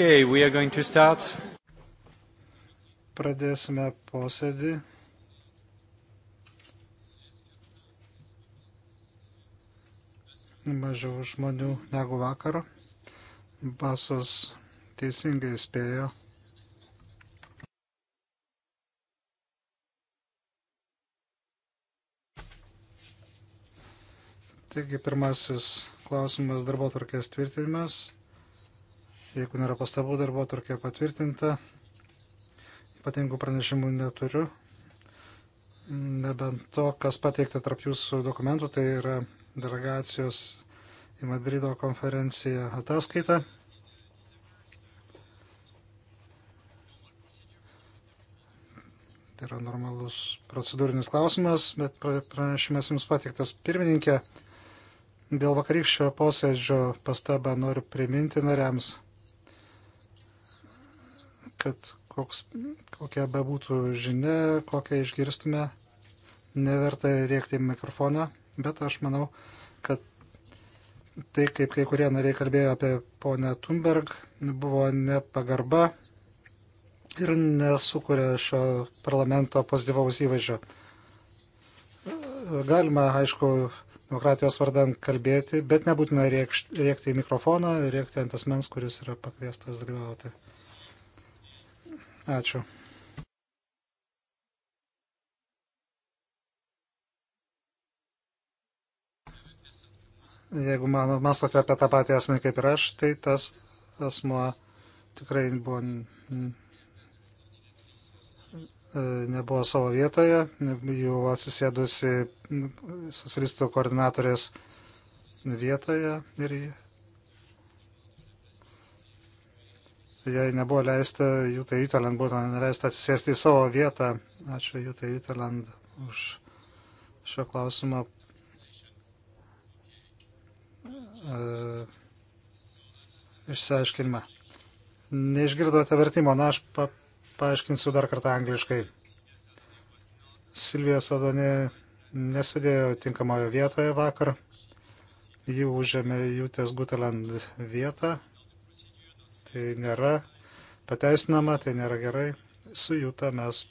Okay, we are going to start. Pradėsime posėdį. Mažiau žmonių negu vakar. Basas teisingai spėjo. Taigi pirmasis klausimas darbo tvarkės tvirtinimas. Jeigu nėra pastabų, darbo tvarkė patvirtinta. Ypatingų pranešimų neturiu. Nebent to, kas pateikta tarp jūsų dokumentų, tai yra delegacijos į Madrido konferenciją ataskaita. Tai yra normalus procedūrinis klausimas, bet pranešimas jums patiktas pirmininkė. Dėl vakarykščio posėdžio pastabą noriu priminti nariams kad koks, kokia bebūtų žinia, kokią išgirstume, neverta rėkti mikrofoną, bet aš manau, kad tai, kaip kai kurie nariai kalbėjo apie ponę Thunberg, buvo nepagarba ir nesukuria šio parlamento pozityvaus įvaizdžio. Galima, aišku, demokratijos vardan kalbėti, bet nebūtina rėkti į mikrofoną, rėkti ant asmens, kuris yra pakviestas dalyvauti. Ačiū. Jeigu man mastote apie tą patį asmenį kaip ir aš, tai tas asmuo tikrai buvo, e, nebuvo savo vietoje, jau atsisėdusi socialistų koordinatorės vietoje ir jai nebuvo leista, Jūta Jutaland būtų neleista atsisėsti į savo vietą. Ačiū Jūta Jutaland už šio klausimo. E, išsiaiškinimą. Neišgirdote vertimo, na aš pa, paaiškinsiu dar kartą angliškai. Silvija Sadonė nesidėjo tinkamoje vietoje vakar. Ji užėmė Jūtės Guteland vietą Tai nėra pateisinama, tai nėra gerai. Su Jūta mes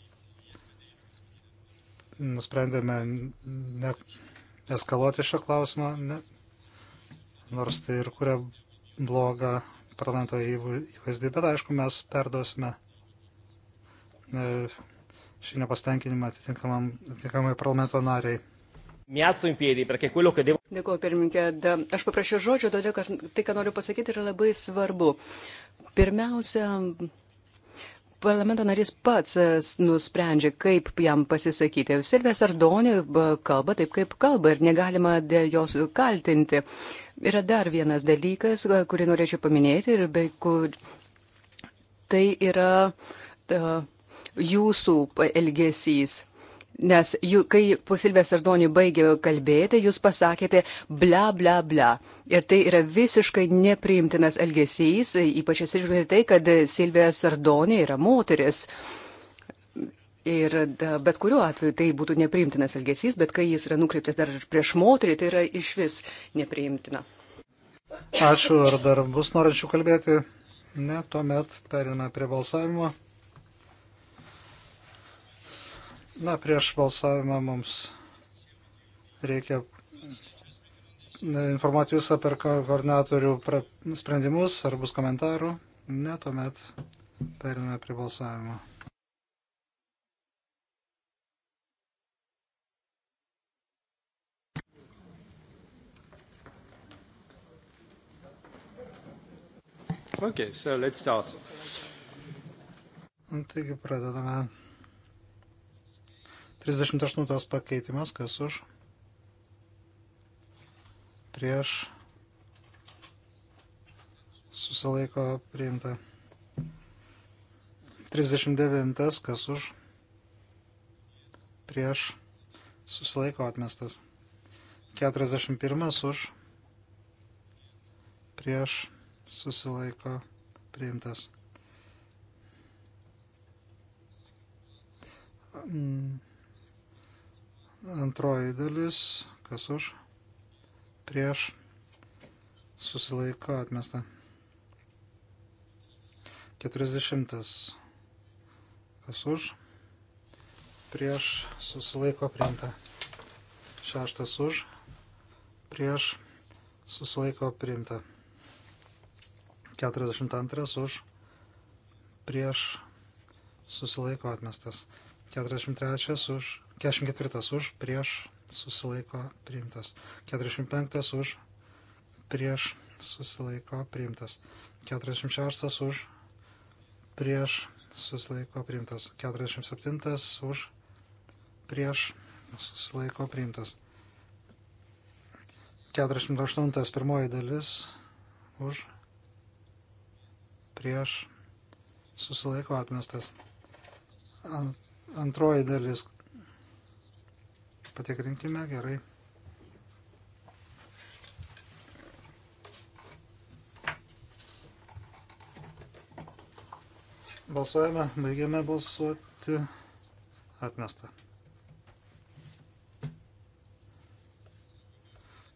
nusprendėme net eskaluoti šio klausimą, ne, nors tai ir kuria blogą parlamento įvaizdį, bet aišku, mes perduosime e, šį nepastenkinimą atitinkamai parlamento nariai. Dėkuoju, pirmininkė. Aš paprašiau žodžio, todėl kad tai, ką noriu pasakyti, yra labai svarbu. Pirmiausia, parlamento narys pats e, nusprendžia, kaip jam pasisakyti. Silvija Sardonė e, kalba taip, kaip kalba ir negalima jos kaltinti. Yra dar vienas dalykas, e, kurį norėčiau paminėti ir be kur tai yra ta, jūsų elgesys. Nes jų, kai Pusilvė Sardonį baigė kalbėti, jūs pasakėte bla bla bla. Ir tai yra visiškai nepriimtinas elgesys, ypač atsižvelgiant tai, kad Silvė Sardonė yra moteris. Ir bet kuriuo atveju tai būtų nepriimtinas elgesys, bet kai jis yra nukreiptas dar ir prieš moterį, tai yra iš vis nepriimtina. Ačiū, ar dar bus norinčių kalbėti? Ne, tuomet periname prie balsavimo. Na, prieš balsavimą mums reikia e, informuoti jūs apie koordinatorių sprendimus, ar bus komentarų. Ne, tuomet periname prie balsavimo. Okay, so let's start. Taigi pradedame. 38 pakeitimas, kas už, prieš, susilaiko priimta. 39, kas už, prieš, susilaiko atmestas. 41 už, prieš, susilaiko priimtas. Mm Antroji dalis, kas už, prieš, susilaiko atmesta. 40. Kas už, prieš, susilaiko priimta. 6 už, prieš, susilaiko priimta. 42 už, prieš, susilaiko atmestas. 43 už, 44 už, prieš, susilaiko, priimtas. 45 už, prieš, susilaiko, priimtas. 46 už, prieš, susilaiko, priimtas. 47 už, prieš, susilaiko, priimtas. 48 pirmoji dalis už, prieš, susilaiko, atmestas. Antroji dalis Patikrinkime gerai. Balsuojame, baigiame balsuoti. Atmesta.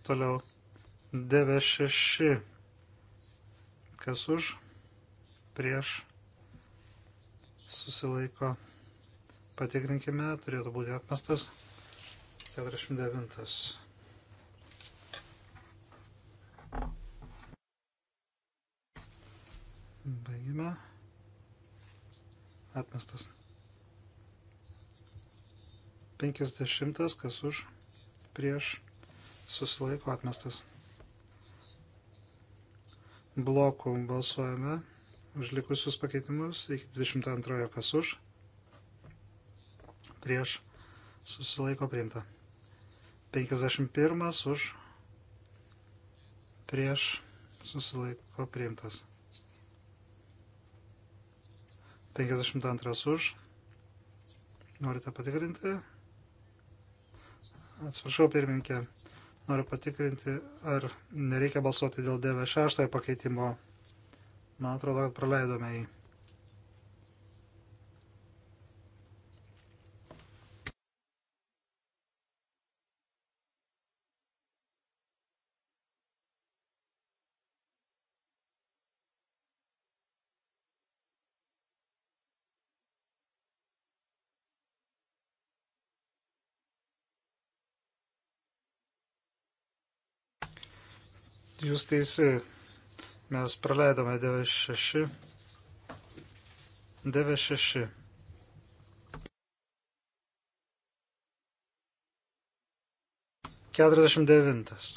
Toliau. 96. Kas už? Prieš. Susilaiko. Patikrinkime, turėtų būti atmestas. 49. Baigime. Atmestas. 50, kas už, prieš, susilaiko atmestas. Blokų balsuojame už likusius pakeitimus iki 22, kas už, prieš, susilaiko priimta. 51 už prieš susilaiko priimtas. 52 už. Norite patikrinti? Atsiprašau, pirmininkė. Noriu patikrinti, ar nereikia balsuoti dėl 96 pakeitimo. Man atrodo, kad praleidome jį. Jūs teisi, mes praleidome 96. 96. Keturiasdešimt devintas.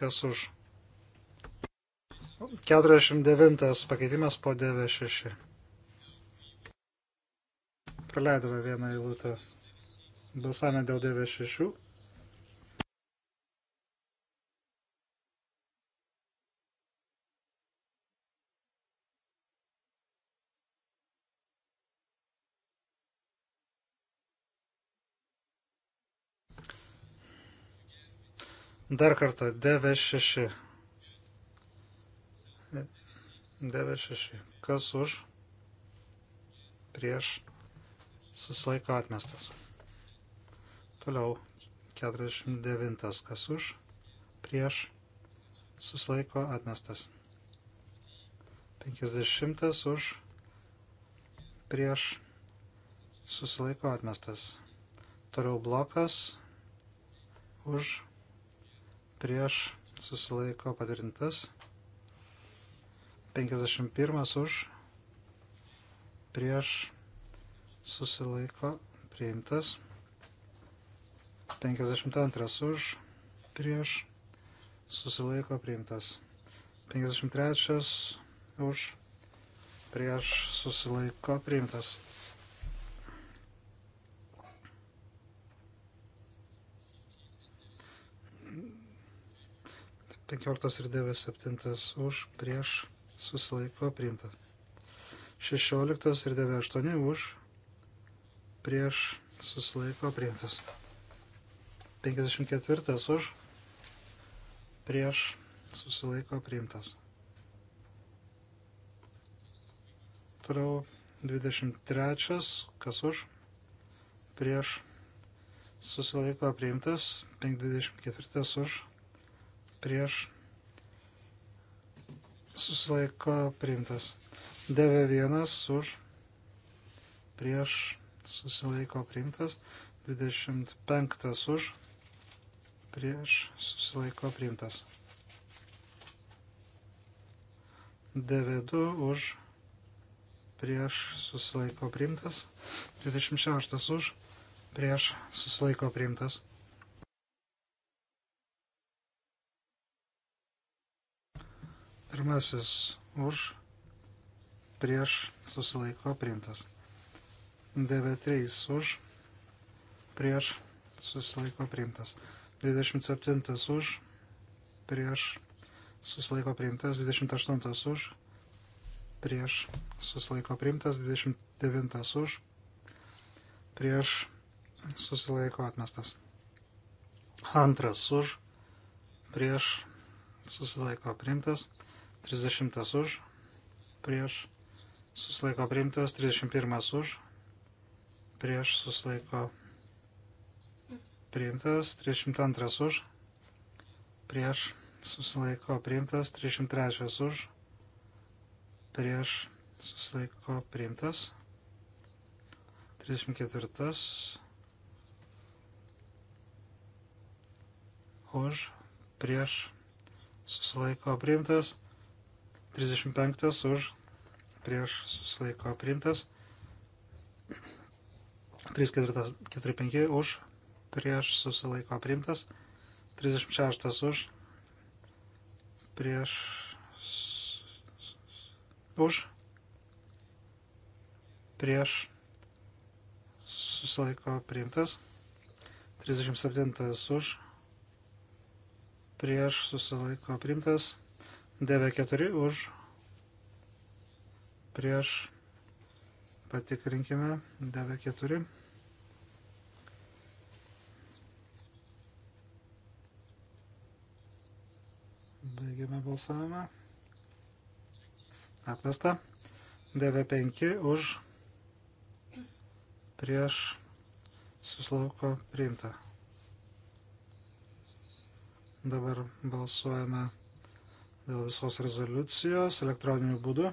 Kas už? 49 pakeitimas po 96. Praleidome vieną eilutę. Balsavime dėl 96. Dar kartą, DV6. DV6. Kas už? Prieš. Susilaiko atmestas. Toliau 49. Kas už? Prieš. Susilaiko atmestas. 50. Už. Prieš. Susilaiko atmestas. Toliau blokas. Už prieš susilaiko patvirtintas. 51 už prieš susilaiko priimtas. 52 už prieš susilaiko priimtas. 53 už prieš susilaiko priimtas. 15 ir 97 už, prieš, susilaiko priimta. 16 ir 98 už, prieš, susilaiko priimtas. 54 už, prieš, susilaiko priimtas. Toliau 23, kas už, prieš, susilaiko priimtas. 24 už, prieš prieš susilaiko priimtas. DV1 už prieš susilaiko priimtas. 25 už prieš susilaiko priimtas. DV2 už prieš susilaiko priimtas. 26 už prieš susilaiko priimtas. Pirmasis už, prieš susilaiko priimtas. 93 už, prieš susilaiko priimtas. 27 už, prieš susilaiko priimtas. 28 už, prieš susilaiko priimtas. 29 už, prieš susilaiko atmestas. Antras už, prieš susilaiko priimtas. 30 už, prieš susilaiko priimtas, 31 už, prieš susilaiko priimtas, 32 už, prieš susilaiko priimtas, 33 už, prieš susilaiko priimtas, 34 už, prieš susilaiko priimtas, 35 už, prieš susilaiko priimtas. 345 už, prieš susilaiko priimtas. 36 už, prieš už, prieš susilaiko priimtas. 37 už, prieš susilaiko priimtas. DV4 už prieš patikrinkime DV4 baigiame balsavimą atmesta DV5 už prieš susilauko priimta dabar balsuojame dėl visos rezoliucijos elektroniniu būdu.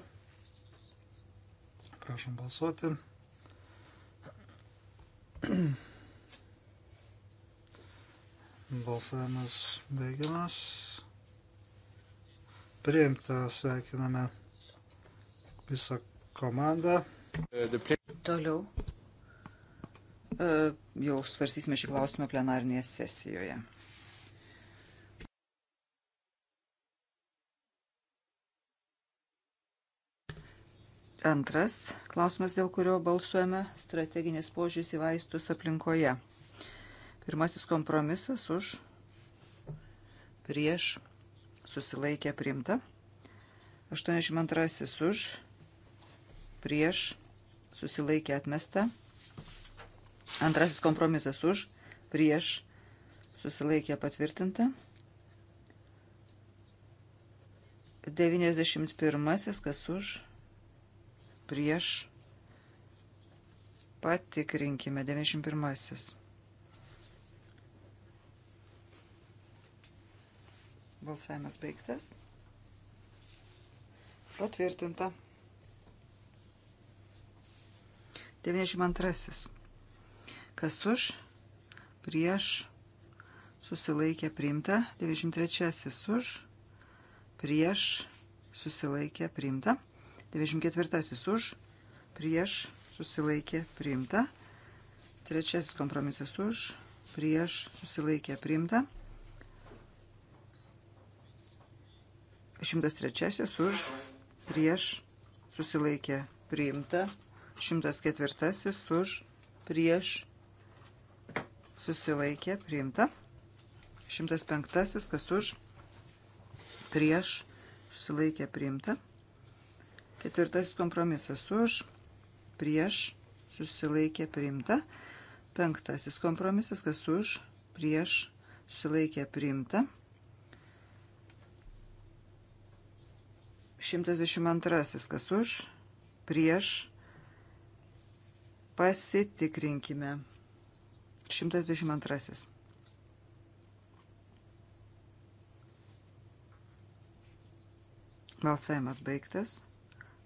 Prašom balsuoti. Balsavimas baigiamas. Priimta sveikiname visą komandą. Toliau e, jau svarstysime šį klausimą plenarnėje sesijoje. Antras klausimas, dėl kurio balsuojame - strateginis požiūris į vaistus aplinkoje. Pirmasis kompromisas už prieš susilaikę priimta. 82 už prieš susilaikę atmesta. Antrasis kompromisas už prieš susilaikę patvirtinta. 91 kas už prieš prieš. Patikrinkime 91. Balsavimas baigtas. Patvirtinta. 92. Kas už, prieš, susilaikė priimta. 93. Už, prieš, susilaikė priimta. 94 už, prieš, susilaikė, priimta. Trečiasis kompromisas už, prieš, susilaikė, priimta. 103 už, prieš, susilaikė, priimta. 104 už, prieš, susilaikė, priimta. 105 kas už, prieš, susilaikė, priimta. Ketvirtasis kompromisas už, prieš, susilaikė priimta. Penktasis kompromisas, kas už, prieš, susilaikė priimta. 122, kas už, prieš, pasitikrinkime. 122. Balsavimas baigtas.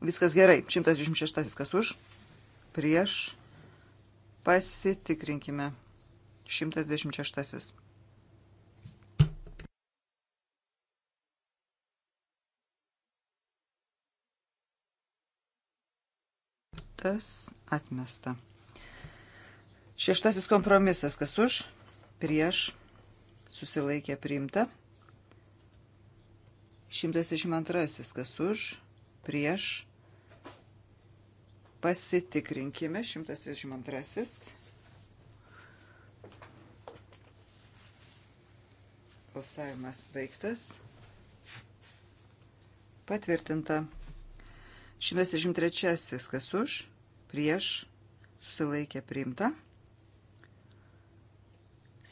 Viskas gerai. 126 kas už. Prieš. Pasitikrinkime. 126. Tas atmesta. Šeštasis kompromisas. Kas už? Prieš. Susilaikė priimta. 122. Kas už? Prieš. Pasitikrinkime 132. Balsavimas baigtas. Patvirtinta. 123. Kas už? Prieš. Susilaikė priimta.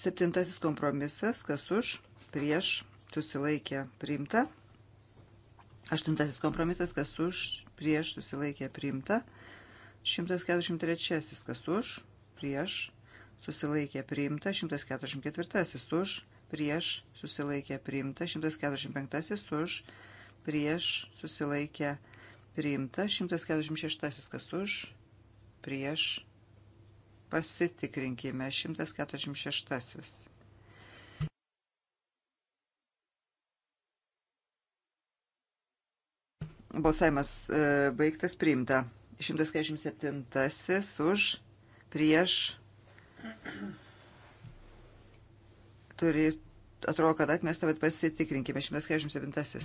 Septintasis kompromisas. Kas už? Prieš. Susilaikė priimta. Aštuntasis kompromisas. Kas už? Prieš. Susilaikė priimta. 143 kas už, prieš, susilaikė priimta, 144 už, prieš, susilaikė priimta, 145 už, prieš, susilaikė priimta, 146 kas už, prieš, pasitikrinkime, 146. Balsavimas e, baigtas priimta. 147 už prieš turi, atrodo, kad atmesta, bet pasitikrinkime. 147.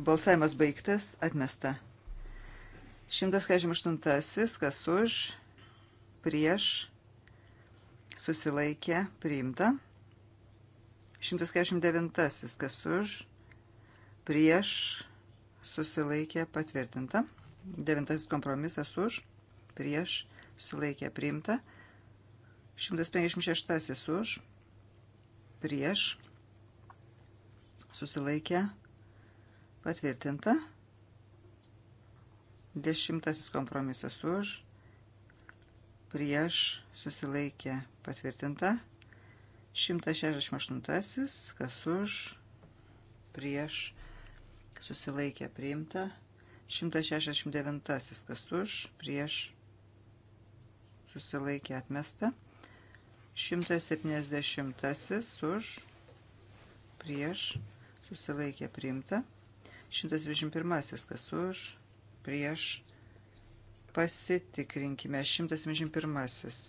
Balsavimas baigtas, atmesta. 148. Kas už, prieš, susilaikė, priimta. 149. Kas už, prieš prieš susilaikė patvirtinta. Devintasis kompromisas už, prieš susilaikė priimta. 156 už, prieš susilaikė patvirtinta. Dešimtasis kompromisas už, prieš susilaikė patvirtinta. 168, kas už, prieš susilaikė priimta. 169 kas už, prieš susilaikė atmesta. 170 už, prieš susilaikė priimta. 121 kas už, prieš pasitikrinkime. 171.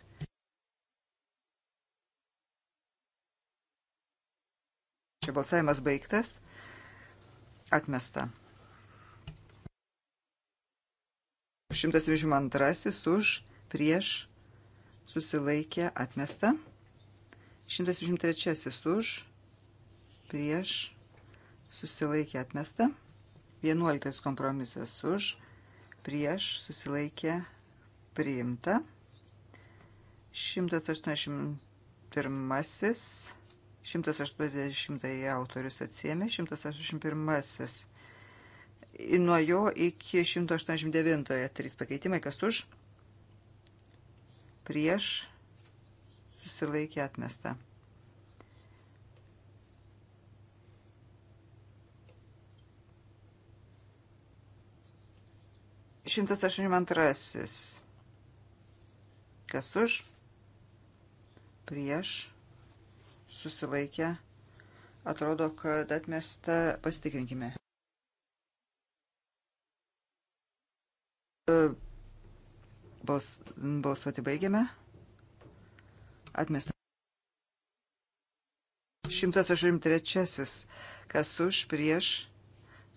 Čia balsavimas baigtas. Atmesta. 172 už prieš susilaikė atmesta. 173 už prieš susilaikė atmesta. 11 kompromisas už prieš susilaikė priimta. 181 180 autorius atsiemė, 181. Nuo jo iki 189. Trys pakeitimai, kas už, prieš, susilaikė atmesta. Šimtas aštuoniasdešimt antrasis. Kas už? Prieš susilaikę. Atrodo, kad atmesta. Pasitikrinkime. E, bals, balsuoti baigiame. Atmesta. 183. Kas už, prieš,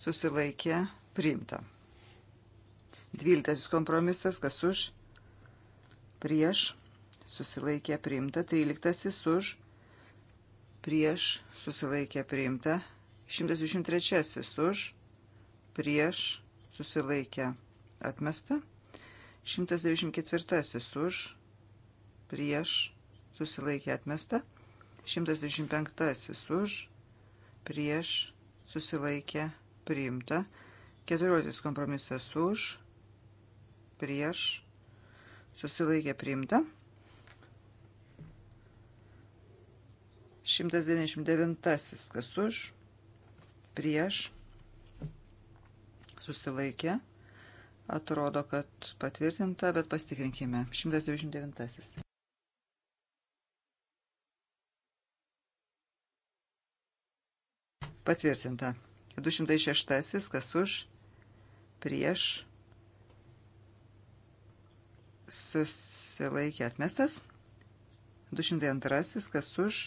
susilaikė, priimta. 12. Kompromisas. Kas už, prieš, susilaikė, priimta. 13. Už, prieš prieš susilaikė priimta. 123 už, prieš susilaikė atmesta. 124 už, prieš susilaikė atmesta. 125 už, prieš susilaikė priimta. 14 kompromisas už, prieš susilaikė priimta. 199. Kas už? Prieš. Susilaikė. Atrodo, kad patvirtinta, bet pastikrinkime. 199. Patvirtinta. 206. Kas už? Prieš. Susilaikė atmestas. 202. Kas už?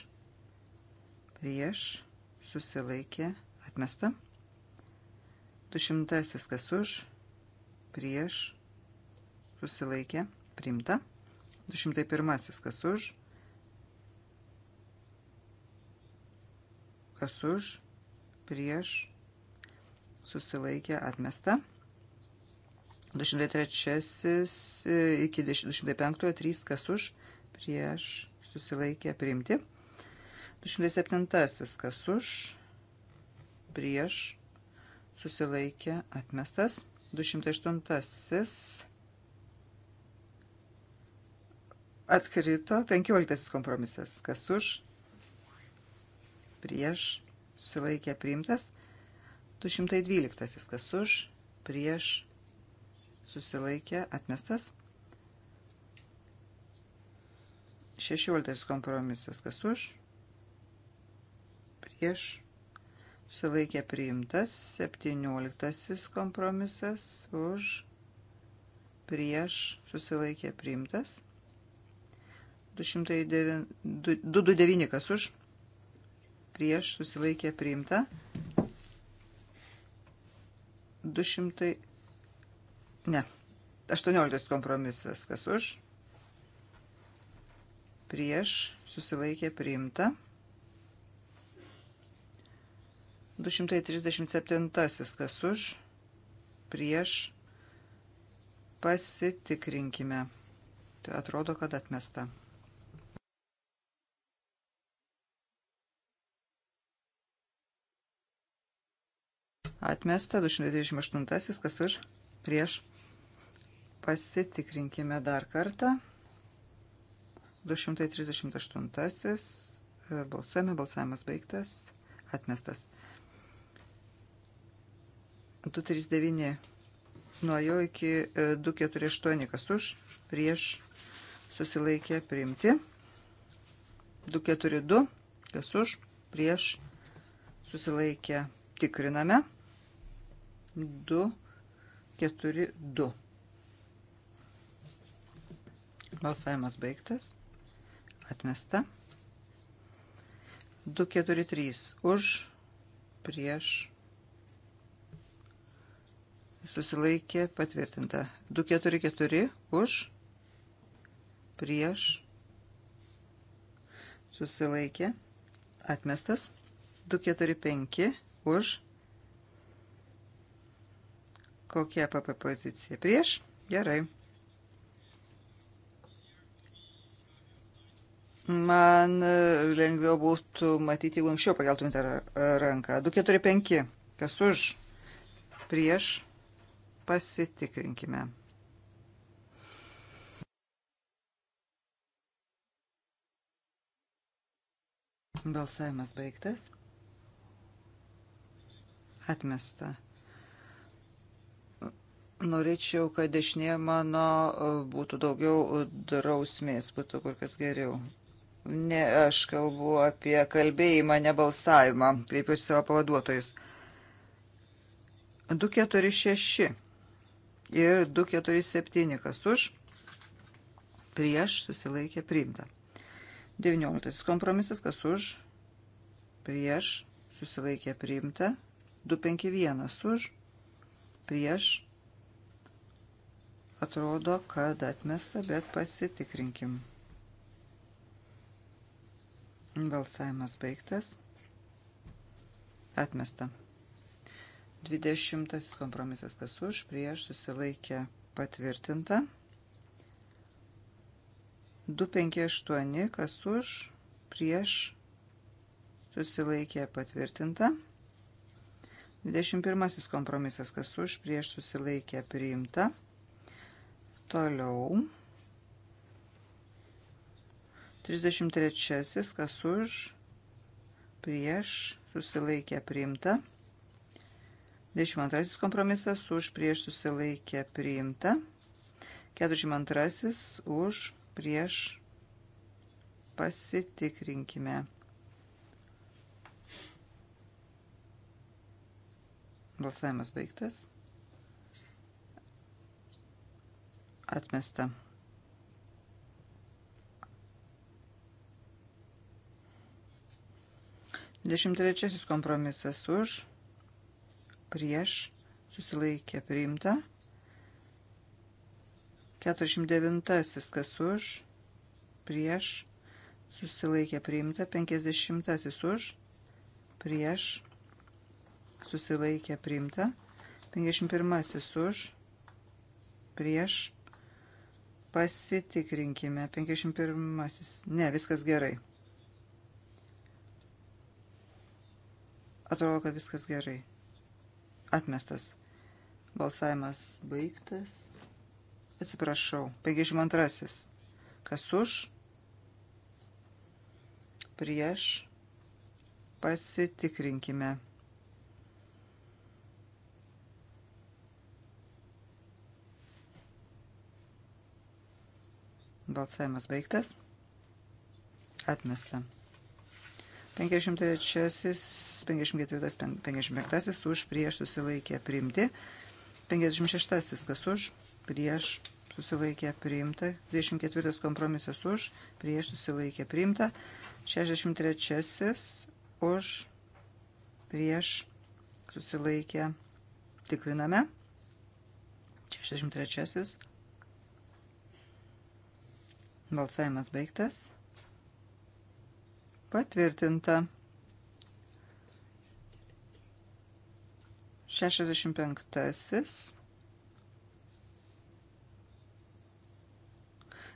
prieš, susilaikė, atmesta. Dušimtasis kas už, prieš, susilaikė, priimta. Dušimtai pirmasis kas už, kas už, prieš, susilaikė, atmesta. 203 e, iki 205, 3 kas už, prieš, susilaikė, priimti. 207. Kas už, prieš, susilaikė, atmestas. 208. Atkrito 15 kompromisas. Kas už, prieš, susilaikė, priimtas. 212. Kas už, prieš, susilaikė, atmestas. 16 kompromisas. Kas už, prieš susilaikė priimtas, 17 kompromisas už prieš susilaikė priimtas, 209, 229 kas už prieš susilaikė priimta, 200, ne, 18 kompromisas kas už prieš susilaikė priimta, 229. 237 kas už, prieš, pasitikrinkime. Tai atrodo, kad atmesta. Atmesta 228, kas už, prieš. Pasitikrinkime dar kartą. 238, balsuojame, balsavimas baigtas, atmestas. 239 nuo jo iki 248, e, kas už, prieš susilaikė priimti. 242, kas už, prieš susilaikė tikriname. 242. Balsavimas baigtas. Atmesta. 243 už, prieš susilaikė patvirtinta. 244 už, prieš, susilaikė atmestas. 245 už, kokia PP pozicija prieš, gerai. Man e, lengviau būtų matyti, jeigu anksčiau pakeltumėte ranką. 245, kas už, prieš, prieš Pasitikrinkime. Balsavimas baigtas. Atmesta. Norėčiau, kad dešinė mano būtų daugiau drausmės, būtų kur kas geriau. Ne, aš kalbu apie kalbėjimą, ne balsavimą. Kreipiuosi savo pavaduotojus. 246 ir 247, kas už, prieš, susilaikė, priimta. 19 kompromisas, kas už, prieš, susilaikė, priimta. 251 už, prieš, atrodo, kad atmesta, bet pasitikrinkim. Balsavimas baigtas. Atmesta. 20 kompromisas kas už, prieš susilaikė patvirtinta. 258 kas už, prieš susilaikė patvirtinta. 21 kompromisas kas už, prieš susilaikė priimta. Toliau. 33 kas už, prieš susilaikė priimta. 22 kompromisas už prieš susilaikę priimta. 42 už prieš pasitikrinkime. Balsavimas baigtas. Atmesta. Dešimtrečiasis kompromisas už prieš susilaikė priimta. 49. kas už, prieš susilaikė priimta. 50. už, prieš susilaikė priimta. 51. už, prieš pasitikrinkime. 51. Ne, viskas gerai. Atrodo, kad viskas gerai. Atmestas. Balsavimas baigtas. Atsiprašau. 52. Kas už? Prieš. Pasitikrinkime. Balsavimas baigtas. Atmesta. 53, 54, 55 už prieš susilaikė priimti. 56 kas už prieš susilaikė priimta. 24 kompromisas už prieš susilaikė priimta. 63 už prieš susilaikė tikriname. 63 balsavimas baigtas. Patvirtinta. 65.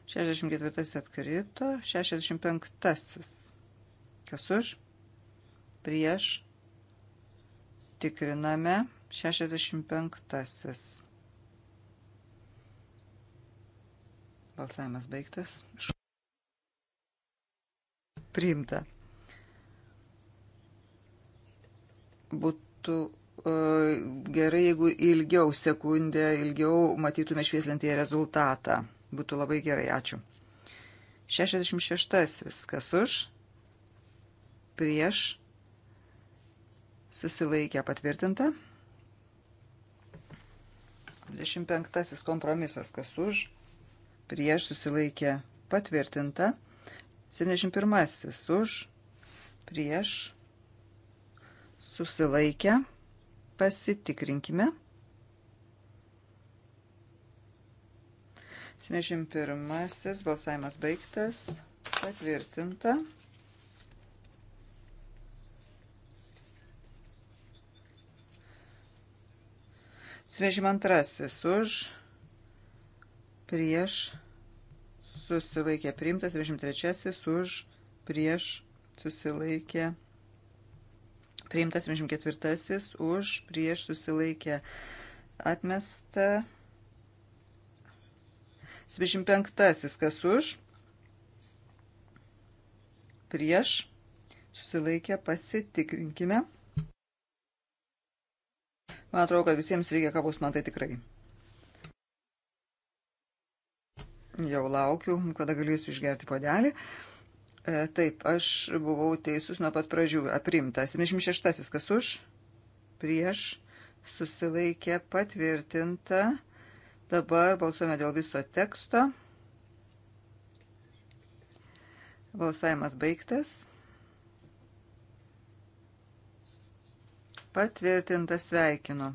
64 atkrito, 65. Kas už? Prieš. Tikriname. 65. Balsavimas baigtas priimta. Būtų e, gerai, jeigu ilgiau sekundę, ilgiau matytume švieslentėje rezultatą. Būtų labai gerai, ačiū. 66. Kas už? Prieš? Susilaikę patvirtinta. 25. Kompromisas. Kas už? Prieš? Susilaikę patvirtinta. 71 už, prieš, susilaikę, pasitikrinkime. 71 balsavimas baigtas, patvirtinta. Svežim antrasis už, prieš, susilaikė priimtas, 23 už prieš susilaikė priimtas, 24 už prieš susilaikė atmesta, 75 kas už prieš susilaikė pasitikrinkime. Man atrodo, kad visiems reikia kavos, man tai tikrai. jau laukiu, kada galėsiu išgerti podelį. E, taip, aš buvau teisus nuo pat pradžių, aprimtas. 76. Kas už? Prieš susilaikė patvirtinta. Dabar balsuojame dėl viso teksto. Balsavimas baigtas. Patvirtinta sveikinu.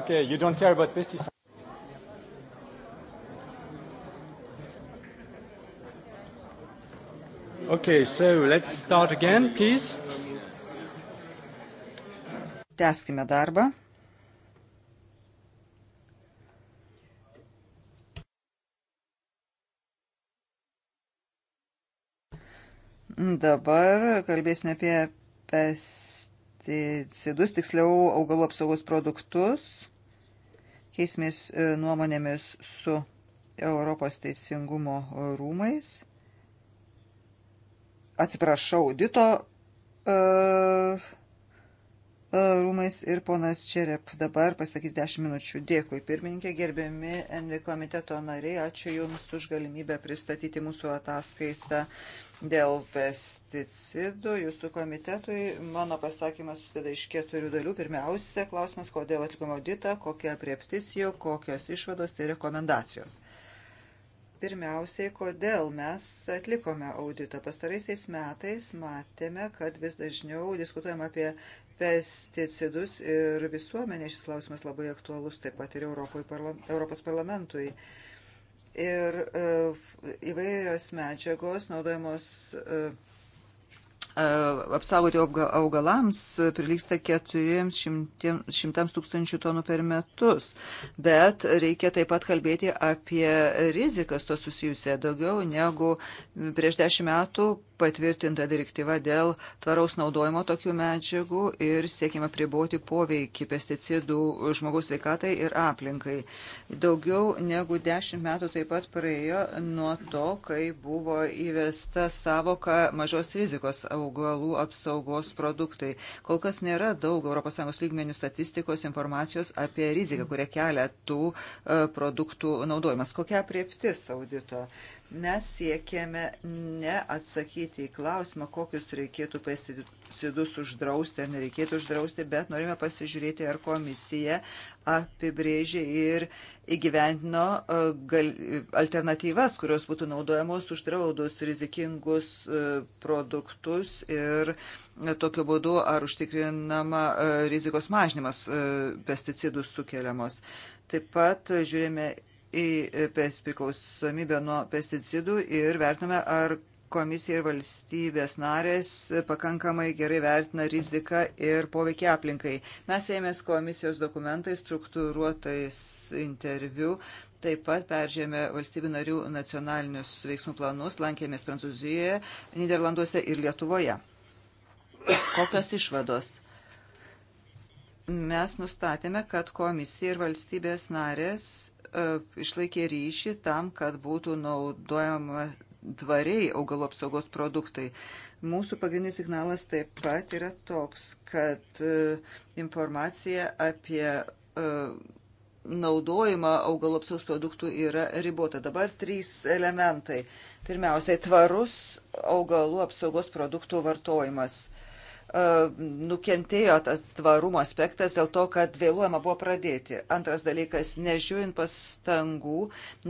Okay, you don't care about pesticides. Okay, so let's start again, please. Tęskime darbą. Dabar kalbėsime apie pesticidus, tiksliau augalų apsaugos produktus keismės e, nuomonėmis su Europos teisingumo rūmais. Atsiprašau, audito uh, rūmais ir ponas Čerep dabar pasakys 10 minučių. Dėkui, pirmininkė, gerbiami NV komiteto nariai, ačiū Jums už galimybę pristatyti mūsų ataskaitą. Uh, Dėl pesticidų jūsų komitetui mano pasakymas susideda iš keturių dalių. Pirmiausia, klausimas, kodėl atlikome auditą, kokia prieptis jo, kokios išvados ir rekomendacijos. Pirmiausiai, kodėl mes atlikome auditą. Pastaraisiais metais matėme, kad vis dažniau diskutuojam apie pesticidus ir visuomenė šis klausimas labai aktualus taip pat ir Europoj, Europos parlamentui. Europos parlamentui ir e, įvairios medžiagos naudojamos e, e, apsaugoti augalams prilyksta 400 tūkstančių tonų per metus. Bet reikia taip pat kalbėti apie rizikas to susijusią. Daugiau negu prieš dešimt metų patvirtinta direktyva dėl tvaraus naudojimo tokių medžiagų ir siekime priboti poveikį pesticidų žmogaus veikatai ir aplinkai. Daugiau negu dešimt metų taip pat praėjo nuo to, kai buvo įvesta savoka mažos rizikos augalų apsaugos produktai. Kol kas nėra daug ES lygmenių statistikos informacijos apie riziką, kurią kelia tų e, produktų naudojimas. Kokia prieptis audito? Uh, Mes siekėme neatsakyti į klausimą, kokius reikėtų pesticidus uždrausti ar nereikėtų uždrausti, bet norime pasižiūrėti, ar komisija apibrėžė ir įgyventino e, alternatyvas, kurios būtų naudojamos uždraudus rizikingus e, produktus ir e, tokiu būdu ar užtikrinama rizikos mažinimas pesticidus sukeliamos. Taip pat žiūrėjome į priklausomybę nuo pesticidų ir vertiname, ar komisija ir valstybės narės pakankamai gerai vertina riziką ir poveikį aplinkai. Mes ėmės komisijos dokumentais, struktūruotais interviu, taip pat peržėmė valstybių narių nacionalinius veiksmų planus, lankėmės Prancūzijoje, Niderlanduose ir Lietuvoje. Kokios išvados? Mes nustatėme, kad komisija ir valstybės narės E, išlaikė ryšį tam, kad būtų naudojama tvariai augalų apsaugos produktai. Mūsų pagrindinis signalas taip pat yra toks, kad e, informacija apie e, naudojimą augalų apsaugos produktų yra ribota. Dabar trys elementai. Pirmiausiai, tvarus augalų apsaugos produktų vartojimas. E, nukentėjo tas tvarumo aspektas dėl to, kad vėluojama buvo pradėti. Antras dalykas, nežiūrint pastangų,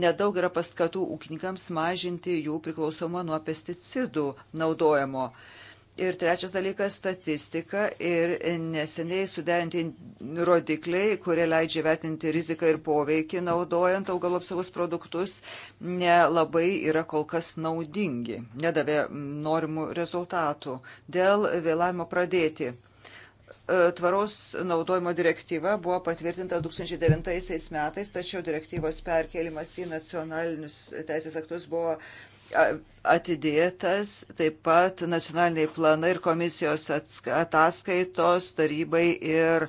nedaug yra paskatų ūkininkams mažinti jų priklausomą nuo pesticidų naudojimo. Uh, Ir trečias dalykas - statistika ir neseniai suderinti rodikliai, kurie leidžia vertinti riziką ir poveikį naudojant augalų apsaugos produktus, nelabai yra kol kas naudingi, nedavė norimų rezultatų dėl vėlavimo pradėti. E, Tvaraus naudojimo direktyva buvo patvirtinta 2009 metais, tačiau direktyvos perkelimas į nacionalinius teisės aktus buvo atidėtas taip pat nacionaliniai planai ir komisijos ataskaitos tarybai ir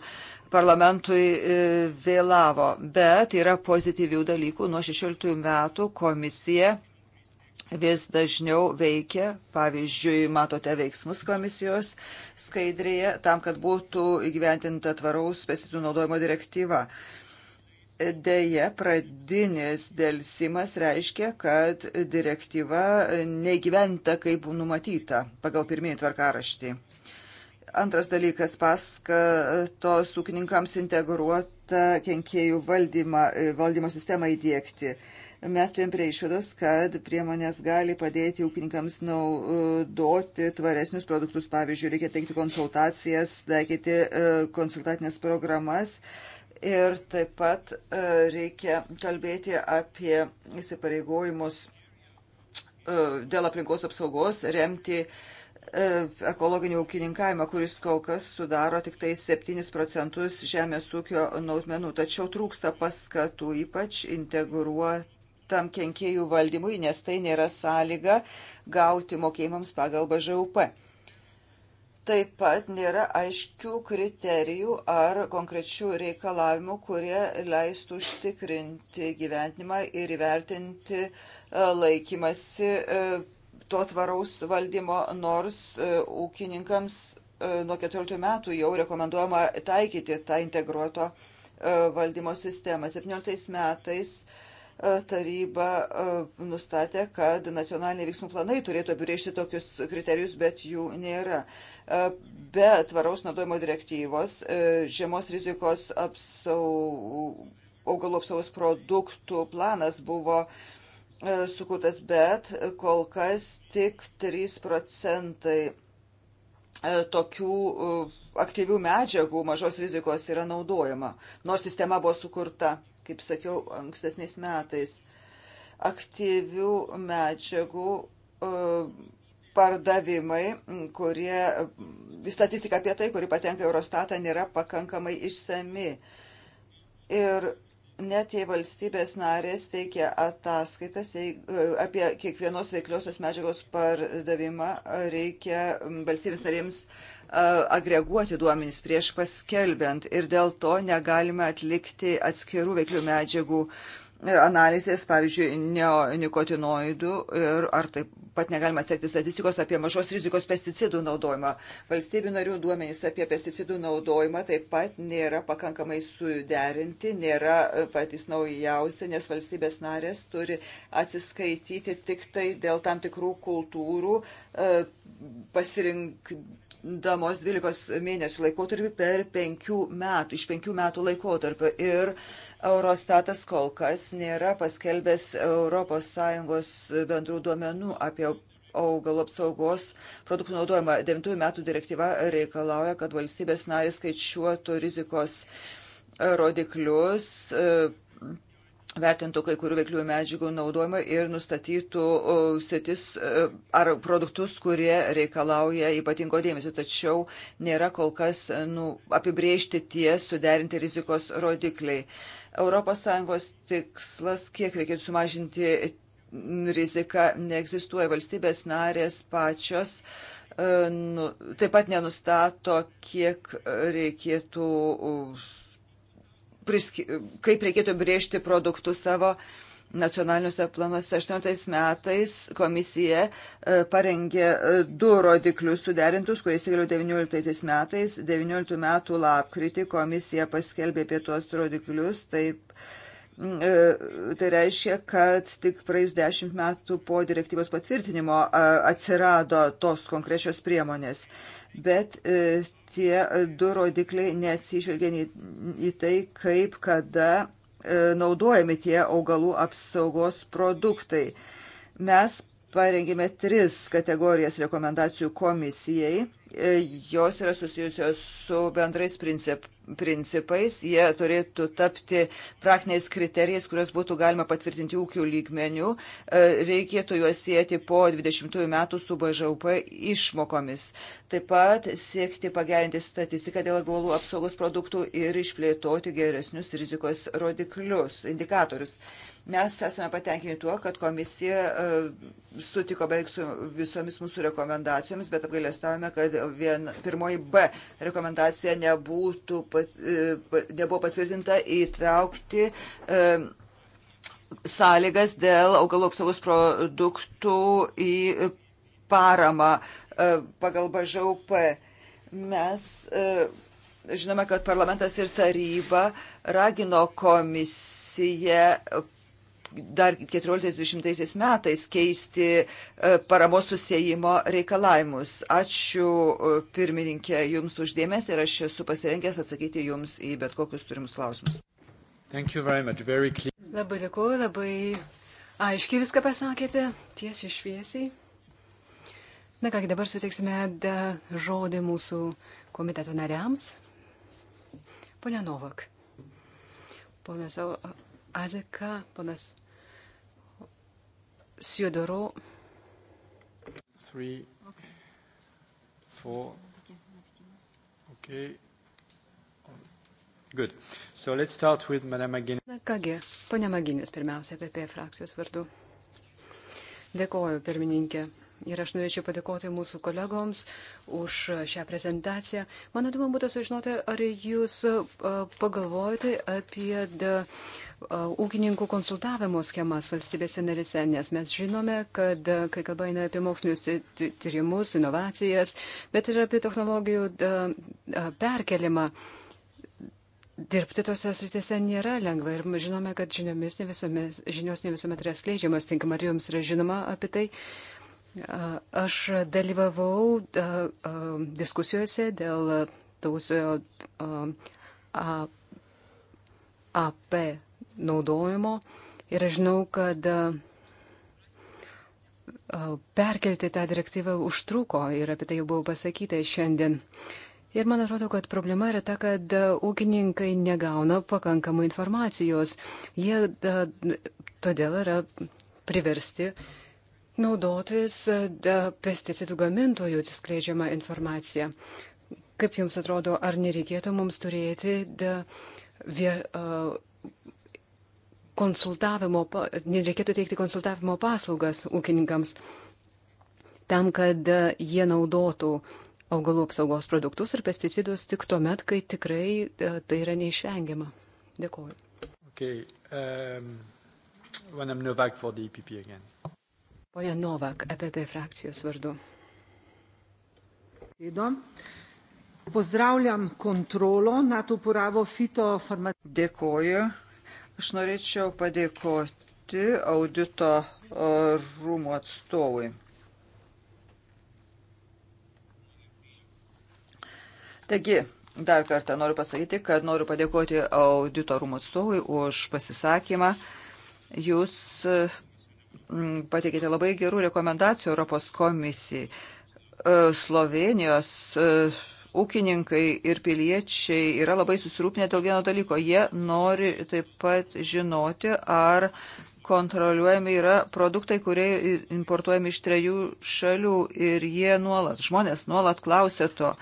parlamentui e, vėlavo. Bet yra pozityvių dalykų. Nuo 16 metų komisija vis dažniau veikia, pavyzdžiui, matote veiksmus komisijos skaidrėje, tam, kad būtų įgyventinta tvaraus pesticidų naudojimo direktyva. Uh, Deja, pradinis dėlsimas reiškia, kad direktyva negyventa kaip numatyta pagal pirminį tvarkaraštį. Antras dalykas - paskatos ūkininkams integruota kenkėjų valdymą, valdymo sistemą įdėkti. Mes turėjom prie išvados, kad priemonės gali padėti ūkininkams naudoti tvaresnius produktus. Pavyzdžiui, reikia teikti konsultacijas, taikyti e, konsultacinės programas Ir taip pat e, reikia kalbėti apie įsipareigojimus e, dėl aplinkos apsaugos, remti e, ekologinį ūkininkavimą, kuris kol kas sudaro tik tai 7 procentus žemės ūkio naudmenų. Tačiau trūksta paskatų ypač integruotam kenkėjų valdymui, nes tai nėra sąlyga gauti mokėjimams pagal BŽUP. Taip pat nėra aiškių kriterijų ar konkrečių reikalavimų, kurie leistų užtikrinti gyvenimą ir įvertinti e, laikymasi e, to tvaraus valdymo, nors e, ūkininkams nuo 14 metų jau rekomenduojama taikyti tą integruoto valdymo sistemą. 17 metais taryba nustatė, kad nacionaliniai veiksmų planai turėtų apibriežti tokius kriterijus, bet jų nėra. E, be tvaraus naudojimo direktyvos e, žiemos rizikos apsaug, augalų apsaugos produktų planas buvo e, sukurtas, bet kol kas tik 3 procentai tokių aktyvių medžiagų mažos rizikos yra naudojama, nors sistema buvo sukurta, kaip sakiau, ankstesniais metais. Aktyvių medžiagų pardavimai, kurie, statistika apie tai, kuri patenka Eurostatą, nėra pakankamai išsami. Ir net jei valstybės narės teikia ataskaitas e, apie kiekvienos veikliosios medžiagos pardavimą, e, reikia valstybės narėms e, agreguoti duomenys prieš paskelbiant ir dėl to negalime atlikti atskirų veiklių medžiagų uh, analizės, pavyzdžiui, neonikotinoidų ir ar taip pat negalima atsekti statistikos apie mažos rizikos pesticidų naudojimą. Valstybių narių duomenys apie pesticidų naudojimą taip pat nėra pakankamai suderinti, nėra patys naujausi, nes valstybės narės turi atsiskaityti tik tai dėl tam tikrų kultūrų e, pasirinkdamos 12 mėnesių laikotarpį per 5 metų, iš 5 metų laikotarpio. Ir Eurostatas kol kas nėra paskelbęs ES bendrų duomenų apie augalų apsaugos produktų naudojimą. 9 metų direktyva reikalauja, kad valstybės narės skaičiuotų rizikos e, rodiklius e, vertintų kai kurių veikliųjų medžiagų naudojimą ir nustatytų e, sritis ar produktus, kurie reikalauja ypatingo dėmesio. Tačiau nėra kol kas nu, apibriežti tie suderinti rizikos rodikliai. ES tikslas, kiek reikėtų sumažinti riziką, neegzistuoja valstybės narės pačios. E, nu, taip pat nenustato, kiek reikėtų, kaip reikėtų brėžti produktų savo uh, nacionaliniuose planuose. 18 metais komisija e, parengė e, du rodiklius suderintus, kurie įsigaliojo 19 metais. 19 metų lapkritį komisija paskelbė apie tuos rodiklius. Taip, e, Tai reiškia, kad tik praėjus dešimt metų po direktyvos patvirtinimo atsirado tos konkrečios priemonės. Bet tie du rodikliai neatsižvelgia į tai, kaip, kada E, naudojami tie augalų apsaugos produktai. Mes parengėme tris kategorijas rekomendacijų komisijai E, jos yra susijusios su bendrais princip, principais, jie turėtų tapti praktiniais kriterijais, kuriuos būtų galima patvirtinti ūkių lygmenių, e, reikėtų juos sieti po 20 metų su BŽUP išmokomis. Taip pat siekti pagerinti statistiką dėl augalų apsaugos produktų ir išplėtoti geresnius rizikos rodiklius, indikatorius. Mes esame patenkinti tuo, kad komisija e, sutiko beveik su visomis mūsų rekomendacijomis, bet apgailestavome, kad vien, pirmoji B rekomendacija nebūtų, pat, e, nebuvo patvirtinta įtraukti e, sąlygas dėl augalų apsaugos produktų į paramą pagal BŽUP. Mes žinome, kad parlamentas ir taryba ragino komisiją dar 14-20 metais keisti e, paramos susijimo reikalavimus. Ačiū e, pirmininkė Jums uždėmės ir aš esu pasirengęs atsakyti Jums į bet kokius turimus klausimus. Labai dėkuoju, labai aiškiai viską pasakėte, tiesiai šviesiai. Na kągi, dabar suteiksime žodį mūsų komiteto nariams. Pone Novak. Ponas Azeka, ponas Siodoro. Three, four. Okay. Good. So let's start with Madame Maginis. Na kągi, ponia Maginis pirmiausia, PP frakcijos vardu. Dėkoju, pirmininkė. Ir aš norėčiau padėkoti mūsų kolegoms už šią prezentaciją. Man įdomu būtų sužinoti, ar jūs pagalvojate apie ūkininkų konsultavimo schemas valstybėse narise, nes mes žinome, kad kai kalba eina apie mokslinius tyrimus, inovacijas, bet ir apie technologijų perkelimą. Dirbti tose sritise nėra lengva ir žinome, kad žiniomis ne visomis, žinios ne visuomet yra skleidžiamas. Tinkama, ar jums yra žinoma apie tai? Aš dalyvavau diskusijose dėl tausio AP naudojimo ir aš žinau, kad perkelti tą direktyvą užtruko ir apie tai jau buvo pasakyta šiandien. Ir man atrodo, kad problema yra ta, kad ūkininkai negauna pakankamai informacijos. Jie da, todėl yra priversti naudotis e, pesticidų gamintojų atskleidžiama informacija. Kaip Jums atrodo, ar nereikėtų mums turėti vie, e, konsultavimo, nereikėtų teikti konsultavimo paslaugas ūkininkams tam, kad e, jie naudotų augalų apsaugos produktus ir pesticidus tik tuo met, kai tikrai tai yra neišvengiama. Dėkuoju. Okay. Um, Poje Novak, EPP frakcijos vardu. Įdom. Pozdravljam kontrolo nad uporabo fitofarmacijos. Dėkoju. Aš norėčiau padėkoti audito e, rūmų atstovui. Taigi, dar kartą noriu pasakyti, kad noriu padėkoti audito rūmų atstovui už pasisakymą. Jūs pateikėte labai gerų rekomendacijų Europos komisijai. E, Slovenijos e, ūkininkai ir piliečiai yra labai susirūpinę dėl vieno dalyko. Jie nori taip pat žinoti, ar kontroliuojami yra produktai, kurie importuojami iš trejų šalių ir jie nuolat, žmonės nuolat klausia to.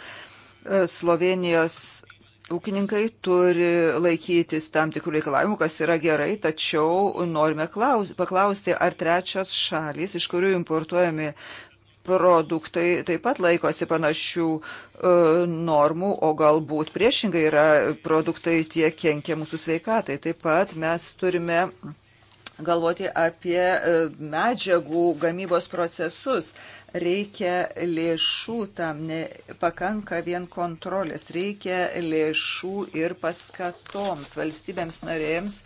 E, Slovenijos ūkininkai turi laikytis tam tikrų reikalavimų, kas yra gerai, tačiau norime klaus, paklausti, ar trečios šalys, iš kurių importuojami produktai, taip pat laikosi panašių e, normų, o galbūt priešingai yra produktai tie kenkia mūsų sveikatai. Taip pat mes turime galvoti apie e, medžiagų gamybos procesus. Reikia lėšų tam, nepakanka vien kontrolės, reikia lėšų ir paskatoms valstybėms narėms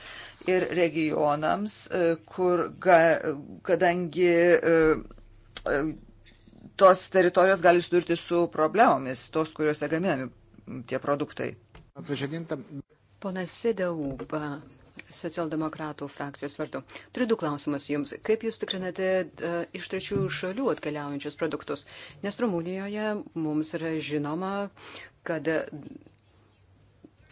ir regionams, e, kur, ga, kadangi e, tos teritorijos gali sudurti su problemomis, tos, kuriuose gaminami tie produktai. Ponas Sidauba, socialdemokratų frakcijos vardu. Turiu du klausimus jums. Kaip jūs tikrinate uh, iš trečiųjų šalių atkeliaujančius produktus? Nes Rumunijoje mums yra žinoma, kad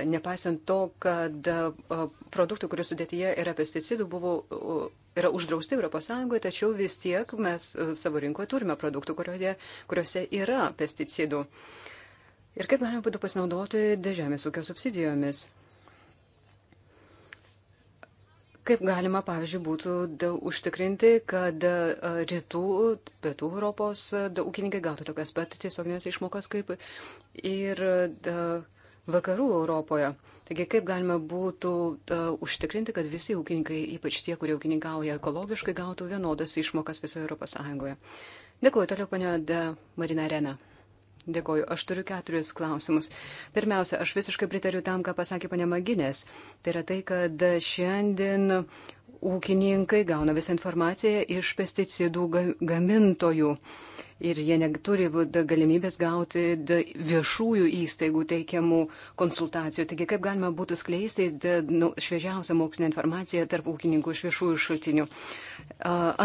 nepaisant to, kad uh, produktų, kurių sudėtyje yra pesticidų, buvo. Uh, Yra uždrausti ES, tačiau vis tiek mes e, savo rinkoje turime produktų, kuriuose, kuriuose yra pesticidų. Ir kaip galima būtų pasinaudoti dėžėmės ūkio subsidijomis? Kaip galima, pavyzdžiui, būtų užtikrinti, kad rytų, pietų Europos ūkininkai gautų tokias pat tiesioginės išmokas kaip ir vakarų Europoje. Taigi, kaip galima būtų ta, užtikrinti, kad visi ūkininkai, ypač tie, kurie ūkininkauja ekologiškai, gautų vienodas išmokas visoje Europos Sąjungoje. Dėkuoju toliau, ponia Marina Arena. Dėkoju. Aš turiu keturis klausimus. Pirmiausia, aš visiškai pritariu tam, ką pasakė ponia Maginės. Tai yra tai, kad šiandien ūkininkai gauna visą informaciją iš pesticidų gamintojų. Uh, ir jie neturi galimybės gauti viešųjų įstaigų teikiamų konsultacijų. Taigi, kaip galima būtų skleisti nu, šviežiausią mokslinę informaciją tarp ūkininkų iš viešųjų šaltinių.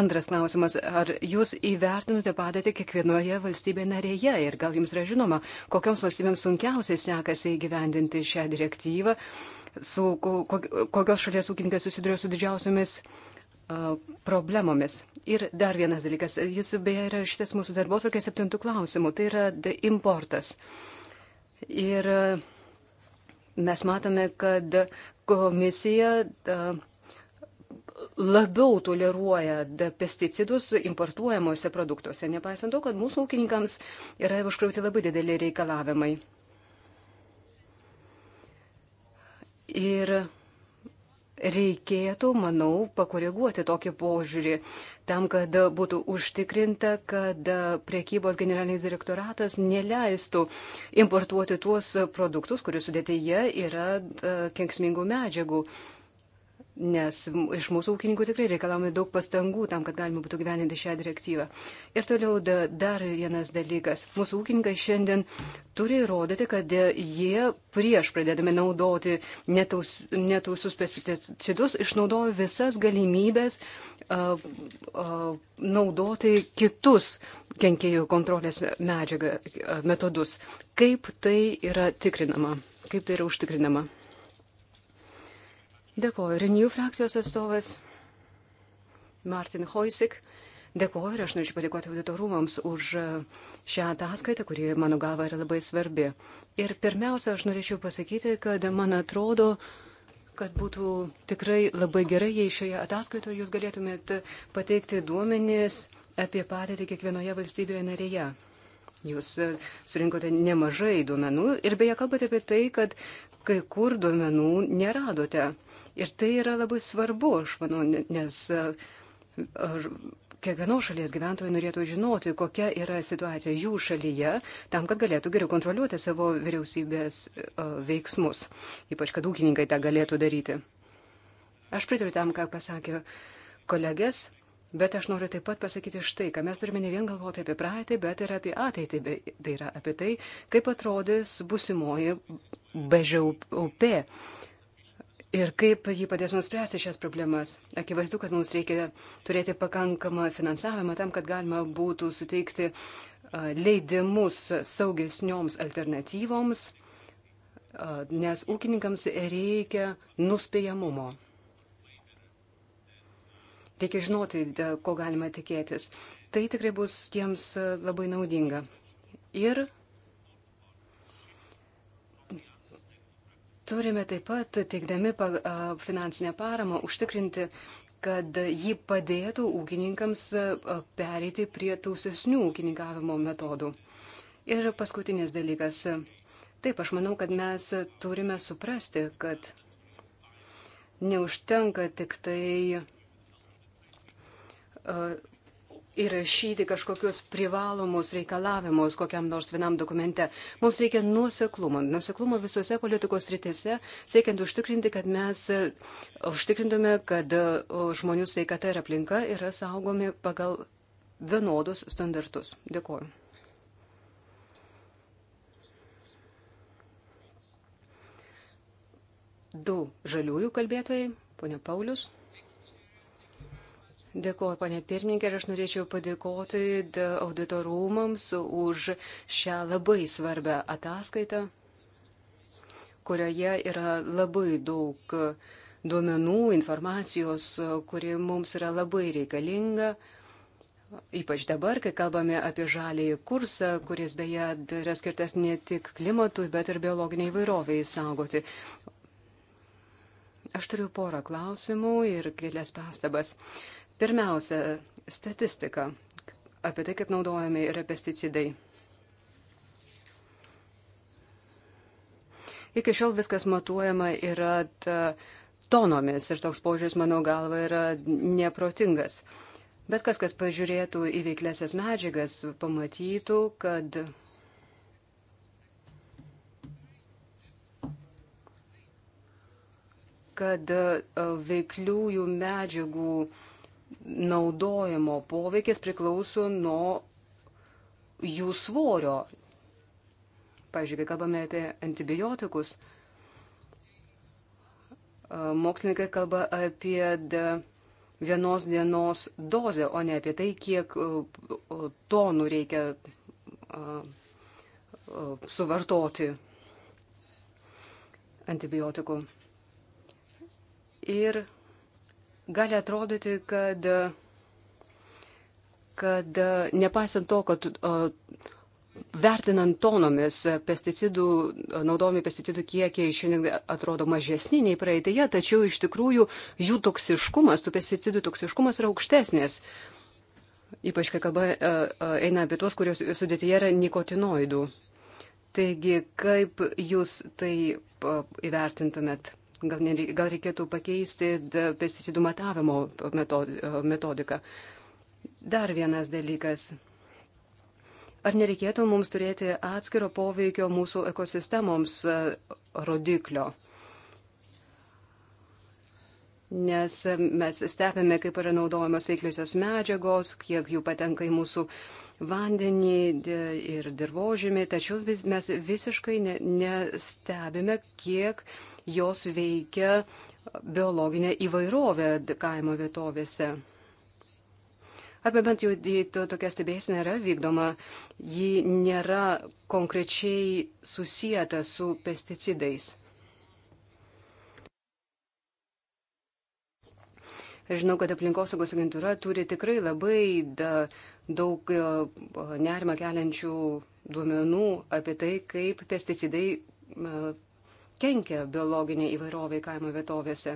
Antras klausimas. Ar jūs įvertinote padėtį kiekvienoje valstybėje narėje ir gal jums yra žinoma, kokioms valstybėms sunkiausiai sekasi įgyvendinti šią direktyvą? su kokios šalies ūkininkai susiduria su didžiausiomis problemomis. Ir dar vienas dalykas, jis beje yra šitas mūsų darbos varkės septintų klausimų, tai yra importas. Ir mes matome, kad komisija labiau toleruoja pesticidus importuojamuose produktuose, nepaisant to, kad mūsų ūkininkams yra užkrauti labai dideli reikalavimai. Ir reikėtų, manau, pakoreguoti tokį požiūrį, tam, kad būtų užtikrinta, kad priekybos generalinis direktoratas neleistų importuoti tuos produktus, kurių sudėtyje yra e, kenksmingų medžiagų. Uh, nes iš mūsų ūkininkų tikrai reikalavome daug pastangų tam, kad galima būtų gyveninti šią direktyvą. Ir toliau da, dar vienas dalykas. Mūsų ūkininkai šiandien turi įrodyti, kad jie prieš pradėdami naudoti netaus, netausus pesticidus išnaudojo visas galimybės uh, uh, naudoti kitus kenkėjų kontrolės medžiagą, uh, metodus. Kaip tai yra tikrinama? Kaip tai yra užtikrinama? Dėkuoju Renew frakcijos atstovas Martin Hoisik. Dėkuoju ir aš norėčiau padėkoti auditorumams už e, šią ataskaitą, kuri mano galva yra labai svarbi. Ir pirmiausia, aš norėčiau pasakyti, kad man atrodo, kad būtų tikrai labai gerai, jei šioje ataskaitoje jūs galėtumėt pateikti duomenys apie padėtį kiekvienoje valstybėje narėje. Jūs e, surinkote nemažai duomenų ir beje kalbate apie tai, kad kai kur duomenų neradote. Ir tai yra labai svarbu, aš manau, nes e, kiekvienos šalies gyventojai norėtų žinoti, kokia yra situacija jų šalyje, tam, kad galėtų geriau kontroliuoti savo vyriausybės e, veiksmus, ypač kad ūkininkai tą galėtų daryti. Aš pritariu tam, ką pasakė kolegės, bet aš noriu taip pat pasakyti štai, kad mes turime ne vien galvoti apie praeitį, bet ir apie ateitį, tai yra apie tai, kaip atrodys busimoji BŽUP. Ir kaip jį padės mums spręsti šias problemas? Akivaizdu, kad mums reikia turėti pakankamą finansavimą tam, kad galima būtų suteikti leidimus saugesnioms alternatyvoms, nes ūkininkams reikia nuspėjamumo. Reikia žinoti, ko galima tikėtis. Tai tikrai bus jiems labai naudinga. Ir Turime taip pat, teikdami finansinę paramą, užtikrinti, kad ji padėtų ūkininkams pereiti prie tausesnių ūkininkavimo metodų. Ir paskutinis dalykas. Taip, aš manau, kad mes turime suprasti, kad neužtenka tik tai įrašyti kažkokius privalomus reikalavimus kokiam nors vienam dokumente. Mums reikia nuoseklumo, nuoseklumo visose politikos rytise, siekiant užtikrinti, kad mes e, užtikrintume, kad e, žmonių sveikata ir aplinka yra saugomi pagal vienodus standartus. Dėkuoju. Du žaliųjų kalbėtojai, ponia Paulius. Dėkuoju, panė pirmininkė, ir aš norėčiau padėkoti auditorumams už šią labai svarbę ataskaitą, kurioje yra labai daug duomenų, informacijos, kuri mums yra labai reikalinga. Ypač dabar, kai kalbame apie žalį kursą, kuris beje yra skirtas ne tik klimatui, bet ir biologiniai vairoviai saugoti. Aš turiu porą klausimų ir kelias pastabas. Pirmiausia, statistika apie tai, kaip naudojami yra pesticidai. Iki šiol viskas matuojama yra tonomis ir toks požiūris, mano galva, yra neprotingas. Bet kas, kas pažiūrėtų į veiklesias medžiagas, pamatytų, kad kad e, veikliųjų medžiagų uh, naudojimo poveikis priklauso nuo jų svorio. Pavyzdžiui, kai kalbame apie antibiotikus, mokslininkai kalba apie vienos dienos dozę, o ne apie tai, kiek tonų reikia suvartoti antibiotikų. Ir gali atrodyti, kad, kad nepaisant to, kad o, vertinant tonomis pesticidų, naudojami pesticidų kiekiai šiandien atrodo mažesni nei praeitėje, tačiau iš tikrųjų jų toksiškumas, tų pesticidų toksiškumas yra aukštesnis. Ypač kai kalba e, e, eina apie tuos, kurios sudėtyje yra nikotinoidų. Taigi, kaip jūs tai e, įvertintumėt? Gal, nereik, gal reikėtų pakeisti pesticidų matavimo metodiką. Dar vienas dalykas. Ar nereikėtų mums turėti atskiro poveikio mūsų ekosistemoms e, rodiklio? Nes mes stebime, kaip yra naudojamos veikliosios medžiagos, kiek jų patenka į mūsų vandenį ir dirbožymį, tačiau vis, mes visiškai ne, nestebime, kiek uh, jos veikia biologinę įvairovę kaimo vietovėse. Arba bent jau tokia stebėsina yra vykdoma, ji nėra konkrečiai susijęta su pesticidais. Aš žinau, kad aplinkosaugos agentūra turi tikrai labai da, daug e, nerima keliančių duomenų apie tai, kaip pesticidai e, kenkia biologiniai įvairoviai kaimo vietovėse.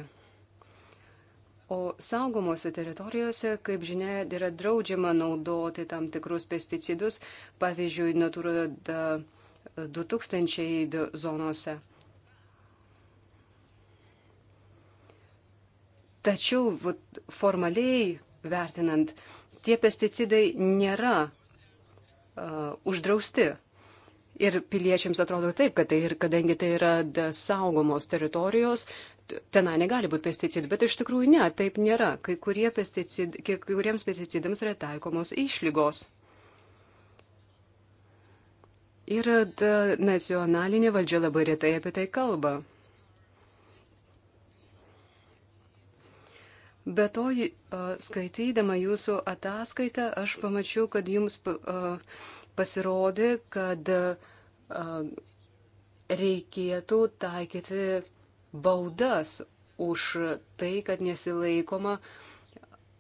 O saugomose teritorijose, kaip žinia, yra draudžiama naudoti tam tikrus pesticidus, pavyzdžiui, Natura 2000 zonose. Tačiau vat, formaliai vertinant, tie pesticidai nėra uh, uždrausti Ir piliečiams atrodo taip, kad tai ir kadangi tai yra saugomos teritorijos, tenai negali būti pesticidų, bet iš tikrųjų ne, taip nėra. Kai, kurie pesticid, kai kuriems pesticidams yra taikomos išlygos. Ir da, nacionalinė valdžia labai retai apie tai kalba. Be to, skaitydama jūsų ataskaitą, aš pamačiau, kad jums. Uh, pasirodė, kad reikėtų taikyti baudas už tai, kad nesilaikoma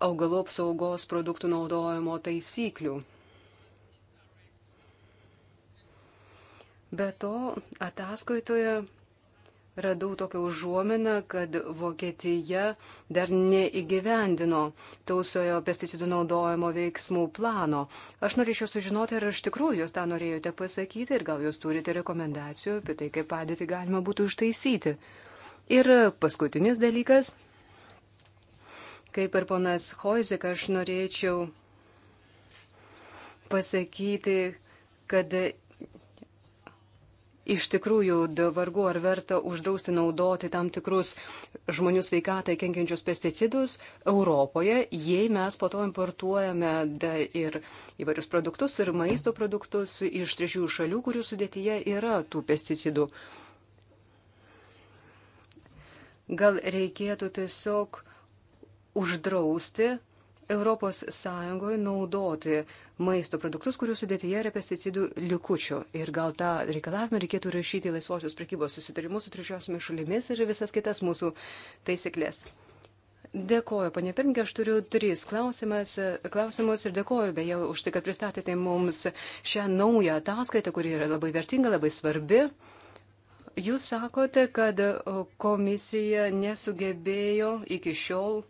augalų apsaugos produktų naudojimo taisyklių. Be to, ataskaitoje radau tokią užuominą, kad Vokietija dar neįgyvendino tausojo pesticidų naudojimo veiksmų plano. Aš norėčiau sužinoti, ar iš tikrųjų jūs tą norėjote pasakyti ir gal jūs turite rekomendacijų apie tai, kaip padėtį galima būtų ištaisyti. Ir paskutinis dalykas, kaip ir ponas Hoizik, aš norėčiau pasakyti, kad Iš tikrųjų, vargu ar verta uždrausti naudoti tam tikrus žmonių sveikatai kenkiančius pesticidus Europoje, jei mes po to importuojame ir įvairius produktus, ir maisto produktus iš trečiųjų šalių, kurių sudėtyje yra tų pesticidų. Gal reikėtų tiesiog uždrausti ES naudoti maisto produktus, kurių sudėtyje yra pesticidų likučių. Ir gal tą reikalavimą reikėtų rašyti laisvosios prekybos susitarimus su trečiosiomis šalimis ir visas kitas mūsų taisyklės. Dėkoju, panė Pirmke, aš turiu tris klausimus ir dėkoju beje už tai, kad pristatėte mums šią naują ataskaitą, kuri yra labai vertinga, labai svarbi. Jūs sakote, kad komisija nesugebėjo iki šiol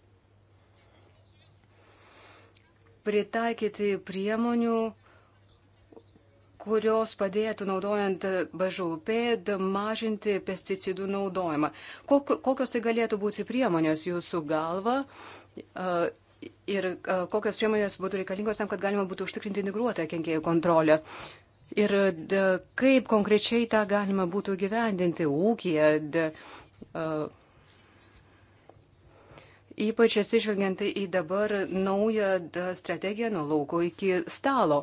pritaikyti priemonių, kurios padėtų naudojant BŽUP mažinti pesticidų naudojimą. Kokios tai galėtų būti priemonės jūsų galva ir kokios priemonės būtų reikalingos tam, kad galima būtų užtikrinti integruotą kenkėjų kontrolę. Ir kaip konkrečiai tą galima būtų gyvendinti ūkija, ypač atsižvelgiant į dabar naują strategiją nuo lauko iki stalo.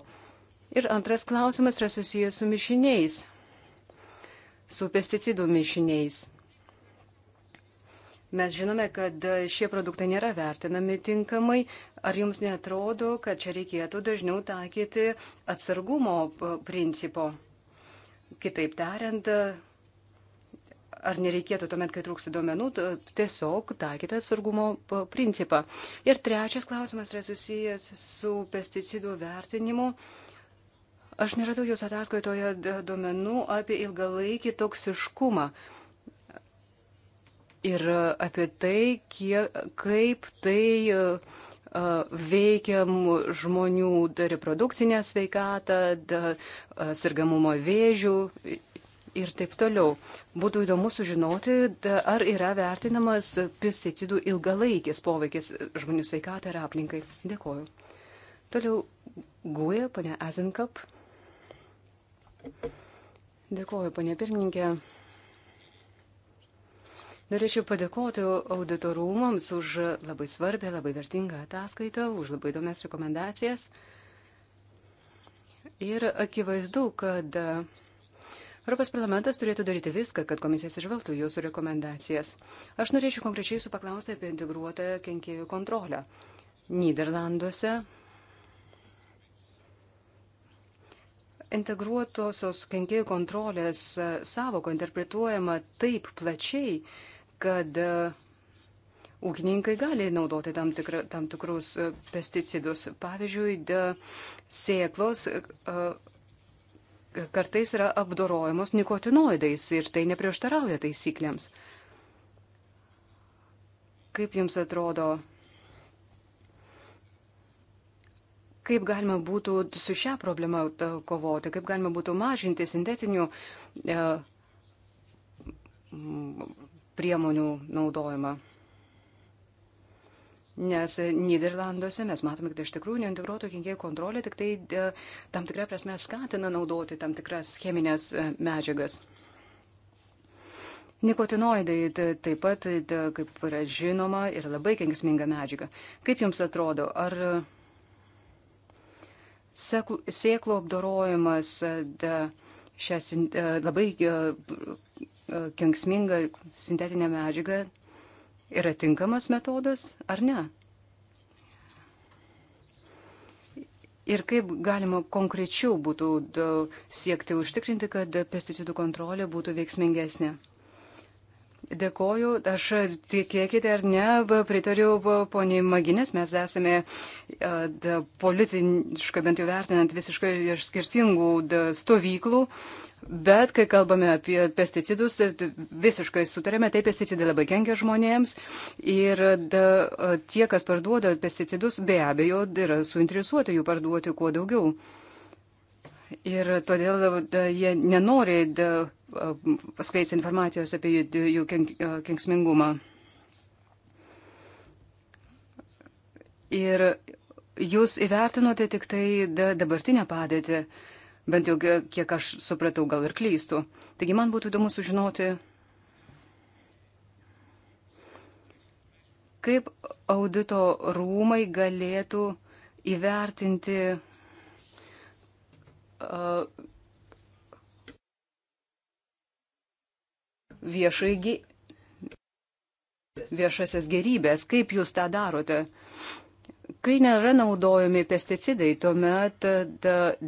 Ir antras klausimas yra susijęs su mišiniais, su pesticidų mišiniais. Mes žinome, kad šie produktai nėra vertinami tinkamai. Ar jums netrodo, kad čia reikėtų dažniau taikyti atsargumo principo? Kitaip tariant, ar nereikėtų tuomet, kai trūksta duomenų, tiesiog taikyti atsargumo principą. Ir trečias klausimas yra susijęs su pesticidų vertinimu. Aš neradau jūs ataskaitoje duomenų apie ilgalaikį toksiškumą. Ir apie tai, kiek, kaip tai e, e, veikiam žmonių reprodukcinę sveikatą, e, sirgamumo vėžių ir taip toliau. Būtų įdomu sužinoti, ar yra vertinamas pesticidų ilgalaikis poveikis žmonių sveikatai ir aplinkai. Dėkoju. Toliau guoja ponia Azenkap. Dėkoju, ponia pirmininkė. Norėčiau padėkoti auditorumams už labai svarbę, labai vertingą ataskaitą, už labai įdomias rekomendacijas. Ir akivaizdu, kad uh, Europos parlamentas turėtų daryti viską, kad komisijas išvelgtų jūsų rekomendacijas. Aš norėčiau konkrečiai jūsų paklausti apie integruotą kenkėjų kontrolę. Niderlanduose integruotosios kenkėjų kontrolės e, savoko interpretuojama taip plačiai, kad e, ūkininkai gali naudoti tam, tikra, tam tikrus e, pesticidus. Pavyzdžiui, sėklos uh, kartais yra apdorojamos nikotinoidais ir tai neprieštarauja taisyklėms. Kaip jums atrodo, kaip galima būtų su šią problemą kovoti, kaip galima būtų mažinti sintetinių e, priemonių naudojimą? Nes Niderlanduose mes matome, kad iš tikrųjų neintegruotų kenkėjų kontrolė tik tai e, tam tikrą prasme skatina naudoti tam tikras cheminės e, medžiagas. Nikotinoidai taip pat, kaip yra žinoma, yra labai kenksminga medžiaga. Kaip Jums atrodo, ar e, sėklų apdorojimas šią labai kenksmingą sintetinę medžiagą yra tinkamas metodas ar ne. Ir kaip galima konkrečiau būtų siekti užtikrinti, kad pesticidų kontrolė būtų veiksmingesnė. Dėkoju, aš tikėkite ar ne, pritariu poniai Maginės, mes esame politiškai, bent jau vertinant, visiškai iš skirtingų stovyklų, Bet kai kalbame apie pesticidus, e, visiškai sutarėme, tai pesticidai labai kenkia žmonėms ir da, e, tie, kas parduoda pesticidus, be abejo, yra suinteresuoti jų parduoti kuo daugiau. Ir todėl da, jie nenori da, paskleisti e, informacijos apie jų, jų kenk, kenksmingumą. Ir jūs įvertinote tik tai da, dabartinę padėtį. Uh, Bent jau kiek aš supratau, gal ir klystu. Taigi man būtų įdomu sužinoti, kaip audito rūmai galėtų įvertinti uh, viešai, viešasias gerybės. Kaip jūs tą darote? Uh, Kai nėra naudojami pesticidai, tuomet e,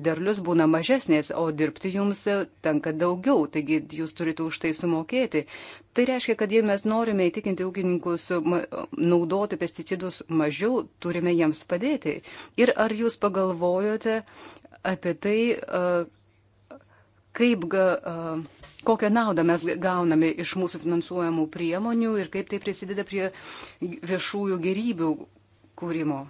derlius būna mažesnės, o dirbti jums e, tenka daugiau, taigi jūs turite už tai sumokėti. Tai reiškia, kad jei mes norime įtikinti ūkininkus e, naudoti pesticidus mažiau, turime jiems padėti. Ir ar jūs pagalvojote apie tai, kaip, kokią naudą mes gauname iš mūsų finansuojamų priemonių ir kaip tai prisideda prie viešųjų gerybių kūrimo.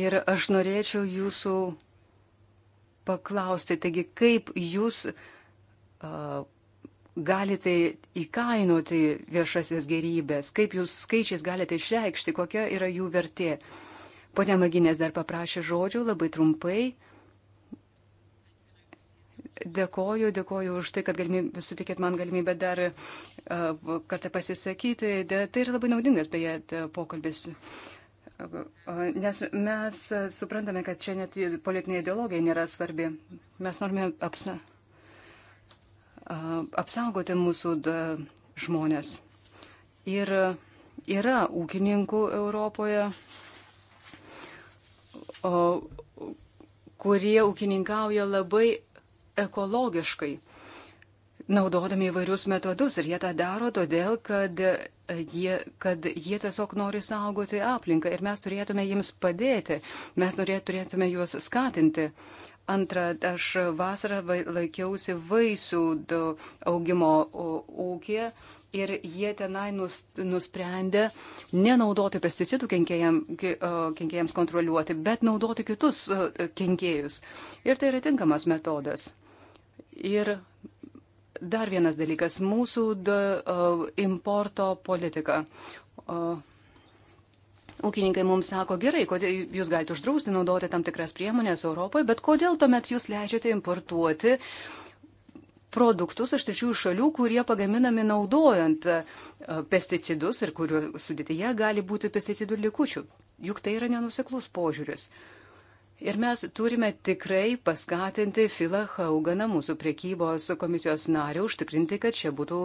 Ir aš norėčiau jūsų paklausti, taigi kaip jūs uh, galite įkainuoti viešasis gerybės, kaip jūs skaičiais galite išreikšti, kokia yra jų vertė. Pone Maginės dar paprašė žodžių labai trumpai. Dėkoju, dėkoju už tai, kad galimybė, sutikėt man galimybę dar uh, kartą pasisakyti. De, tai yra labai naudingas, beje, pokalbis. Uh, Nes mes suprantame, kad čia net politinė ideologija nėra svarbi. Mes norime apsa, apsaugoti mūsų žmonės. Ir yra ūkininkų Europoje, kurie ūkininkauja labai ekologiškai naudodami įvairius metodus ir jie tą daro todėl, kad jie, kad jie tiesiog nori saugoti aplinką ir mes turėtume jiems padėti, mes turėtume juos skatinti. Antra, aš vasarą laikiausi vaisių augimo ūkė ir jie tenai nusprendė nenaudoti pesticidų kenkėjams kontroliuoti, bet naudoti kitus kenkėjus. Ir tai yra tinkamas metodas. Ir Dar vienas dalykas - mūsų d, uh, importo politika. Uh, Ūkininkai mums sako, gerai, kodėl, jūs galite uždrausti naudoti tam tikras priemonės Europoje, bet kodėl tuomet jūs leidžiate importuoti produktus iš trečiųjų šalių, kurie pagaminami naudojant pesticidus ir kurių sudėtyje gali būti pesticidų likučių. Juk tai yra nenuseklus požiūris. Uh, Ir mes turime tikrai paskatinti Filą Hauganą, mūsų priekybos komisijos narį, užtikrinti, kad čia būtų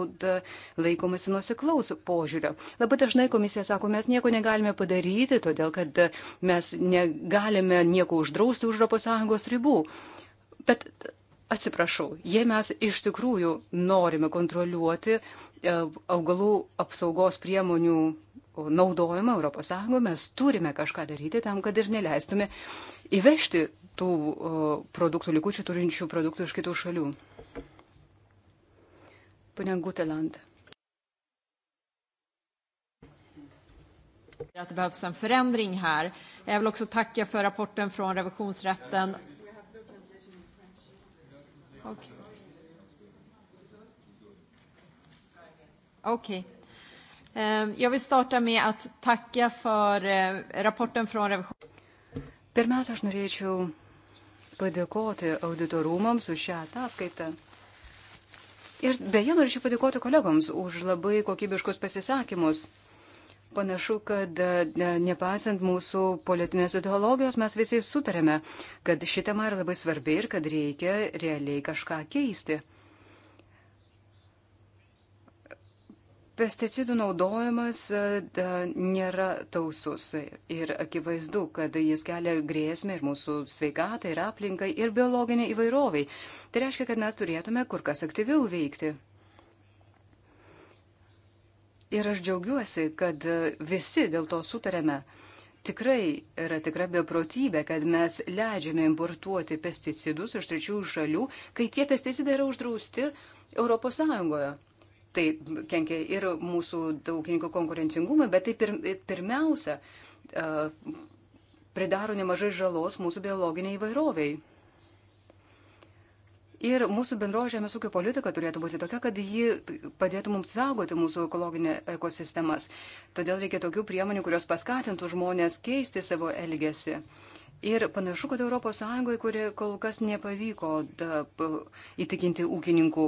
laikomasi nusiklaus požiūrio. Labai dažnai komisija sako, mes nieko negalime padaryti, todėl kad mes negalime nieko uždrausti už ES ribų. Bet atsiprašau, jei mes iš tikrųjų norime kontroliuoti e, augalų apsaugos priemonių naudojama ES, mes turime kažką daryti tam, kad ir neleistume įvežti tų produktų likučių turinčių produktų iš kitų šalių. Pane Guteland. att det behövs en förändring här. Jag vill också tacka för rapporten från revisionsrätten. Okej. Okay. okay. Ehm, jag vill starta med att tacka för eh, rapporten från revisionen. Pirmiausia, aš norėčiau padėkoti auditorumams už šią ataskaitą. Ir beje, norėčiau padėkoti kolegoms už labai kokybiškus pasisakymus. Panašu, kad e, nepaisant mūsų politinės ideologijos, mes visi sutarėme, kad ši tema yra labai svarbi ir kad reikia realiai kažką keisti. Pesticidų naudojimas e, nėra tausus ir akivaizdu, kad jis kelia grėsmę ir mūsų sveikatai, ir aplinkai, ir biologiniai įvairoviai. Tai reiškia, kad mes turėtume kur kas aktyviau veikti. Ir aš džiaugiuosi, kad visi dėl to sutarėme. Tikrai yra tikra beprotybė, kad mes leidžiame importuoti pesticidus iš trečiųjų šalių, kai tie pesticidai yra uždrausti Europos Sąjungoje tai kenkia ir mūsų daugininkų konkurencingumui, bet tai pir, pirmiausia e, pridaro nemažai žalos mūsų biologiniai įvairoviai. Ir mūsų bendroji žemės ūkio politika turėtų būti tokia, kad ji padėtų mums saugoti mūsų ekologinę ekosistemas. Todėl reikia tokių priemonių, kurios paskatintų žmonės keisti savo elgesį. Ir panašu, kad ES, kuri kol kas nepavyko da, įtikinti ūkininkų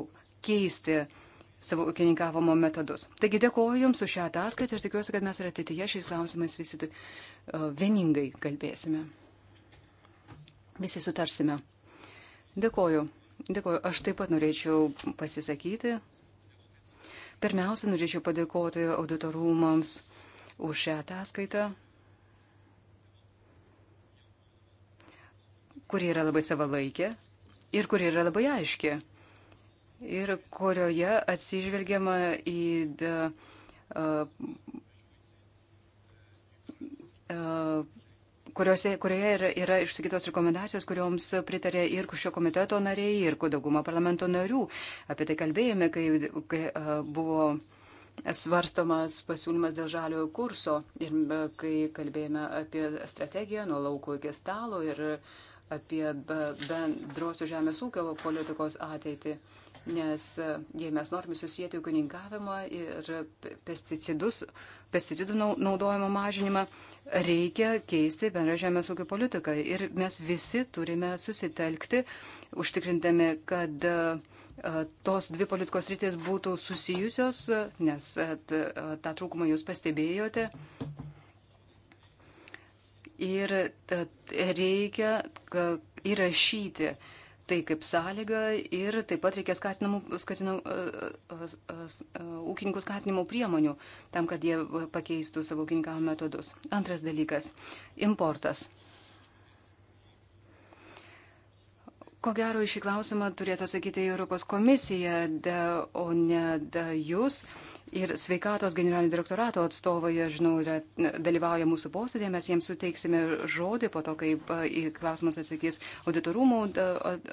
keisti uh, savo ūkininkavimo metodus. Taigi dėkuoju Jums už šią ataskaitą ir tikiuosi, kad mes ir ateityje šiais klausimais visi e, vieningai kalbėsime. Visi sutarsime. Dėkuoju. Dėkuoju. Aš taip pat norėčiau pasisakyti. Pirmiausia, norėčiau padėkoti auditorumams už šią ataskaitą, kuri yra labai savalaikė ir kuri yra labai aiški ir kurioje atsižvelgiama į da, kuriuose, kurioje yra, yra išsakytos rekomendacijos, kurioms pritarė ir šio komiteto nariai, ir dauguma parlamento narių. Apie tai kalbėjome, kai, kai buvo svarstomas pasiūlymas dėl žaliojo kurso ir kai kalbėjome apie strategiją nuo lauko iki stalo ir apie bendrosios žemės ūkio politikos ateitį nes e, jei mes norime susijęti ūkininkavimą ir pesticidus, pesticidų naudojimo mažinimą, reikia keisti bendrą žemės ūkio politiką. Ir mes visi turime susitelkti, užtikrintami, kad e, e, tos dvi politikos rytis būtų susijusios, nes tą trūkumą jūs pastebėjote. Ir reikia įrašyti uh, tai kaip sąlyga ir taip pat reikia skatinamų, skatinamų, ūkininkų skatinimo priemonių tam, kad jie pakeistų savo ūkininkavimo metodus. Antras dalykas - importas. Ko gero, iš įklausimą turėtų atsakyti Europos komisija, de, o ne de, jūs. Ir sveikatos generalinio direktorato atstovai, aš žinau, yra, dalyvauja mūsų posėdėje, mes jiems suteiksime žodį po to, kai e, į klausimus atsakys auditorumų e,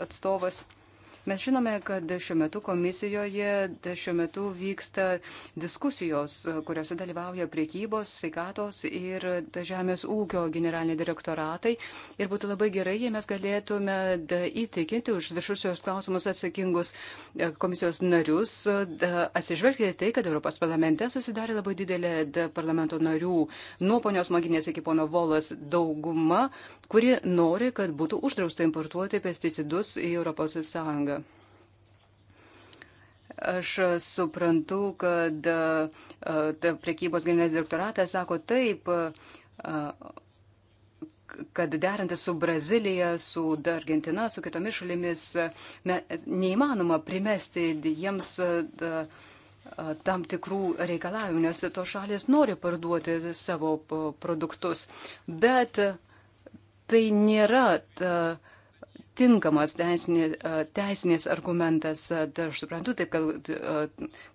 atstovas. Mes žinome, kad šiuo metu komisijoje šiuo metu vyksta diskusijos, kuriuose dalyvauja priekybos, sveikatos ir žemės ūkio generaliniai direktoratai. Ir būtų labai gerai, jei mes galėtume įtikinti už visus šios klausimus atsakingus e, komisijos narius, atsižvelgti tai, kad Europos parlamente susidarė labai didelė parlamento narių nuo ponios Maginės iki pono Volas dauguma, kuri nori, kad būtų uždrausta importuoti pesticidus į ES. Aš suprantu, kad e, priekybos generalinis direktoratas sako taip, e, kad derinti su Brazilija, su Argentina, su kitomis šalimis e, me, neįmanoma primesti jiems da, tam tikrų reikalavimų, nes to šalis nori parduoti savo produktus. Bet tai nėra ta, uh, tinkamas teisinė, teisinės argumentas. Aš suprantu taip, kad,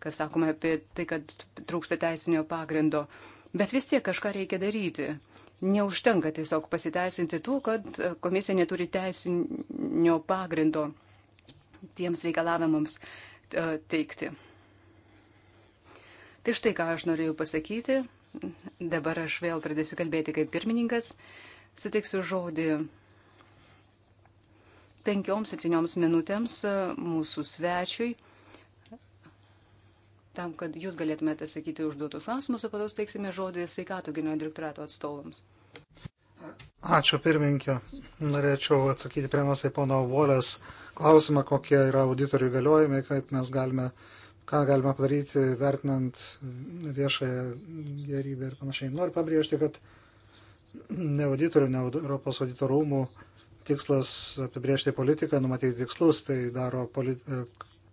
kas sakoma apie tai, kad trūksta teisinio pagrindo, bet vis tiek kažką reikia daryti. Neužtenka tiesiog pasiteisinti tuo, kad komisija neturi teisinio pagrindo tiems reikalavimams teikti. Tai štai ką aš norėjau pasakyti. Dabar aš vėl pradėsiu kalbėti kaip pirmininkas. Sutiksiu žodį penkioms-septynioms minutėms e, mūsų svečiui, tam, kad jūs galėtumėte atsakyti užduotus klausimus, o po to steiksime žodį sveikato genio direktorato atstovams. Ačiū pirmininkė. Norėčiau atsakyti pirmiausiai pono Volės klausimą, kokie yra auditorių įgaliojimai, kaip mes galime, ką galime padaryti, vertinant viešąją gerybę ir panašiai. Noriu pabrėžti, kad ne auditorių, ne Europos auditorų rūmų uh, tikslas apibriežti politiką, numatyti tikslus, tai daro e,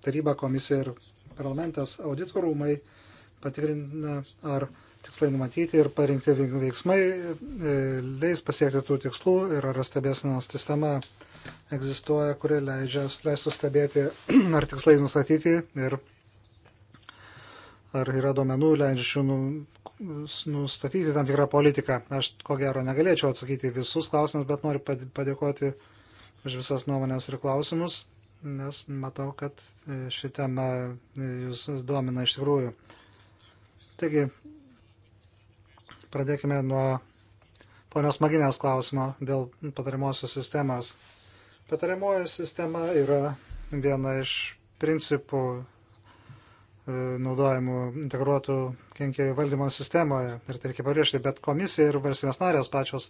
taryba, komisija ir parlamentas, auditorumai patikrina, ar tikslai numatyti ir parinkti veiksmai e, leis pasiekti tų tikslų ir ar stebėsinos sistema egzistuoja, kuri leidžia, leis sustebėti, ar tikslai nustatyti ir ar yra domenų leidžiančių nu, nustatyti tam tikrą politiką. Aš ko gero negalėčiau atsakyti visus klausimus, bet noriu padėkoti už visas nuomonės ir klausimus, nes matau, kad e, ši tema e, jūs domina iš tikrųjų. Taigi, pradėkime nuo ponios Maginės klausimo dėl patariamosios sistemos. Patariamoji sistema yra viena iš principų E, naudojimų integruotų kenkėjų valdymo sistemoje. Ir tai reikia pabrėžti, bet komisija ir valstybės narės pačios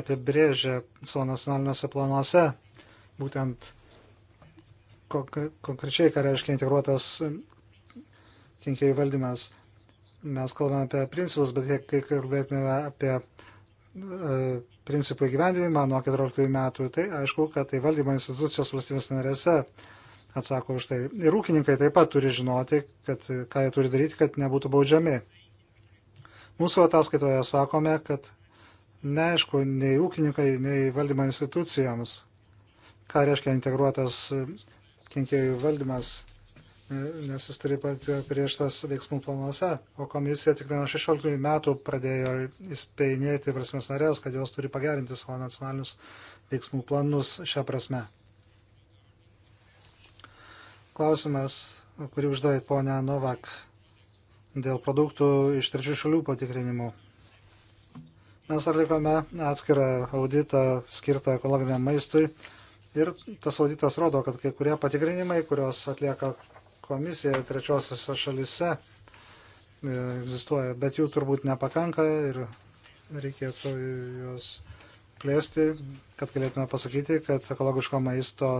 apibrėžia savo nacionaliniuose planuose būtent konkrečiai, ką reiškia integruotas kenkėjų valdymas. Mes kalbame apie principus, bet kai kalbėtume apie e, principų įgyvendinimą nuo 14 metų, tai aišku, kad tai valdymo institucijos valstybės narėse atsako už tai. Ir ūkininkai taip pat turi žinoti, kad, ką jie turi daryti, kad nebūtų baudžiami. Mūsų ataskaitoje sakome, kad neaišku nei ūkininkai, nei valdymo institucijoms, ką reiškia integruotas kenkėjų valdymas, nes jis turi prieštas veiksmų planuose, o komisija tik nuo 16 metų pradėjo įspėjinėti prasmes narės, kad jos turi pagerinti savo nacionalinius veiksmų planus šią prasme. Klausimas, kurį uždavė ponia Novak dėl produktų iš trečių šalių patikrinimų. Mes atlikome atskirą auditą skirtą ekologiniam maistui ir tas auditas rodo, kad kai kurie patikrinimai, kurios atlieka komisija trečiosiuose šalise, e, egzistuoja, bet jų turbūt nepakanka ir reikėtų juos plėsti, kad galėtume pasakyti, kad ekologiško maisto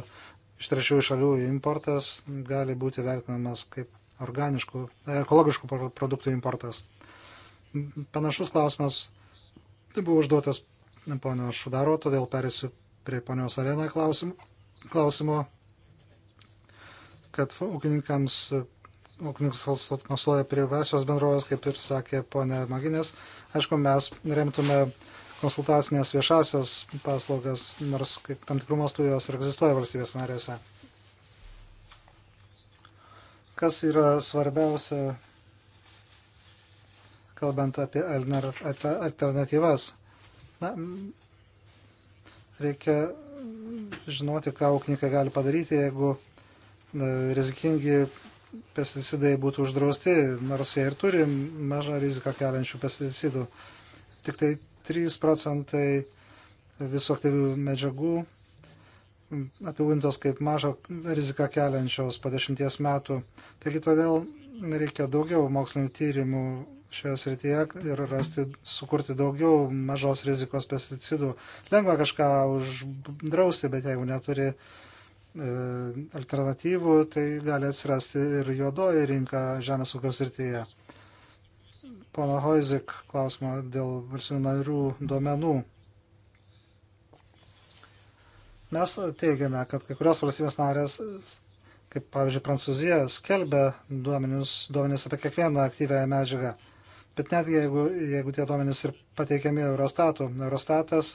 iš trečiųjų šalių importas gali būti vertinamas kaip organiškų, ekologiškų produktų importas. Panašus klausimas tai buvo užduotas ponio Šudaro, todėl perėsiu prie ponios Arena klausim, klausimo, kad ūkininkams ūkininkus konsultuoja privačios bendrovės, kaip ir sakė ponė Maginės. Aišku, mes remtume konsultacinės viešasias paslaugas, nors kaip tam tikrų mastų jos ir egzistuoja valstybės narėse. Kas yra svarbiausia, kalbant apie alternatyvas? Na, reikia žinoti, ką ūkininkai gali padaryti, jeigu rizikingi pesticidai būtų uždrausti, nors jie ir turi mažą riziką keliančių pesticidų. Tik tai 3 procentai visų aktyvių medžiagų apibūdintos kaip mažą riziką keliančios po dešimties metų. Taigi todėl reikia daugiau mokslinių tyrimų šioje srityje ir rasti, sukurti daugiau mažos rizikos pesticidų. Lengva kažką uždrausti, bet jeigu neturi e, alternatyvų, tai gali atsirasti ir juodoji rinka žemės ūkio srityje pono Hoizik klausimą dėl valstybių narių duomenų. Mes teigiame, kad kai kurios valstybės narės, kaip pavyzdžiui Prancūzija, skelbia duomenis, duomenis apie kiekvieną aktyvęją medžiagą. Bet netgi jeigu, jeigu tie duomenys ir pateikiami Eurostatų, Eurostatas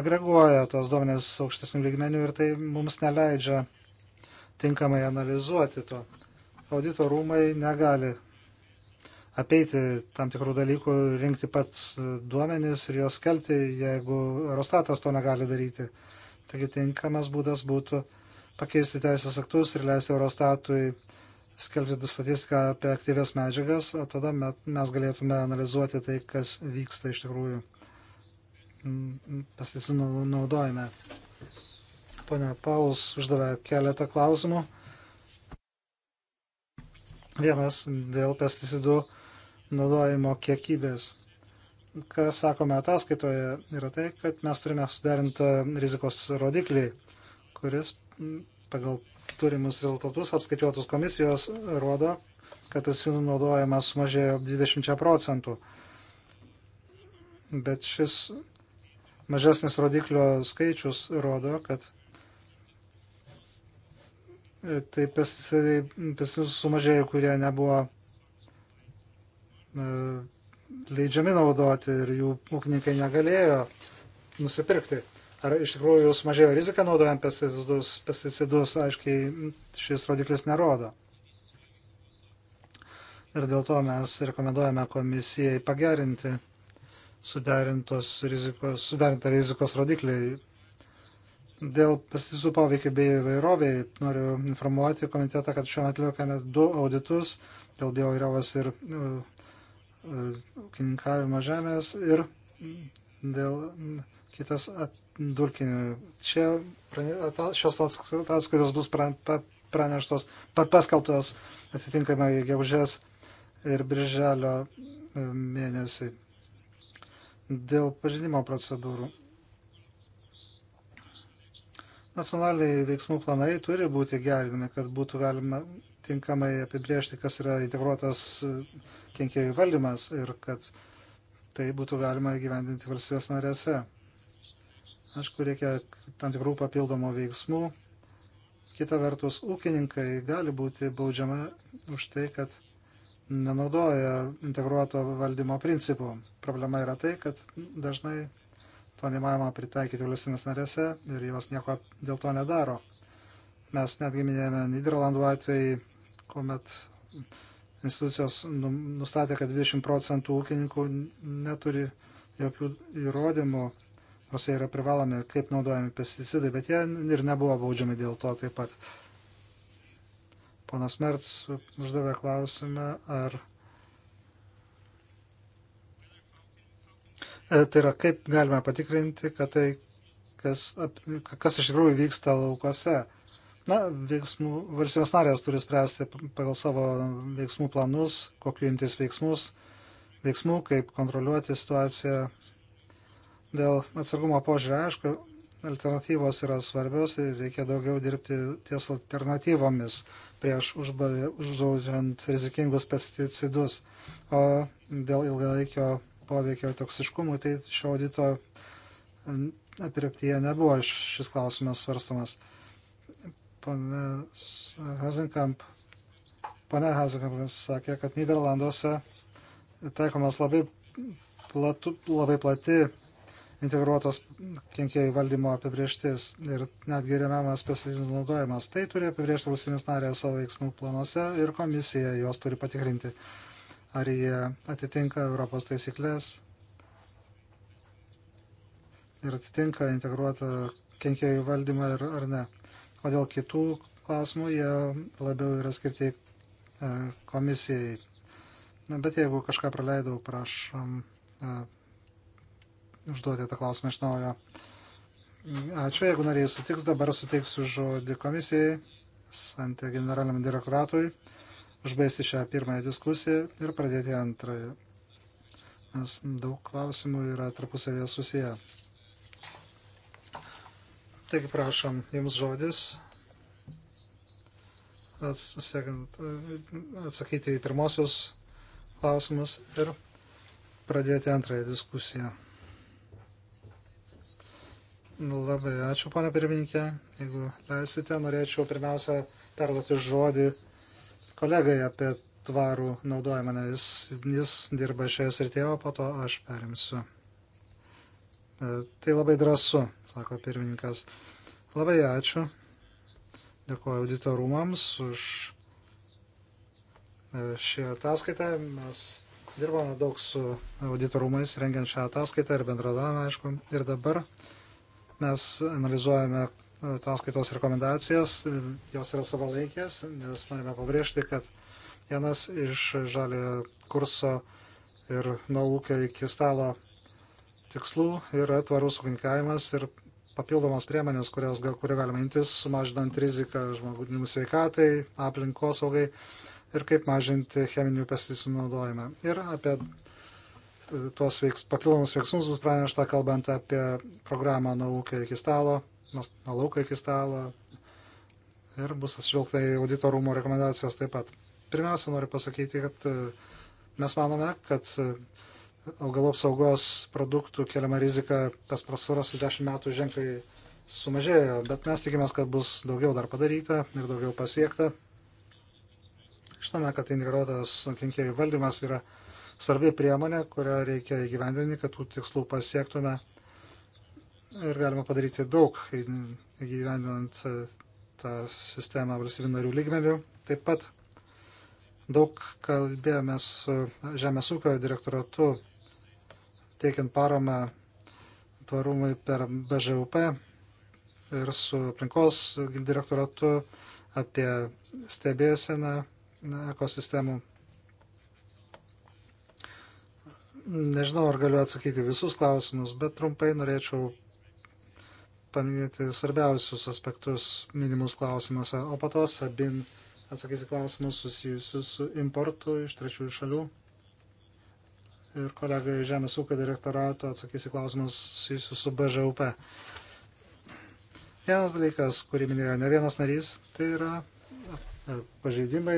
agreguoja tos duomenys aukštesnių lygmenių ir tai mums neleidžia tinkamai analizuoti to. Audito rūmai negali apeiti tam tikrų dalykų, rinkti pats duomenis ir juos skelbti, jeigu Eurostatas to negali daryti. Taigi tinkamas būdas būtų pakeisti teisės aktus ir leisti Eurostatui skelbti statistiką apie aktyvės medžiagas, o tada mes galėtume analizuoti tai, kas vyksta iš tikrųjų mm, pesticidų naudojime. Pone Pauls uždavė keletą klausimų. Vienas dėl pesticidų naudojimo kiekybės. Ką sakome ataskaitoje, yra tai, kad mes turime sudarintą rizikos rodiklį, kuris pagal turimus rezultatus apskaičiuotus komisijos rodo, kad pesticidų naudojimas sumažėjo 20 procentų. Bet šis mažesnis rodiklio skaičius rodo, kad tai pesticidai sumažėjo, kurie nebuvo E, leidžiami naudoti ir jų ūkininkai negalėjo nusipirkti. Ar iš tikrųjų sumažėjo rizika naudojant pesticidus, pesticidus aiškiai šis rodiklis nerodo. Ir dėl to mes rekomenduojame komisijai pagerinti rizikos, suderintą rizikos rodiklį. Dėl pesticidų poveikį bei įvairoviai noriu informuoti komitetą, kad šiuo metu atliekame du auditus dėl bioįvairovės ir uh, ūkininkavimo žemės ir dėl kitas durkinių. Čia šios ataskaitos bus praneštos, paskelbtos atitinkamai gegužės ir birželio e, mėnesį dėl pažinimo procedūrų. Nacionaliai veiksmų planai turi būti gerinami, kad būtų galima tinkamai apibriežti, kas yra integruotas kenkėjų valdymas ir kad tai būtų galima įgyvendinti valstybės narėse. Aišku, reikia tam tikrų papildomų veiksmų. Kita vertus, ūkininkai gali būti baudžiama už tai, kad nenaudoja integruoto valdymo principų. Problema yra tai, kad dažnai to neįmanoma pritaikyti valstybės narėse ir jos nieko dėl to nedaro. Mes netgi minėjome Niderlandų atvejį, kuomet institucijos nu, nustatė, kad 20 procentų ūkininkų neturi jokių įrodymų, nors jie yra privalomi, kaip naudojami pesticidai, bet jie ir nebuvo baudžiami dėl to taip pat. Ponas Merts uždavė klausimą, ar. E, tai yra, kaip galime patikrinti, kad tai, kas, kas iš tikrųjų vyksta laukose. Na, veiksmų, valstybės narės turi spręsti pagal savo veiksmų planus, kokiu imtis veiksmus, veiksmų, kaip kontroliuoti situaciją. Dėl atsargumo požiūrė, aišku, alternatyvos yra svarbios ir reikia daugiau dirbti ties alternatyvomis prieš uždraudžiant rizikingus pesticidus. O dėl ilgalaikio poveikio toksiškumui, tai šio audito aprieptyje nebuvo šis klausimas svarstomas. Pane Hazenkamp, pane Hazenkamp sakė, kad Niderlanduose taikomas labai, platu, labai plati integruotos kenkėjų valdymo apibrieštis ir netgi remiamas specialinis naudojimas. Tai turi apibriežti valstybės narė savo veiksmų planuose ir komisija juos turi patikrinti, ar jie atitinka Europos taisyklės ir atitinka integruotą kenkėjų valdymą ir, ar ne o dėl kitų klausimų jie labiau yra skirti e, komisijai. Bet jeigu kažką praleidau, prašom e, užduoti tą klausimą iš naujo. Ačiū, jeigu norėjai sutiks, dabar suteiksiu žodį komisijai, Santė generaliniam direktoratui, užbaigti šią pirmąją diskusiją ir pradėti antrąją. Nes daug klausimų yra tarpusavėje susiję. Taigi prašom, jums žodis atsiekant, atsakyti į pirmosius klausimus ir pradėti antrąją diskusiją. Labai ačiū, pana pirmininkė. Jeigu leisite, norėčiau pirmiausia perduoti žodį kolegai apie tvarų naudojimą, nes jis, jis dirba šioje srityje, o po to aš perimsiu E, tai labai drąsu, sako pirmininkas. Labai ačiū. Dėkuoju auditorumams už e, šį ataskaitą. Mes dirbame daug su auditorumais, rengiant šią ataskaitą ir bendradavome, aišku. Ir dabar mes analizuojame ataskaitos rekomendacijas. Jos yra savalaikės, nes norime pabrėžti, kad vienas iš žalio kurso ir nuo ūkio iki stalo tikslų yra tvarus ūkininkavimas ir papildomos priemonės, kurios, kurio galima imtis, sumažinant riziką žmogų sveikatai, aplinkosaugai ir kaip mažinti cheminių pesticidų naudojimą. Ir apie e, tuos veiks, papildomus veiksmus bus pranešta, kalbant apie programą nuo ūkio iki stalo, nuo, nuo lauko iki stalo. Ir bus atšvilgta į audito rūmų rekomendacijas taip pat. Pirmiausia, noriu pasakyti, kad e, mes manome, kad e, augalų apsaugos produktų keliama rizika tas pastarosius dešimt metų ženkliai sumažėjo, bet mes tikimės, kad bus daugiau dar padaryta ir daugiau pasiekta. Žinome, kad integruotas kenkėjų valdymas yra svarbi priemonė, kurią reikia įgyvendinti, kad tų tikslų pasiektume. Ir galima padaryti daug, įgyvendinant e, tą sistemą valstybių narių lygmenių. Taip pat daug kalbėjome su Žemės ūkio direktoratu teikiant paramą tvarumui per BŽUP ir su aplinkos direktoratu apie stebėseną ekosistemų. Nežinau, ar galiu atsakyti visus klausimus, bet trumpai norėčiau paminėti svarbiausius aspektus minimus klausimuose, o po to Sabin atsakys klausimus susijusius su importu iš trečiųjų šalių ir kolega iš Žemės ūkio direktorato atsakys į klausimus susijusius su BŽUP. Vienas dalykas, kurį minėjo ne vienas narys, tai yra e, pažeidimai,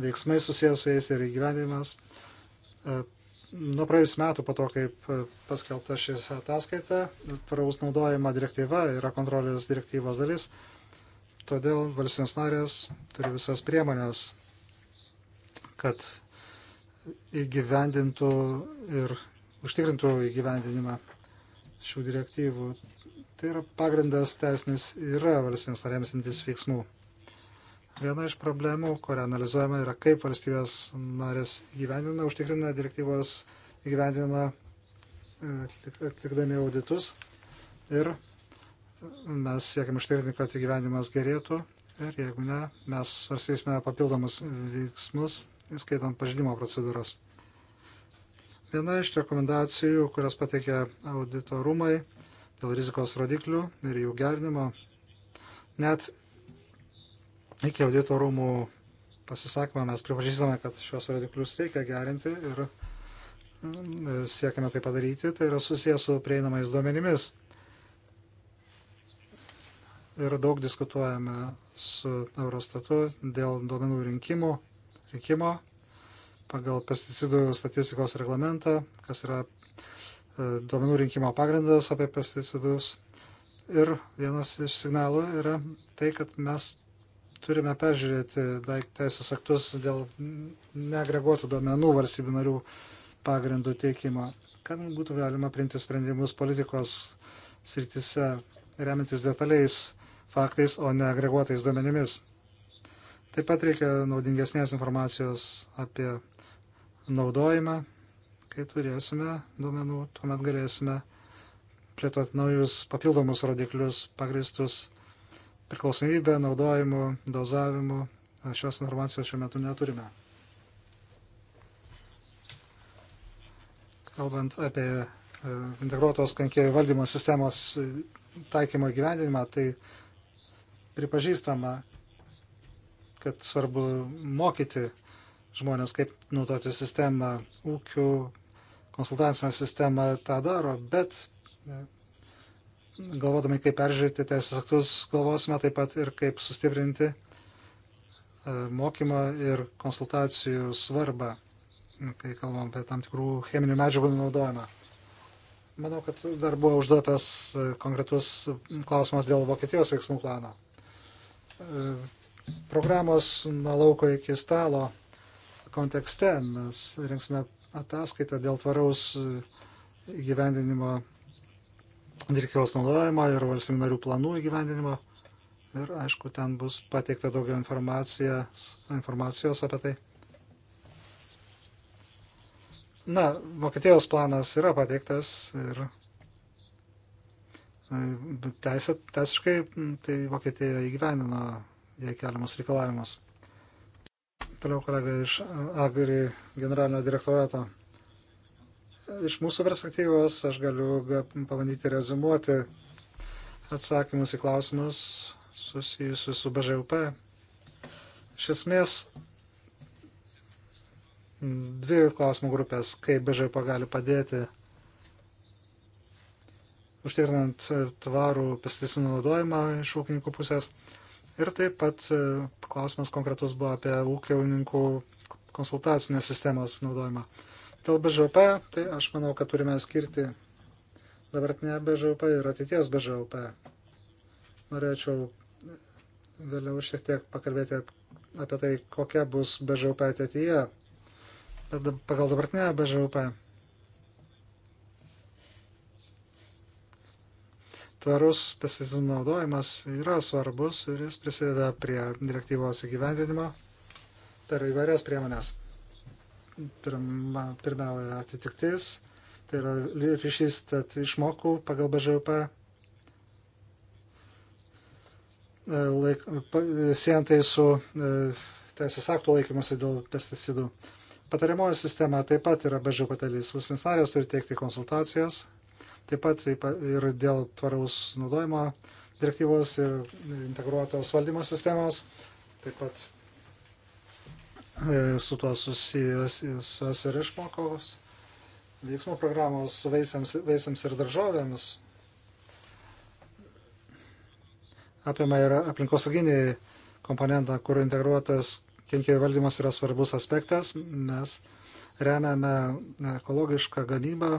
veiksmai susijęs su jais ir įgyvendinimas. E, nuo praėjusiu metų, po to, kaip e, paskelbta šis ataskaita, tvaraus naudojama direktyva yra kontrolės direktyvos dalis. Todėl valstybės narės turi visas priemonės, kad įgyvendintų ir užtikrintų įgyvendinimą šių direktyvų. Tai yra pagrindas teisinis yra valstybės narėms imtis veiksmų. Viena iš problemų, kurią analizuojame, yra kaip valstybės narės gyvenina, užtikrina direktyvos įgyvendinimą e, atlikdami auditus ir mes siekiam užtikrinti, kad įgyvenimas gerėtų ir jeigu ne, mes svarstysime papildomus veiksmus skaitant pažydimo procedūras. Viena iš rekomendacijų, kurias pateikė audito rūmai dėl rizikos rodiklių ir jų gerinimo, net iki audito rūmų pasisakymą mes pripažįstame, kad šios rodiklius reikia gerinti ir mm, siekiame tai padaryti, tai yra susijęs su prieinamais duomenimis. Ir daug diskutuojame su Eurostatu dėl duomenų rinkimų atlikimo pagal pesticidų statistikos reglamentą, kas yra e, duomenų rinkimo pagrindas apie pesticidus. Ir vienas iš signalų yra tai, kad mes turime peržiūrėti teisės aktus dėl neagreguotų duomenų valstybių narių pagrindų teikimo, kad būtų galima priimti sprendimus politikos srityse, remiantis detaliais faktais, o ne agreguotais duomenimis. Taip pat reikia naudingesnės informacijos apie naudojimą. Kai turėsime duomenų, tuomet galėsime plėtoti naujus papildomus rodiklius pagristus priklausomybę, naudojimu, dozavimu. Šios informacijos šiuo metu neturime. Kalbant apie e, integruotos kenkėjų valdymo sistemos e, taikymo gyvenimą, tai pripažįstama, kad svarbu mokyti žmonės, kaip naudoti sistemą, ūkių konsultacinę sistemą tą daro, bet e, galvodami, kaip peržiūrėti teisės aktus, galvosime taip pat ir kaip sustiprinti e, mokymo ir konsultacijų svarbą, kai kalbam apie tam tikrų cheminių medžiagų naudojimą. Manau, kad dar buvo užduotas e, konkretus klausimas dėl Vokietijos veiksmų plano programos nuo lauko iki stalo kontekste mes rengsime ataskaitą dėl tvaraus įgyvendinimo direktyvos naudojimo ir valstybių narių planų įgyvendinimo. Ir aišku, ten bus pateikta daugiau informacijos apie tai. Na, Vokietijos planas yra pateiktas ir e, teisė, teisiškai tai Vokietija įgyvendino jai keliamus reikalavimus. Toliau kolega iš Agri generalinio direktorato. Iš mūsų perspektyvos aš galiu pabandyti rezumuoti atsakymus į klausimus susijusius su BŽUP. Iš esmės, dvi klausimų grupės, kaip BŽUP gali padėti užtikrinant tvarų pesticidų naudojimą iš ūkininkų pusės Ir taip pat e, klausimas konkretus buvo apie ūkiauninkų konsultacinės sistemos naudojimą. Dėl BŽP, tai aš manau, kad turime skirti dabartinę BŽP ir ateities BŽP. Norėčiau vėliau šiek tiek pakalbėti apie tai, kokia bus BŽP ateityje. Bet pagal dabartinę BŽP Tvarus pesticidų naudojimas yra svarbus ir jis prisideda prie direktyvos įgyvendinimo per įvairias priemonės. Pirma, pirmiausia, atitiktis, tai yra ryšys, kad išmokų pagal BŽUP e, laik, siejantai su e, teisės aktų laikymusi dėl pesticidų. Patariamoji sistema taip pat yra BŽUP dalis. Visnės narės turi teikti konsultacijas Taip pat ir dėl tvaraus naudojimo direktyvos ir integruotos valdymo sistemos. Taip pat e, su tuo susijęs ir išmokos veiksmų programos vaisiams, vaisiams ir daržovėms. Apima ir aplinkosauginį komponentą, kur integruotas kenkėjų valdymas yra svarbus aspektas. Mes remiame ekologišką gamybą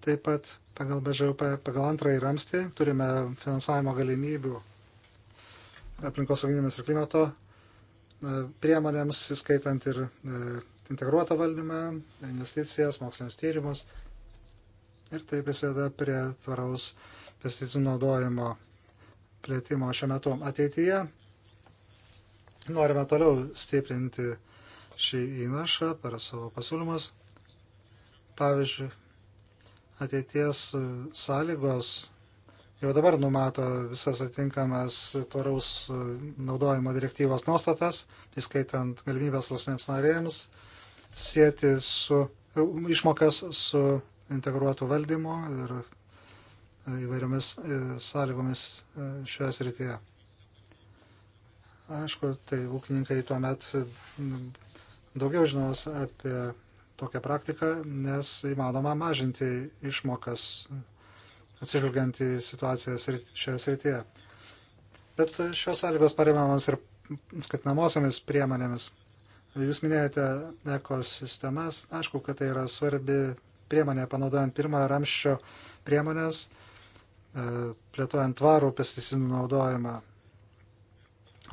Taip pat pagal BŽUP, pagal antrąjį ramstį turime finansavimo galimybių aplinkosauginėmis ir klimato e, priemonėms, įskaitant ir e, integruotą valdymą, investicijas, mokslinius tyrimus. Ir tai prisideda prie tvaraus pesticidų naudojimo plėtimo šiuo metu. Ateityje norime toliau stiprinti šį įnašą per savo pasiūlymus. Pavyzdžiui, ateities sąlygos jau dabar numato visas atinkamas tvaraus naudojimo direktyvos nuostatas, įskaitant galimybės valstybėms narėjams sėti su išmokas su integruotų valdymo ir įvairiomis e, sąlygomis e, šioje srityje. Aišku, tai ūkininkai tuomet daugiau žinos apie tokią praktiką, nes įmanoma mažinti išmokas atsižvelgiant į situaciją šioje srityje. Bet šios sąlygos paremamos ir skatinamosiamis priemonėmis. Jūs minėjote ekosistemas. Aišku, kad tai yra svarbi priemonė, panaudojant pirmojo ramščio priemonės, e, plėtojant tvarų pesticidų naudojimą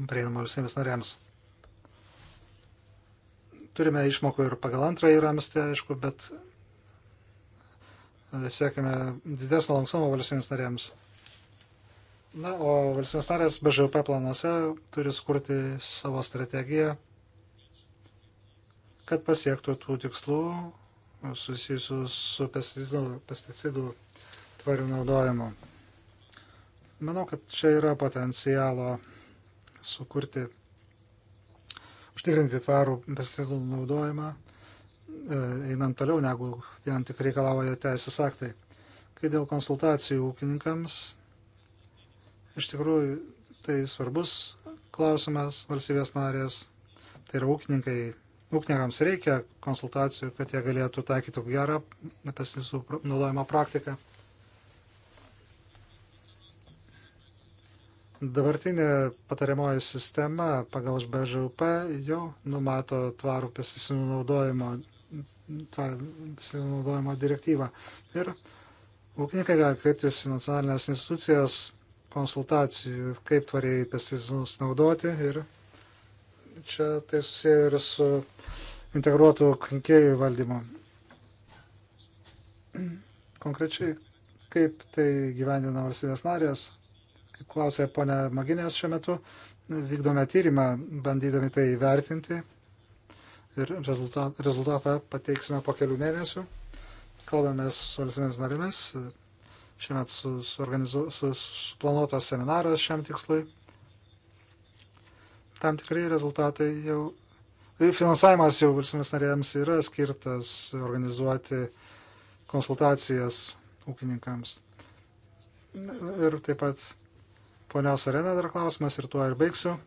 prieinamą visiems nariams. Turime išmokų ir pagal antrąjį ramstį, aišku, bet e, siekime didesnio lankstumo valstybės narėms. Na, o valstybės narės BŽP planuose turi skurti savo strategiją, kad pasiektų tų tikslų susijusių su pesticidų, pesticidų tvarių naudojimu. Manau, kad čia yra potencialo sukurti užtikrinti tvarų pesticidų naudojimą, e, einant toliau negu vien tik reikalauja teisės aktai. Kai dėl konsultacijų ūkininkams, iš tikrųjų tai svarbus klausimas valstybės narės, tai yra ūkininkai, ūkininkams reikia konsultacijų, kad jie galėtų taikyti gerą pesticidų naudojimo praktiką. Dabartinė patariamoji sistema pagal BŽUP jau numato tvarų pesticidų naudojimo, naudojimo direktyvą. Ir ūkininkai gali kreiptis į nacionalinės institucijas konsultacijų, kaip tvariai pesticidus naudoti. Ir čia tai susiję ir su integruotų kenkėjų valdymu. Konkrečiai, kaip tai gyvendina valstybės narės, kaip klausė ponia Maginės šiuo metu, vykdome tyrimą, bandydami tai įvertinti ir rezultatą pateiksime po kelių mėnesių. Kalbame su valstybės narėmis, šiemet suplanuotas su, su, su seminaras šiam tikslui. Tam tikrai rezultatai jau, finansavimas jau valstybės narėms yra skirtas organizuoti konsultacijas ūkininkams. Ir taip pat Ponios Arena dar klausimas ir tuo ir baigsiu.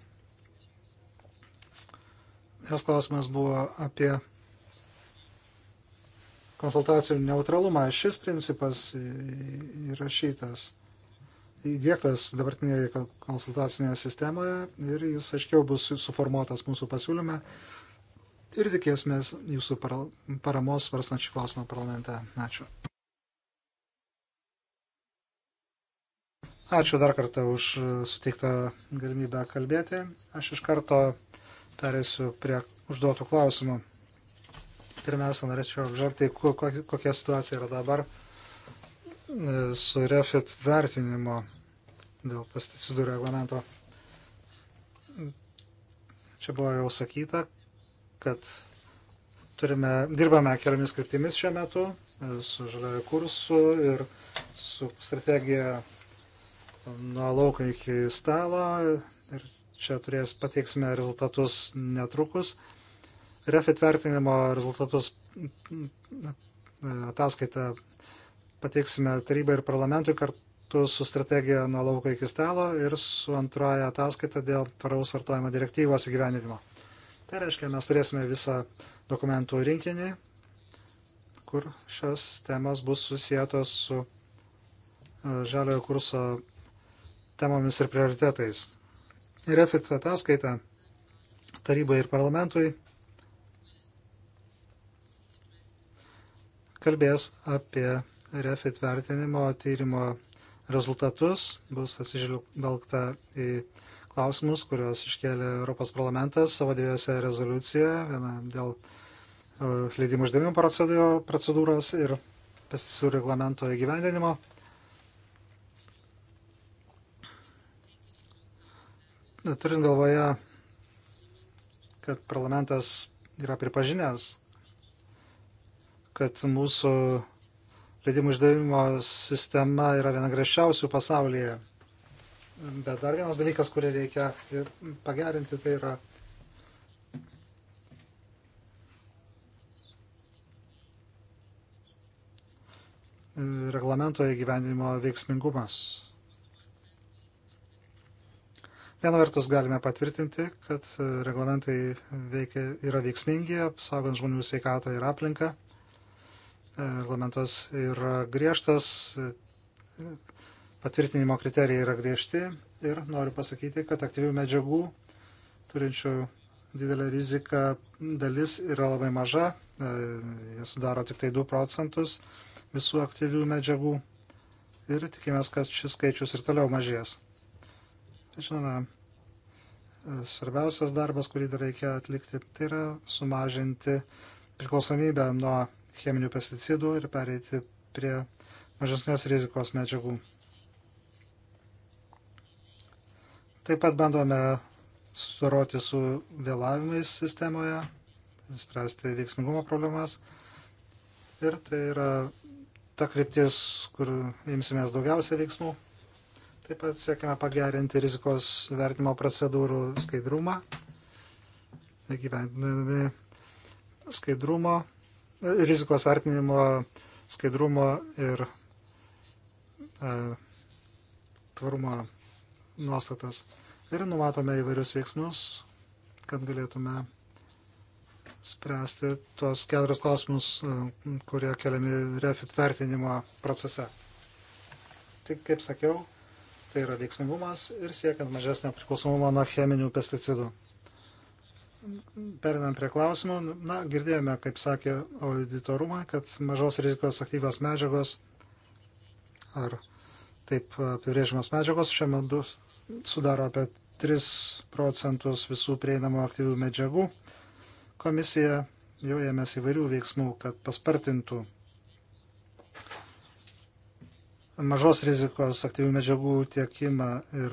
Jos klausimas buvo apie konsultacijų neutralumą. Šis principas įrašytas, įdėktas dabartinėje konsultacinėje sistemoje ir jis aiškiau bus suformuotas mūsų pasiūlyme ir tikėsimės jūsų paramos svarstančių klausimą parlamente. Ačiū. Ačiū dar kartą už e, suteiktą galimybę kalbėti. Aš iš karto perėsiu prie užduotų klausimų. Pirmiausia, norėčiau apžvelgti, kokia situacija yra dabar e, su refit vertinimo dėl pesticidų reglamento. Čia buvo jau sakyta, kad turime, dirbame keliomis kryptimis šiuo metu e, su žaliuoju kursu ir su strategija nuo lauko iki stalo ir čia turės pateiksime rezultatus netrukus. Refit vertinimo rezultatus ataskaitą pateiksime tarybai ir parlamentui kartu su strategija nuo lauko iki stalo ir su antroja ataskaita dėl tvaraus vartojimo direktyvos įgyvenimo. Tai reiškia, mes turėsime visą dokumentų rinkinį, kur šios temos bus susijėtos su e, žaliojo kurso temomis ir prioritetais. Refit ataskaita tarybai ir parlamentui kalbės apie refit vertinimo tyrimo rezultatus, bus atsižvelgta į klausimus, kuriuos iškėlė Europos parlamentas savo dviejose rezoliucijoje, viena dėl e, leidimų uždavimo procedūros ir pesticidų reglamento įgyvendinimo. turint galvoje, kad parlamentas yra pripažinęs, kad mūsų leidimų išdavimo sistema yra viena greščiausių pasaulyje. Bet dar vienas dalykas, kurį reikia pagerinti, tai yra reglamento įgyvendinimo veiksmingumas. Viena vertus galime patvirtinti, kad e, reglamentai veikia, yra veiksmingi, apsaugant žmonių sveikatą ir aplinką. E, reglamentas yra griežtas, e, patvirtinimo kriterijai yra griežti ir noriu pasakyti, kad aktyvių medžiagų turinčių didelę riziką dalis yra labai maža, jie sudaro tik tai 2 procentus visų aktyvių medžiagų ir tikimės, kad šis skaičius ir toliau mažės. Žinoma, svarbiausias darbas, kurį dar reikia atlikti, tai yra sumažinti priklausomybę nuo cheminių pesticidų ir pereiti prie mažesnės rizikos medžiagų. Taip pat bandome susidoroti su vėlavimais sistemoje, spręsti veiksmingumo problemas. Ir tai yra ta kryptis, kur imsimės daugiausia veiksmų. Taip pat siekime pagerinti rizikos vertimo procedūrų skaidrumą, gyvendinami skaidrumo, rizikos vertinimo skaidrumo ir e, tvarumo nuostatas. Ir numatome įvairius veiksmus, kad galėtume spręsti tuos keturis klausimus, e, kurie keliami refit vertinimo procese. Tik kaip sakiau, Tai yra veiksmingumas ir siekiant mažesnio priklausomumo nuo cheminių pesticidų. Perinant prie klausimų, na, girdėjome, kaip sakė auditorumai, kad mažos rizikos aktyvios medžiagos ar taip apibrėžimas medžiagos šiuo metu sudaro apie 3 procentus visų prieinamų aktyvių medžiagų. Komisija jau ėmėsi įvairių veiksmų, kad paspartintų mažos rizikos aktyvių medžiagų tiekimą ir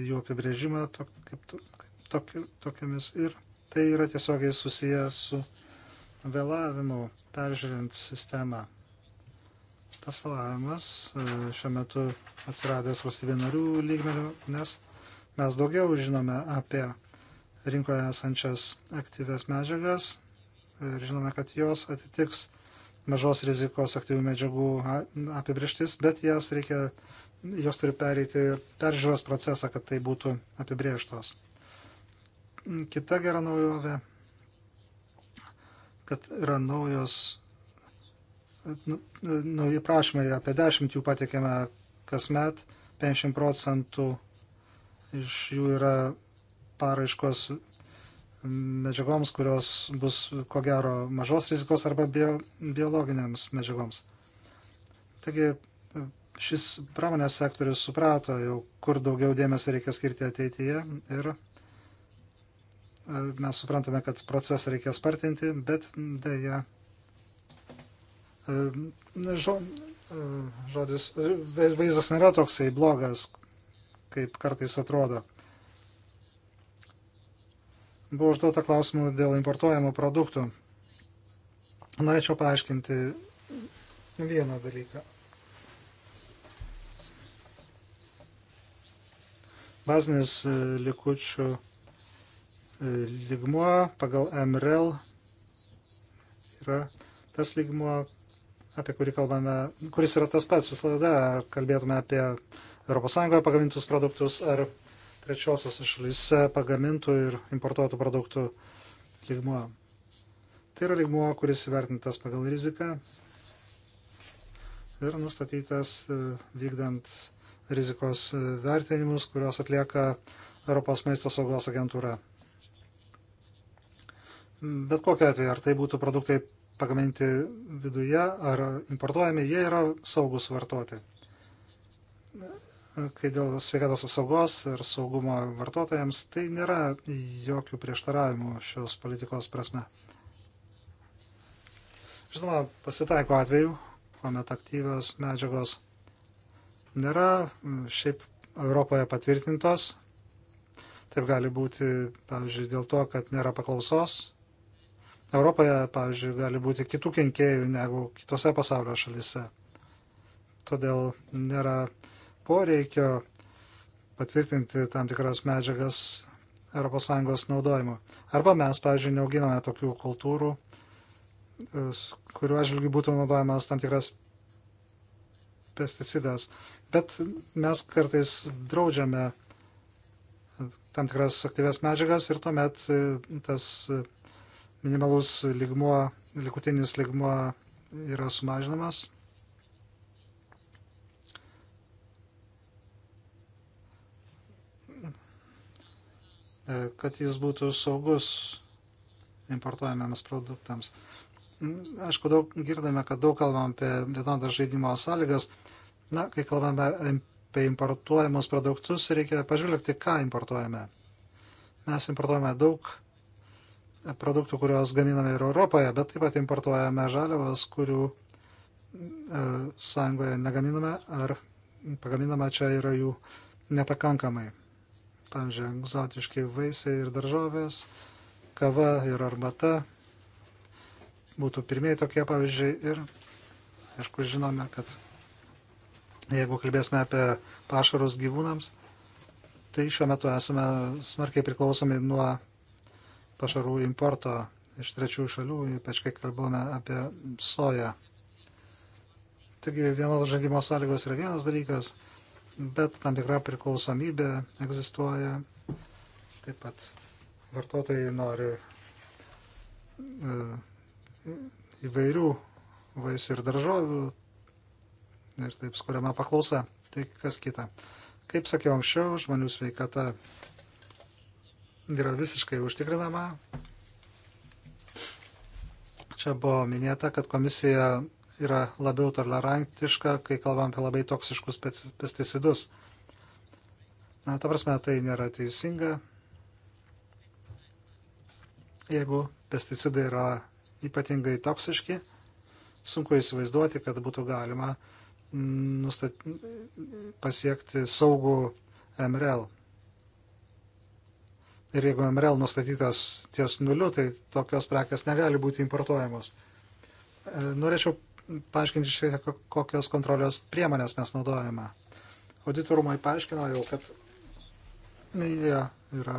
jų apibrėžimą tok, kaip, tok, tokiamis. Ir tai yra tiesiogiai susiję su vėlavimu peržiūrint sistemą. Tas vėlavimas e, šiuo metu atsiradęs valstybė narių lygmenių, nes mes daugiau žinome apie rinkoje esančias aktyves medžiagas ir žinome, kad jos atitiks mažos rizikos aktyvių medžiagų apibrieštis, bet jas reikia, jos turi pereiti peržiūros procesą, kad tai būtų apibrieštos. Kita gera naujovė, kad yra naujos, nu, nauji prašymai, apie 10 jų patikėme kasmet, 50 procentų iš jų yra paraiškos medžiagoms, kurios bus ko gero mažos rizikos arba bio, biologinėms medžiagoms. Taigi šis pramonės sektorius suprato jau, kur daugiau dėmesio reikia skirti ateityje ir e, mes suprantame, kad procesą reikia spartinti, bet dėja e, e, žodis, vaizdas nėra toksai blogas, kaip kartais atrodo. Buvo užduota klausimų dėl importuojamų produktų. Norėčiau paaiškinti vieną dalyką. Bazinis e, likučių e, lygmuo pagal MRL yra tas lygmuo, apie kurį kalbame, kuris yra tas pats visada, ar kalbėtume apie ES pagamintus produktus ar trečiosios šalyse pagamintų ir importuotų produktų lygmuo. Tai yra lygmuo, kuris įvertintas pagal riziką ir nustatytas e, vykdant rizikos e, vertinimus, kuriuos atlieka Europos maisto saugos agentūra. Bet kokia atveju, ar tai būtų produktai pagaminti viduje ar importuojami, jie yra saugus vartoti kai dėl sveikatos apsaugos ir saugumo vartotojams, tai nėra jokių prieštaravimų šios politikos prasme. Žinoma, pasitaiko atveju, kuomet aktyvios medžiagos nėra šiaip Europoje patvirtintos. Taip gali būti, pavyzdžiui, dėl to, kad nėra paklausos. Europoje, pavyzdžiui, gali būti kitų kenkėjų negu kitose pasaulio šalise. Todėl nėra poreikio patvirtinti tam tikras medžiagas ES naudojimu. Arba mes, pavyzdžiui, neauginame tokių kultūrų, e, kuriuo atžvilgiu būtų naudojamas tam tikras pesticidas. Bet mes kartais draudžiame tam tikras aktyves medžiagas ir tuomet e, tas e, minimalus ligmuo, likutinis ligmuo yra sumažinamas E, kad jis būtų saugus importuojamiams produktams. Aišku, daug girdame, kad daug kalbam apie vienodas žaidimo sąlygas. Na, kai kalbame apie importuojamus produktus, reikia pažvelgti, ką importuojame. Mes importuojame daug produktų, kuriuos gaminame ir Europoje, bet taip pat importuojame žaliavas, kurių e, sąjungoje negaminame ar pagaminama čia yra jų nepakankamai pavyzdžiui, egzotiški vaisiai ir daržovės, kava ir arbata būtų pirmieji tokie pavyzdžiai ir, aišku, žinome, kad jeigu kalbėsime apie pašarus gyvūnams, tai šiuo metu esame smarkiai priklausomi nuo pašarų importo iš trečiųjų šalių, ypač kai kalbame apie soją. Taigi vienos žaidimo sąlygos yra vienas dalykas, bet tam tikra priklausomybė egzistuoja. Taip pat vartotojai nori e, įvairių vaisių ir daržovių ir taip skuriama paklausa. Tai kas kita. Kaip sakiau anksčiau, žmonių sveikata yra visiškai užtikrinama. Čia buvo minėta, kad komisija yra labiau tolerantiška, kai kalbam apie labai toksiškus pesticidus. Na, ta prasme, tai nėra teisinga. Jeigu pesticidai yra ypatingai toksiški, sunku įsivaizduoti, kad būtų galima nustat... pasiekti saugų MRL. Ir jeigu MRL nustatytas ties nuliu, tai tokios prekės negali būti importuojamos. Norėčiau paaiškinti šiek tiek, kokios kontrolės priemonės mes naudojame. Auditorumai paaiškino jau, kad jie yra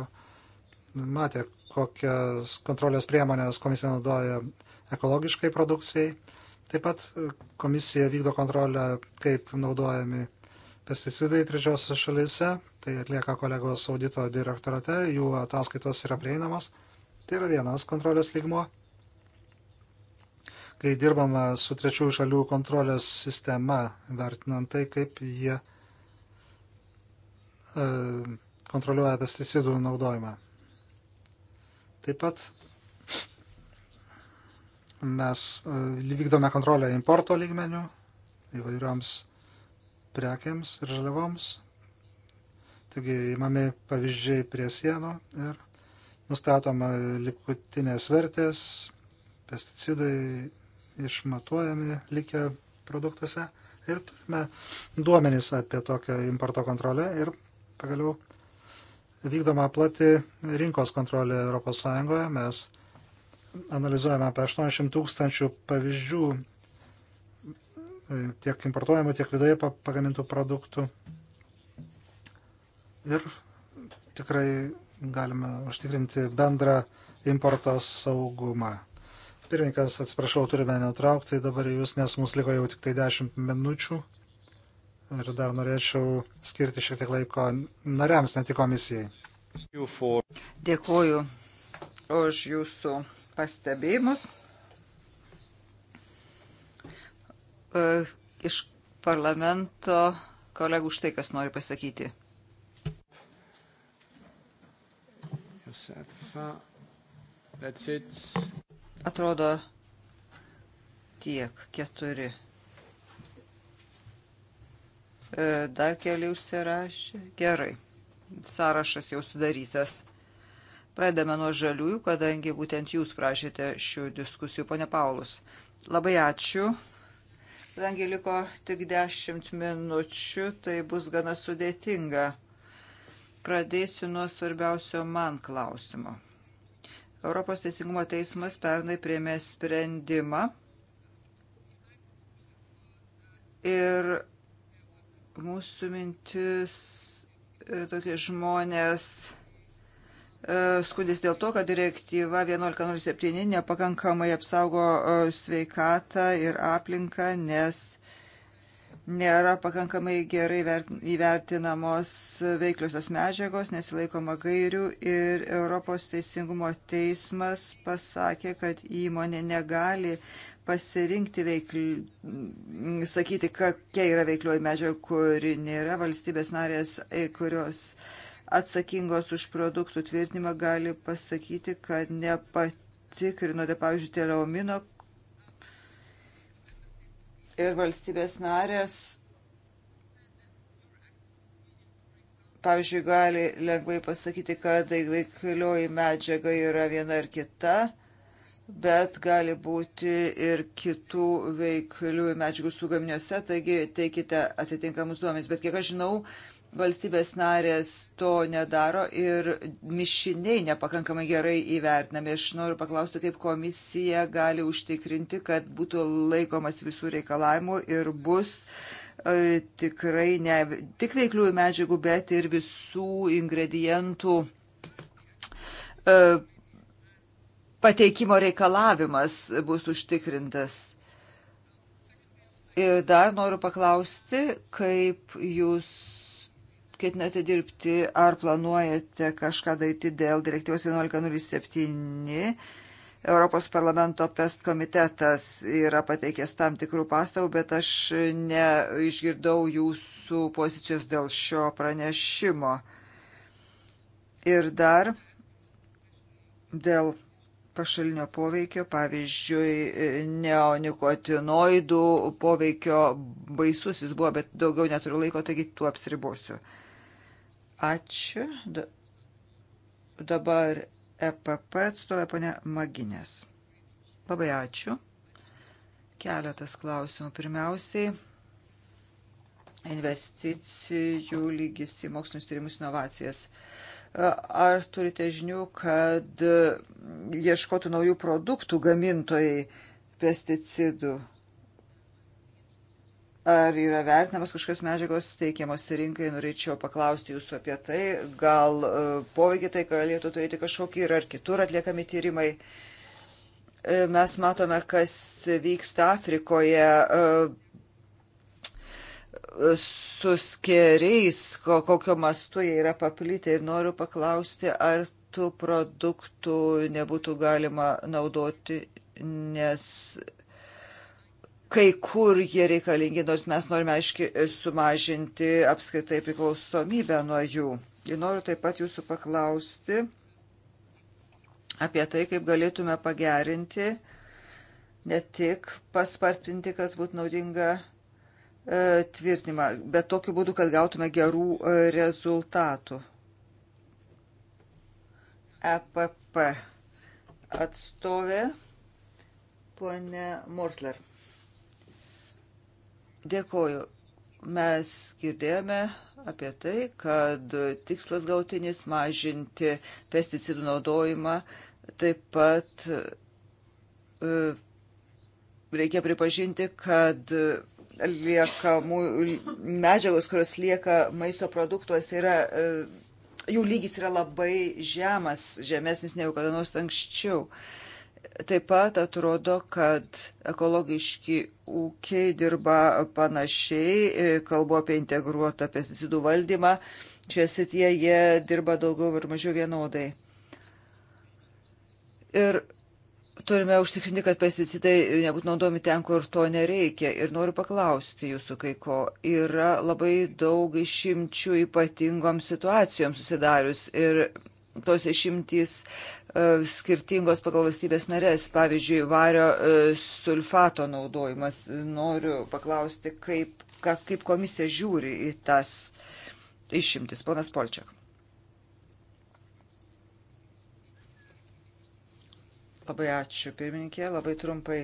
matė, kokias kontrolės priemonės komisija naudoja ekologiškai produkcijai. Taip pat komisija vykdo kontrolę, kaip naudojami pesticidai trečiosios šalise. Tai atlieka kolegos audito direktorate, jų ataskaitos yra prieinamos. Tai yra vienas kontrolės lygmo kai dirbama su trečiųjų šalių kontrolės sistema, vertinant tai, kaip jie e, kontroliuoja pesticidų naudojimą. Taip pat mes e, vykdome kontrolę importo lygmenių įvairioms prekiams ir žaliavoms. Taigi įmami pavyzdžiai prie sienų ir nustatoma likutinės vertės, pesticidai išmatuojami likę produktuose ir turime duomenys apie tokią importo kontrolę ir pagaliau vykdoma plati rinkos kontrolė ES. Mes analizuojame apie 80 tūkstančių pavyzdžių tiek importuojamų, tiek viduje pagamintų produktų. Ir tikrai galime užtikrinti bendrą importo saugumą. Pirmininkas, atsiprašau, turime neutraukti, dabar jūs, nes mums liko jau tik tai 10 minučių. Ir dar norėčiau skirti šiek tiek laiko nariams, ne tik komisijai. Dėkuoju už jūsų pastebėjimus. E, iš parlamento kolegų štai kas nori pasakyti. That's it atrodo tiek, keturi. E, dar keli užsirašė. Gerai. Sąrašas jau sudarytas. Pradedame nuo žaliųjų, kadangi būtent jūs prašėte šių diskusijų, ponė Paulus. Labai ačiū. Kadangi liko tik 10 minučių, tai bus gana sudėtinga. Pradėsiu nuo svarbiausio man klausimo. Europos Teisingumo teismas pernai priėmė sprendimą ir mūsų mintis e, tokie žmonės e, skundės dėl to, kad direktyva 1107 nepakankamai apsaugo e, sveikatą ir aplinką, nes nėra pakankamai gerai įvertinamos veikliosios medžiagos, nesilaikoma gairių ir Europos Teisingumo teismas pasakė, kad įmonė negali pasirinkti veikl... sakyti, kokia yra veiklioji medžiaga, kuri nėra valstybės narės, e, kurios atsakingos už produktų tvirtinimą gali pasakyti, kad nepatikrinate, pavyzdžiui, teleomino ir valstybės narės, pavyzdžiui, gali lengvai pasakyti, kad veikilioji medžiaga yra viena ar kita, bet gali būti ir kitų veikliųjų medžiagų sugaminiuose, taigi teikite atitinkamus duomenys. Bet kiek aš žinau, valstybės narės to nedaro ir mišiniai nepakankamai gerai įvertinami. Aš noriu paklausti, kaip komisija gali užtikrinti, kad būtų laikomas visų reikalavimų ir bus e, tikrai ne tik veikliųjų medžiagų, bet ir visų ingredientų e, pateikimo reikalavimas bus užtikrintas. Ir dar noriu paklausti, kaip jūs ketinate dirbti, ar planuojate kažką daryti dėl direktyvos 1107. Europos parlamento pest komitetas yra pateikęs tam tikrų pastabų, bet aš neišgirdau jūsų pozicijos dėl šio pranešimo. Ir dar dėl pašalinio poveikio, pavyzdžiui, neonikotinoidų poveikio baisus jis buvo, bet daugiau neturiu laiko, taigi tuo apsiribosiu. Ačiū. Dabar EPP atstovė ponė Maginės. Labai ačiū. Keletas klausimų. Pirmiausiai, investicijų lygis į mokslinius tyrimus inovacijas. Ar turite žinių, kad ieškotų naujų produktų gamintojai pesticidų? Ar yra vertinamas kažkokios medžiagos teikiamos rinkai, norėčiau paklausti jūsų apie tai, gal e, poveikį tai galėtų turėti kažkokį ir ar kitur atliekami tyrimai. E, mes matome, kas vyksta Afrikoje e, su skeriais, kokio mastu jie yra paplitę ir noriu paklausti, ar tų produktų nebūtų galima naudoti, nes kai kur jie reikalingi, nors mes norime aiškiai sumažinti apskritai priklausomybę nuo jų. Ir noriu taip pat jūsų paklausti apie tai, kaip galėtume pagerinti, ne tik paspartinti, kas būtų naudinga e, tvirtinimą, bet tokiu būdu, kad gautume gerų e, rezultatų. EPP atstovė ponė Mortler. Dėkoju. Mes girdėjome apie tai, kad tikslas gautinis mažinti pesticidų naudojimą, taip pat e, reikia pripažinti, kad liekamų medžiagos, kurios lieka maisto produktuose, yra, e, jų lygis yra labai žemas, žemesnis negu kada nors anksčiau. Uh, Taip pat atrodo, kad ekologiški ūkiai dirba panašiai, e, kalbu apie integruotą pesticidų valdymą, čia sitie jie dirba daugiau ir mažiau vienodai. Ir turime užtikrinti, kad pesticidai nebūtų naudomi ten, kur to nereikia. Ir noriu paklausti jūsų kai ko. Yra labai daug išimčių ypatingoms situacijoms susidarius. Ir tos išimtys e, skirtingos pagal valstybės narės, pavyzdžiui, vario e, sulfato naudojimas. Noriu paklausti, kaip, ka, kaip komisija žiūri į tas išimtis. Ponas Polčiak. Labai ačiū, pirmininkė, labai trumpai.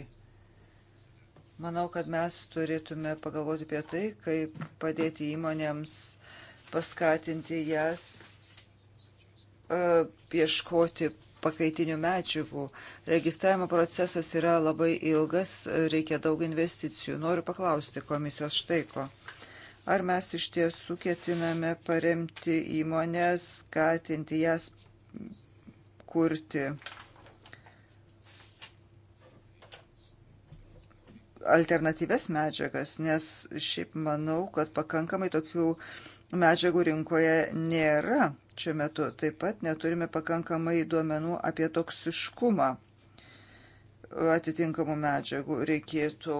Manau, kad mes turėtume pagalvoti apie tai, kaip padėti įmonėms paskatinti jas ieškoti pakaitinių medžiagų. Registravimo procesas yra labai ilgas, reikia daug investicijų. Noriu paklausti komisijos štaiko. Ar mes iš tiesų ketiname paremti įmonės, skatinti jas kurti alternatyves medžiagas, nes šiaip manau, kad pakankamai tokių uh, medžiagų rinkoje nėra šiuo metu. Taip pat neturime pakankamai duomenų apie toksiškumą atitinkamų medžiagų. Reikėtų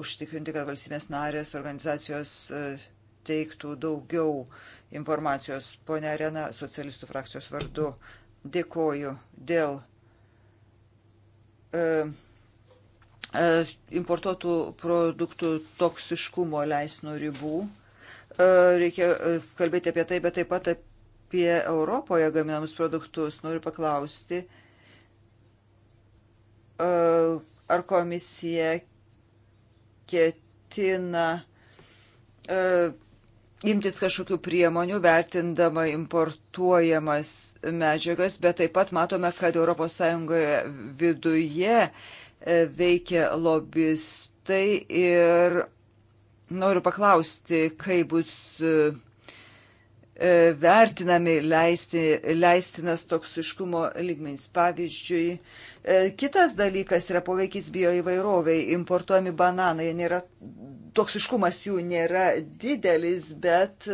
užtikrinti, kad valstybės narės organizacijos e, teiktų daugiau informacijos. Pone Arena, socialistų frakcijos vardu, dėkoju dėl e, e importuotų produktų toksiškumo leisnų ribų. E, reikia e, kalbėti apie tai, bet taip pat apie Europoje gaminamus produktus. Noriu paklausti, e, ar komisija ketina imtis kažkokių priemonių, vertindama importuojamas medžiagas, bet taip pat matome, kad ES viduje veikia lobistai ir Noriu paklausti, kaip bus e, e, vertinami leisti, leistinas toksiškumo lygmenys. Pavyzdžiui, e, kitas dalykas yra poveikis bioįvairoviai, importuojami bananai, nėra, toksiškumas jų nėra didelis, bet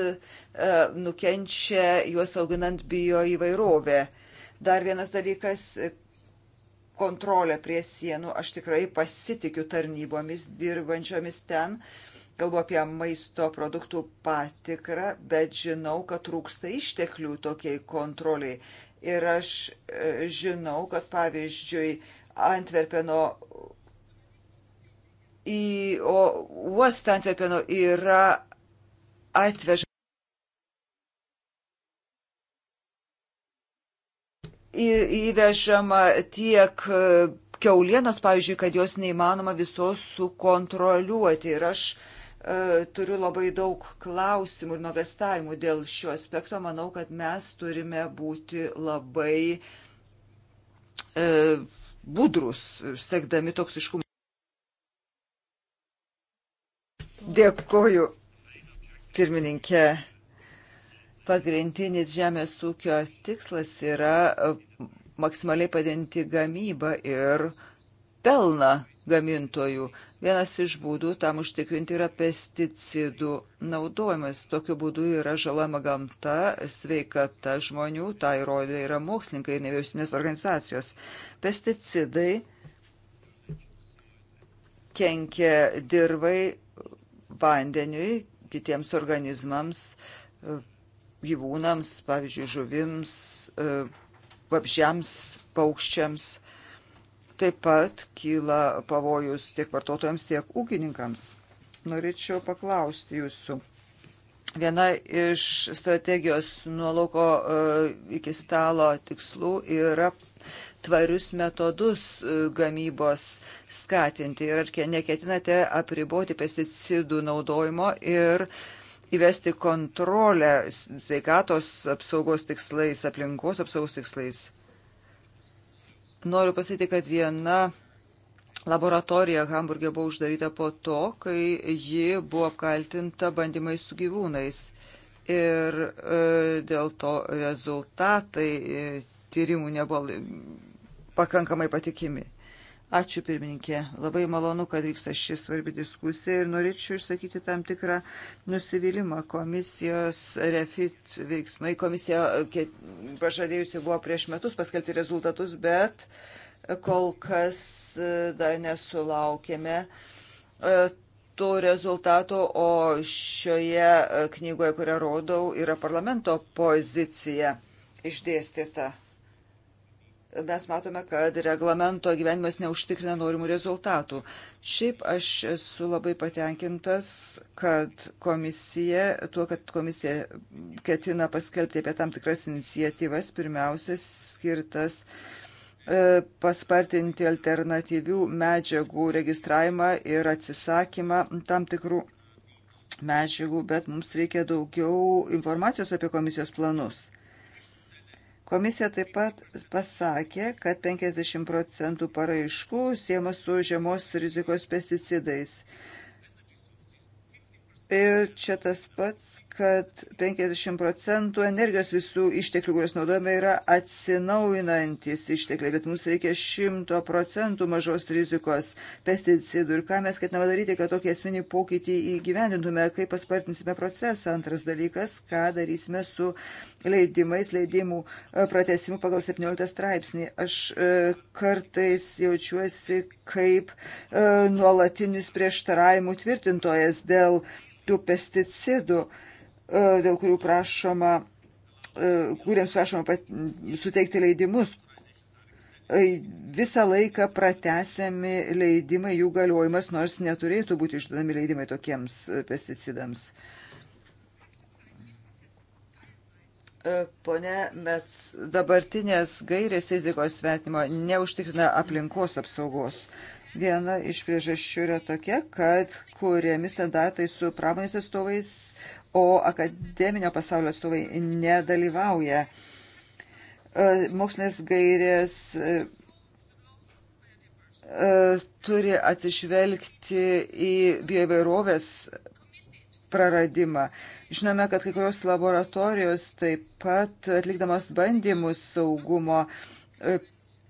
nukenčia juos auginant bioįvairovę. Dar vienas dalykas kontrolė prie sienų. Aš tikrai pasitikiu tarnybomis dirbančiomis ten. Uh, Kalbu apie maisto produktų patikrą, bet žinau, kad trūksta išteklių tokiai kontroliai. Ir aš e, žinau, kad pavyzdžiui Antverpeno į o, uostą Antverpeno yra atvežama. Įvežama tiek e, keulienos, pavyzdžiui, kad jos neįmanoma visos sukontroliuoti. Ir aš uh, E, turiu labai daug klausimų ir nuogastavimų dėl šio aspekto. Manau, kad mes turime būti labai e, budrus, sekdami toksiškumą. Dėkoju, pirmininkė. Pagrindinis žemės ūkio tikslas yra e, maksimaliai padinti gamybą ir pelną gamintojų. Vienas iš būdų tam užtikrinti yra pesticidų naudojimas. Tokiu būdu yra žalama gamta, sveikata žmonių, tai įrodė yra mokslininkai ir nevyriausybinės organizacijos. Pesticidai kenkia dirvai, vandeniui, kitiems organizmams, gyvūnams, pavyzdžiui, žuvims, e, vabžiams, paukščiams. Taip pat kyla pavojus tiek vartotojams, tiek ūkininkams. Norėčiau paklausti jūsų. Viena iš strategijos nuo lauko e, iki stalo tikslų yra tvarius metodus e, gamybos skatinti ir ar neketinate apriboti pesticidų naudojimo ir įvesti kontrolę sveikatos apsaugos tikslais, aplinkos apsaugos tikslais. Noriu pasakyti, kad viena laboratorija Hamburgė buvo uždaryta po to, kai ji buvo apkaltinta bandymai su gyvūnais. Ir e, dėl to rezultatai e, tyrimų nebuvo pakankamai patikimi. Ačiū pirmininkė. Labai malonu, kad vyksta ši svarbi diskusija ir norėčiau išsakyti tam tikrą nusivylimą komisijos refit veiksmai. Komisija pažadėjusi buvo prieš metus paskelbti rezultatus, bet kol kas e, dar nesulaukėme e, to rezultato, o šioje e, knygoje, kurią rodau, yra parlamento pozicija išdėstyta mes matome, kad reglamento gyvenimas neužtikrina norimų rezultatų. Šiaip aš esu labai patenkintas, kad komisija, tuo, kad komisija ketina paskelbti apie tam tikras iniciatyvas, pirmiausias skirtas e, paspartinti alternatyvių medžiagų registravimą ir atsisakymą tam tikrų medžiagų, bet mums reikia daugiau informacijos apie komisijos planus. Komisija taip pat pasakė, kad 50 procentų paraiškų siema su žemos rizikos pesticidais. Ir čia tas pats, kad 50 procentų energijos visų išteklių, kurias naudojame, yra atsinaujinantis ištekliai, bet mums reikia 100 procentų mažos rizikos pesticidų. Ir ką mes ketiname daryti, kad tokį esminį pokytį įgyvendintume, kaip paspartinsime procesą. Antras dalykas, ką darysime su leidimais, leidimų e, pratesimu pagal 17 straipsnį. Aš e, kartais jaučiuosi kaip e, nuolatinis prieštaravimų tvirtintojas dėl tų pesticidų. E, dėl kurių prašoma, e, kuriems prašoma pat, suteikti leidimus. E, visą laiką pratesiami leidimai, jų galiojimas, nors neturėtų būti išduodami leidimai tokiems pesticidams. Pone Mets, dabartinės gairės rizikos vertinimo neužtikrina aplinkos apsaugos. Viena iš priežasčių yra tokia, kad kuriami standartai su pramonės atstovais, o akademinio pasaulio atstovai nedalyvauja. E, mokslinės gairės e, turi atsižvelgti į bioįvairovės praradimą. Žinome, kad kai kurios laboratorijos taip pat atlikdamas bandymus saugumo e,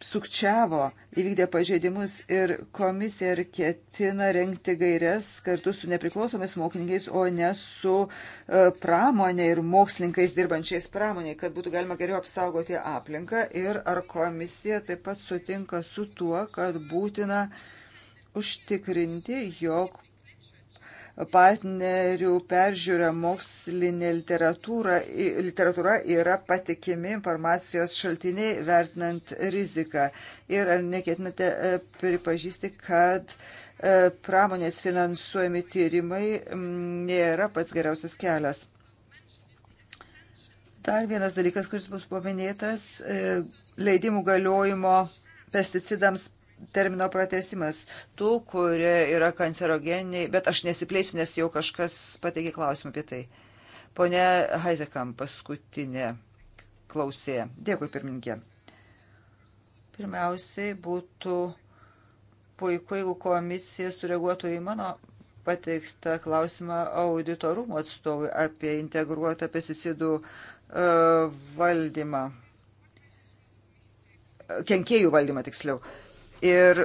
sukčiavo įvykdė pažeidimus ir komisija ir ketina renkti gairias kartu su nepriklausomais mokininkais, o ne su e, pramonė ir mokslininkais dirbančiais pramoniai, kad būtų galima geriau apsaugoti aplinką ir ar komisija taip pat sutinka su tuo, kad būtina užtikrinti, jog partnerių peržiūra mokslinė literatūra, literatūra yra patikimi informacijos šaltiniai vertinant riziką. Ir ar neketinate e, pripažįsti, kad e, pramonės finansuojami tyrimai nėra pats geriausias kelias? Dar vienas dalykas, kuris bus paminėtas, e, leidimų galiojimo pesticidams termino pratesimas tų, kurie yra kancerogeniai, bet aš nesipleisiu, nes jau kažkas pateikė klausimą apie tai. Pone Haizekam, paskutinė klausė. Dėkui, pirmininkė. Pirmiausiai būtų puiku, jeigu komisija sureaguotų į mano pateiktą klausimą auditorumo atstovui apie integruotą pesticidų e, valdymą. Kenkėjų valdymą tiksliau. Uh, Ir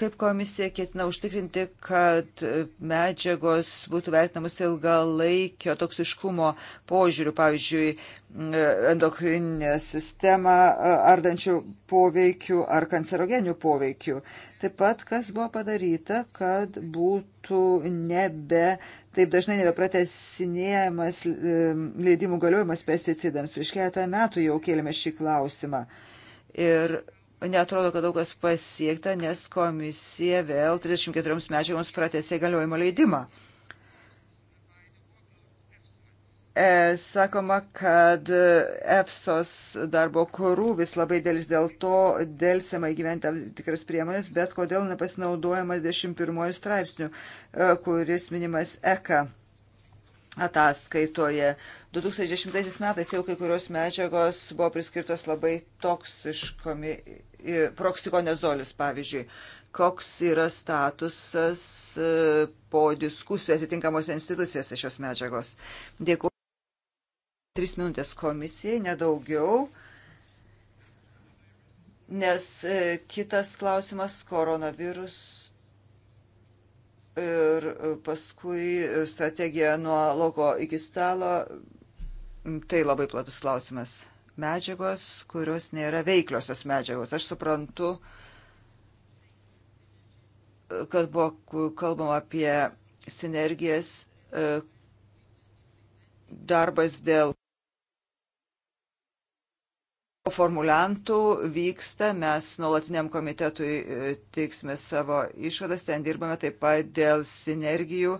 kaip komisija ketina užtikrinti, kad medžiagos būtų vertinamos ilgalaikio toksiškumo požiūrių, pavyzdžiui, endokrininę sistemą ardančių poveikių ar kancerogenių poveikių. Taip pat, kas buvo padaryta, kad būtų nebe, taip dažnai nebepratesinėjamas leidimų galiojimas pesticidams. Prieš keletą metų jau kėlėme šį klausimą. Ir Netrodo, kad daug kas pasiekta, nes komisija vėl 34 medžiagoms pratėsė galiojimo leidimą. E, sakoma, kad EFSOS darbo krūvis labai dėlis dėl to dėlsiama įgyventi tikras priemonės, bet kodėl nepasinaudojama 21 straipsnių, e, kuris minimas ECA ataskaitoje. 2010 metais jau kai kurios medžiagos buvo priskirtos labai toksiškomi proksikonezolis, pavyzdžiui, koks yra statusas e, po diskusijų atitinkamosi institucijose šios medžiagos. Dėkuoju. Tris minutės komisijai, nedaugiau, nes e, kitas klausimas - koronavirus ir e, paskui strategija nuo lauko iki stalo. Tai labai platus klausimas medžiagos, kurios nėra veikliosios medžiagos. Aš suprantu, kad buvo kalbama apie sinergijas e, darbas dėl formulantų vyksta, mes nuolatiniam komitetui e, teiksime savo išvadas, ten dirbame taip pat dėl sinergijų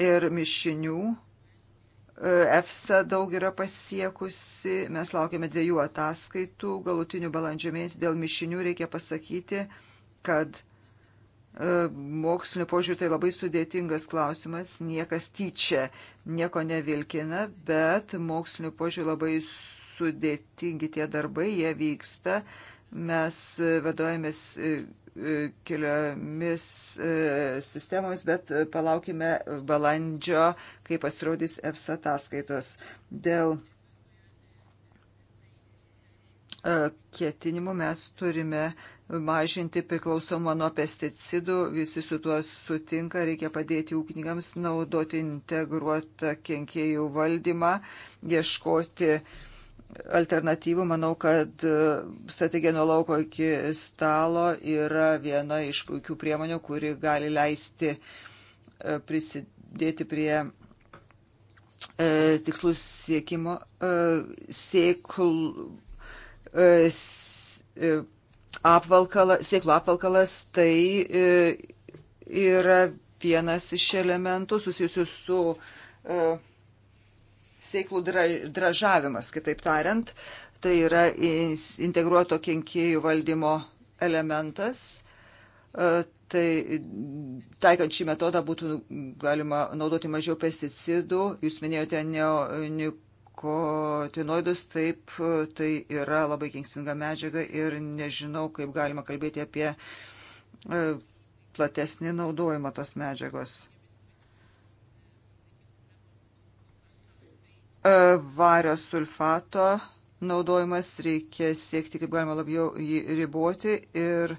ir mišinių EFSA daug yra pasiekusi, mes laukiame dviejų ataskaitų, galutinių balandžio mėnesį dėl mišinių reikia pasakyti, kad e, mokslinio požiūrį tai labai sudėtingas klausimas, niekas tyčia nieko nevilkina, bet mokslinio požiūrį labai sudėtingi tie darbai, jie vyksta, mes e, vadojamės e, E, keliomis e, sistemomis, bet e, palaukime balandžio, kai pasirodys EFSA ataskaitos. Dėl ketinimų mes turime mažinti priklausomą nuo pesticidų, visi su tuo sutinka, reikia padėti ūkininkams naudoti integruotą kenkėjų valdymą, ieškoti uh, alternatyvų, manau, kad e, strategija nuo lauko iki stalo yra viena iš puikių priemonių, kuri gali leisti e, prisidėti prie e, tikslų siekimo, sėklų, apvalkala, sėklų apvalkalas, tai yra vienas iš elementų susijusių su sėklų dražavimas, kitaip tariant, tai yra integruoto kenkėjų valdymo elementas. E, tai taikant šį metodą būtų galima naudoti mažiau pesticidų. Jūs minėjote neonikotinoidus, taip, tai yra labai kengsminga medžiaga ir nežinau, kaip galima kalbėti apie e, platesnį naudojimą tos medžiagos. E, vario sulfato naudojimas reikia siekti kaip galima labiau jį riboti ir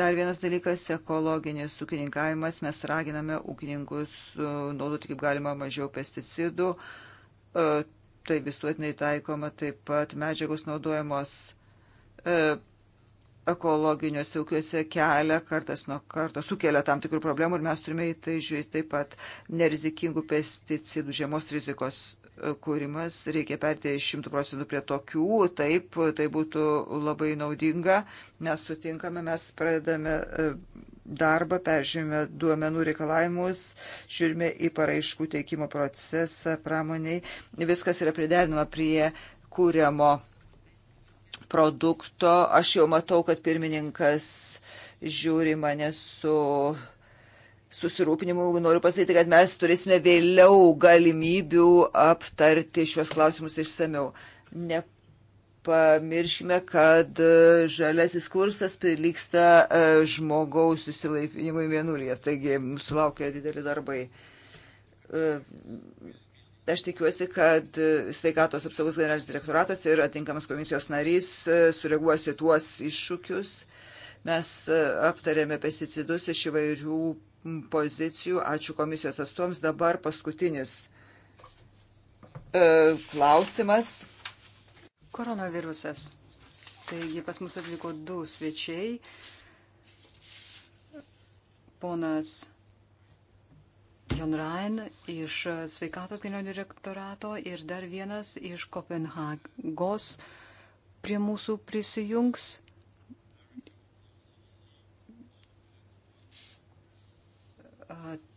Dar vienas dalykas - ekologinis ūkininkavimas. Mes raginame ūkininkus e, naudoti kaip galima mažiau pesticidų. E, tai visuotinai taikoma taip pat medžiagos naudojamos ekologiniuose ūkiuose kelia kartas nuo karto, sukelia tam tikrų problemų ir mes turime į tai žiūrėti taip pat nerizikingų pesticidų, žiemos rizikos kūrimas, reikia perti 100 procentų prie tokių, taip, tai būtų labai naudinga, mes sutinkame, mes pradedame e, darbą, peržiūrime duomenų reikalavimus, žiūrime į paraiškų teikimo procesą pramoniai, viskas yra priderinama prie kūriamo produkto. Aš jau matau, kad pirmininkas žiūri mane su susirūpinimu noriu pasakyti, kad mes turėsime vėliau galimybių aptarti šios klausimus išsameu. Nepamirškime, kad e, žaliasis kursas prilyksta e, žmogaus susilaipinimui mėnulėje, taigi sulaukia dideli darbai. E, aš tikiuosi, kad sveikatos apsaugos generalinis direktoratas ir atinkamas komisijos narys sureaguosi tuos iššūkius. Mes aptarėme pesticidus iš įvairių pozicijų. Ačiū komisijos atstovams. Dabar paskutinis e, klausimas. Koronavirusas. Taigi pas mus atvyko du svečiai. Ponas John Ryan iš sveikatos generalinio direktorato ir dar vienas iš Kopenhagos prie mūsų prisijungs.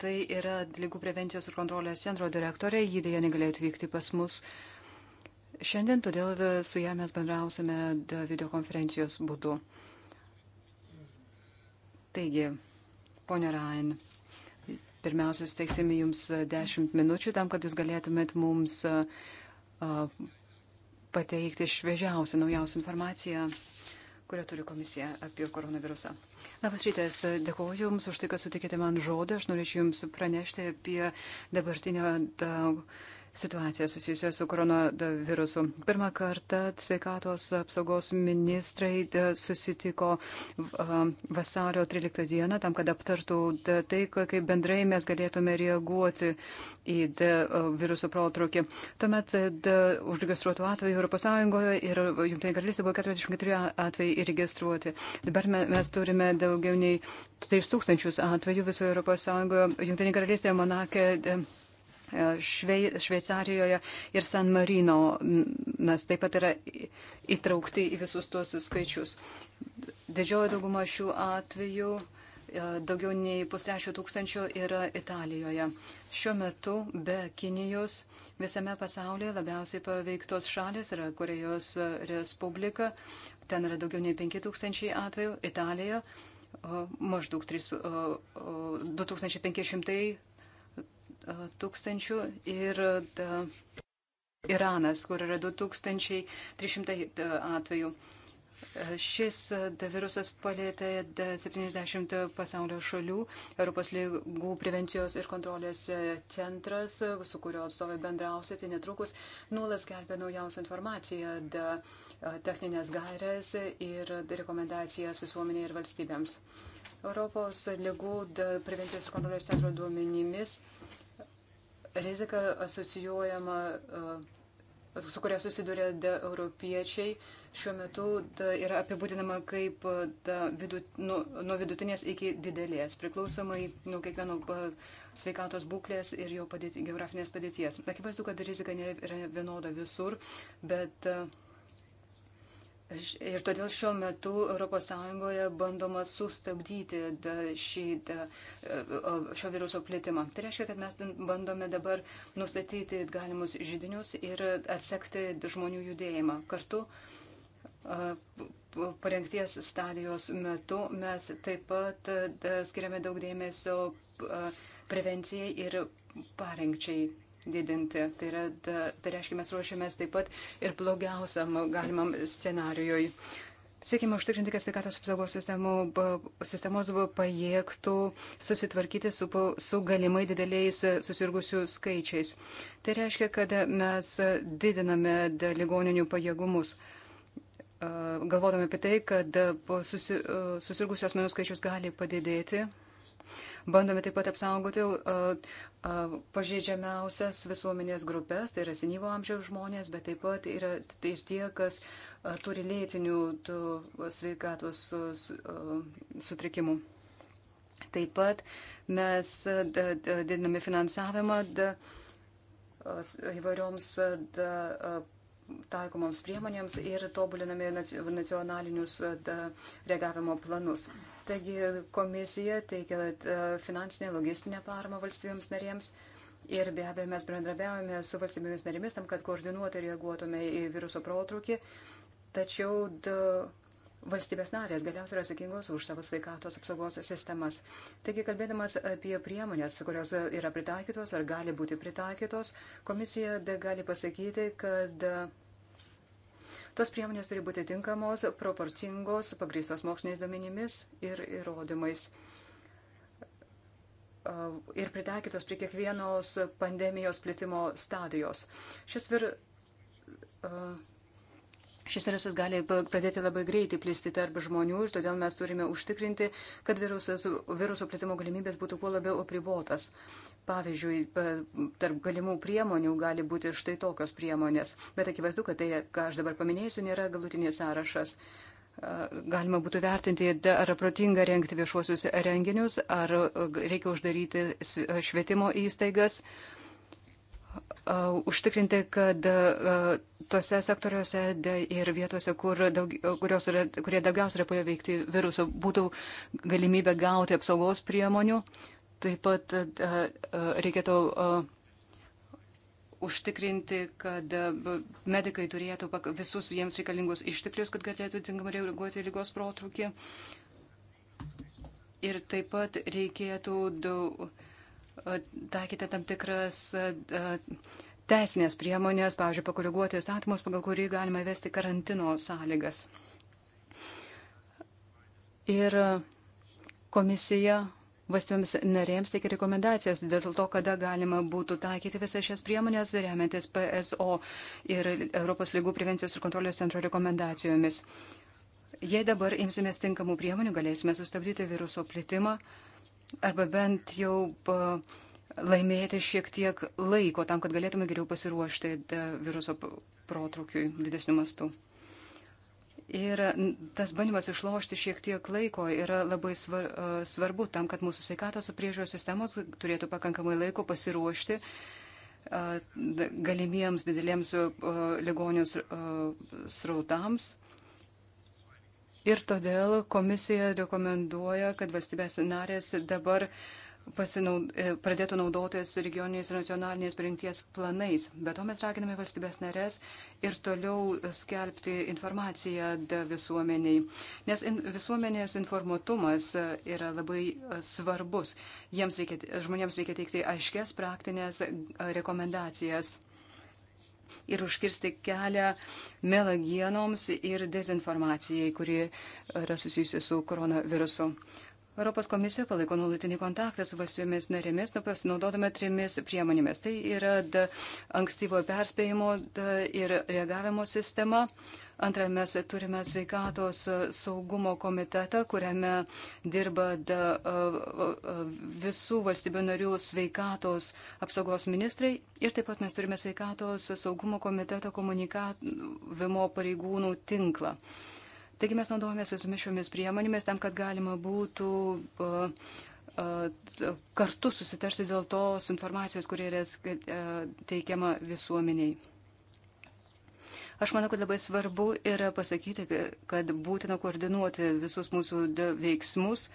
Tai yra lygų prevencijos ir kontrolės centro direktorė, jį dėja negalėjo atvykti pas mus. Šiandien todėl su ją mes bendrausime videokonferencijos būdu. Taigi, ponia Rain, pirmiausia, suteiksime jums 10 minučių tam, kad jūs galėtumėt mums pateikti šviežiausią, naujausią informaciją kurią turi komisija apie koronavirusą. Labas rytas, dėkuoju Jums už tai, kad sutikėte man žodį. Aš norėčiau Jums pranešti apie dabartinę da, situaciją susijusią su koronavirusu. Pirmą kartą sveikatos apsaugos ministrai e, susitiko vasario 13 dieną tam, kad aptartų e, tai, kaip bendrai mes galėtume reaguoti į e, viruso protrukį. Tuomet užregistruotų atvejų Europos Sąjungoje ir Junktinė karalystė buvo 44 atvejai įregistruoti. Dabar mes turime daugiau nei 3000 atvejų visoje Europos Sąjungoje. Junktinė karalystė Monakė E, švei, Šveicarijoje ir San Marino mes taip pat yra įtraukti į visus tuos skaičius. Didžioji dauguma šių atvejų, e, daugiau nei pustrečio tūkstančio, yra Italijoje. Šiuo metu be Kinijos visame pasaulyje labiausiai paveiktos šalis yra Korejos Respublika. Ten yra daugiau nei 5000 atvejų. Italijoje maždaug 3, 2500 tūkstančių ir Iranas, kur yra 2300 atvejų. Šis virusas palėtė 70 pasaulio šalių. Europos lygų prevencijos ir kontrolės e, centras, su kurio atstovai bendrausite tai netrukus, nuolas skelbia naujausią informaciją, e, techninės gairės ir rekomendacijas visuomeniai ir valstybėms. Europos lygų prevencijos ir kontrolės centro duomenimis rizika asocijuojama, e, su kuria susiduria europiečiai, šiuo metu da, yra apibūdinama kaip da, e, vidut, nu, nuo vidutinės iki didelės, priklausomai nuo kiekvieno e, sveikatos būklės ir jo padėti, geografinės padėties. Akivaizdu, kad rizika nėra vienoda visur, bet. A, Ir todėl šiuo metu ES bandoma sustabdyti da, šį, da, e, šio viruso plėtimą. Tai reiškia, kad mes bandome dabar nustatyti galimus žydinius ir atsekti žmonių judėjimą. Kartu parengties stadijos metu mes taip pat da, skiriame daug dėmesio prevencijai ir parengčiai didinti. Tai, yra, tai reiškia, mes ruošiamės taip pat ir blogiausiam galimam scenarijui. Siekime užtikrinti, kad sveikatos apsaugos sistemų, sistemos pajėgtų susitvarkyti su, su galimai dideliais susirgusių skaičiais. Tai reiškia, kad mes didiname ligoninių pajėgumus galvodami apie tai, kad susirgusių asmenų skaičius gali padidėti Bandome taip pat apsaugoti pažeidžiamiausias visuomenės grupės, tai yra senyvo amžiaus žmonės, bet taip pat yra tai ir tie, kas turi lėtinių sveikatos sutrikimų. Taip pat mes didiname finansavimą įvairioms taikomoms priemonėms ir tobuliname nacionalinius reagavimo planus. Taigi komisija teikia e, finansinę, logistinę paramą valstybėms narėms. Ir be abejo, mes bendrabiavome su valstybėmis narėmis tam, kad koordinuotai reaguotume į viruso protrukį. Tačiau da, valstybės narės galiausiai yra atsakingos už savo sveikatos apsaugos sistemas. Taigi, kalbėdamas apie priemonės, kurios yra pritaikytos ar gali būti pritaikytos, komisija gali pasakyti, kad. Da, Tos priemonės turi būti tinkamos, proporcingos, pagrįstos moksliniais duomenimis ir įrodymais ir pritaikytos prie kiekvienos pandemijos plitimo stadijos. Šis, vir, šis virusas gali pradėti labai greitai plisti tarp žmonių ir todėl mes turime užtikrinti, kad virusas, viruso plitimo galimybės būtų kuo labiau apribotas. Pavyzdžiui, tarp galimų priemonių gali būti štai tokios priemonės, bet akivaizdu, kad tai, ką aš dabar paminėsiu, nėra galutinės sąrašas. Galima būtų vertinti, ar protinga rengti viešuosius renginius, ar reikia uždaryti švietimo įstaigas, užtikrinti, kad tose sektoriuose ir vietose, kur daug, yra, kurie daugiausiai yra paveikti viruso, būtų galimybė gauti apsaugos priemonių. Taip pat e, e, reikėtų e, užtikrinti, kad medikai turėtų visus jiems reikalingus išteklius, kad galėtų tinkamai reaguoti į lygos protrukį. Ir taip pat reikėtų taikyti tam tikras teisinės priemonės, pavyzdžiui, pakoreguoti įstatymus, pagal kurį galima įvesti karantino sąlygas. Ir komisija valstybėms narėms teikia rekomendacijas dėl to, kada galima būtų taikyti visas šias priemonės, remiantis PSO ir Europos lygų prevencijos ir kontrolės centro rekomendacijomis. Jei dabar imsimės tinkamų priemonių, galėsime sustabdyti viruso plitimą arba bent jau laimėti šiek tiek laiko tam, kad galėtume geriau pasiruošti viruso protrukiui didesniu mastu. Ir tas bandymas išlošti šiek tiek laiko yra labai svarbu tam, kad mūsų sveikatos priežiūros sistemos turėtų pakankamai laiko pasiruošti galimiems dideliems ligonius srautams. Ir todėl komisija rekomenduoja, kad valstybės narės dabar uh, pasinaud, e, pradėtų naudotis regioniniais ir nacionaliniais parinkties planais. Be to mes raginame valstybės narės ir toliau skelbti informaciją visuomeniai, nes in, visuomenės informuotumas e, yra labai e, svarbus. Jiems reikia, žmonėms reikia teikti aiškes praktinės rekomendacijas. Ir užkirsti kelią melagienoms ir dezinformacijai, kuri yra susijusi su koronavirusu. Uh, Europos komisija palaiko nulatinį kontaktą su valstybėmis narėmis, pasinaudodama trimis priemonėmis. Tai yra ankstyvo perspėjimo ir reagavimo sistema. Antra, mes turime sveikatos saugumo komitetą, kuriame dirba da, visų valstybių narių sveikatos apsaugos ministrai. Ir taip pat mes turime sveikatos saugumo komiteto komunikavimo pareigūnų tinklą. Taigi mes naudojamės visomis šiomis priemonėmis tam, kad galima būtų kartu susitarti dėl tos informacijos, kurie yra teikiama visuomeniai. Aš manau, kad labai svarbu yra pasakyti, kad būtina koordinuoti visus mūsų veiksmus,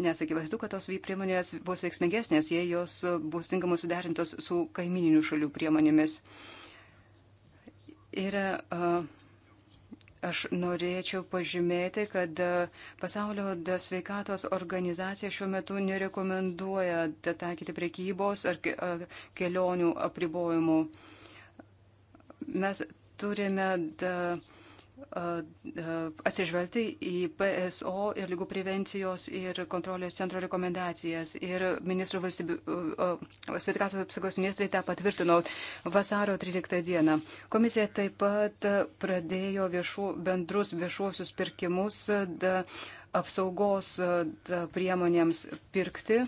nes akivaizdu, kad tos priemonės bus veiksmingesnės, jei jos bus tinkamai suderintos su kaimininių šalių priemonėmis. Ir uh, Aš norėčiau pažymėti, kad e, pasaulio sveikatos organizacija šiuo metu nerekomenduoja taikyti prekybos ar kelionių apribojimų. Mes turime da, atsižvelgti į PSO ir lygų prevencijos ir kontrolės centro rekomendacijas. Ir ministrų sveikatos apsaugos ministrai tą patvirtino vasaro 13 dieną. Komisija taip pat pradėjo viešu, bendrus viešuosius pirkimus da, apsaugos da, priemonėms pirkti.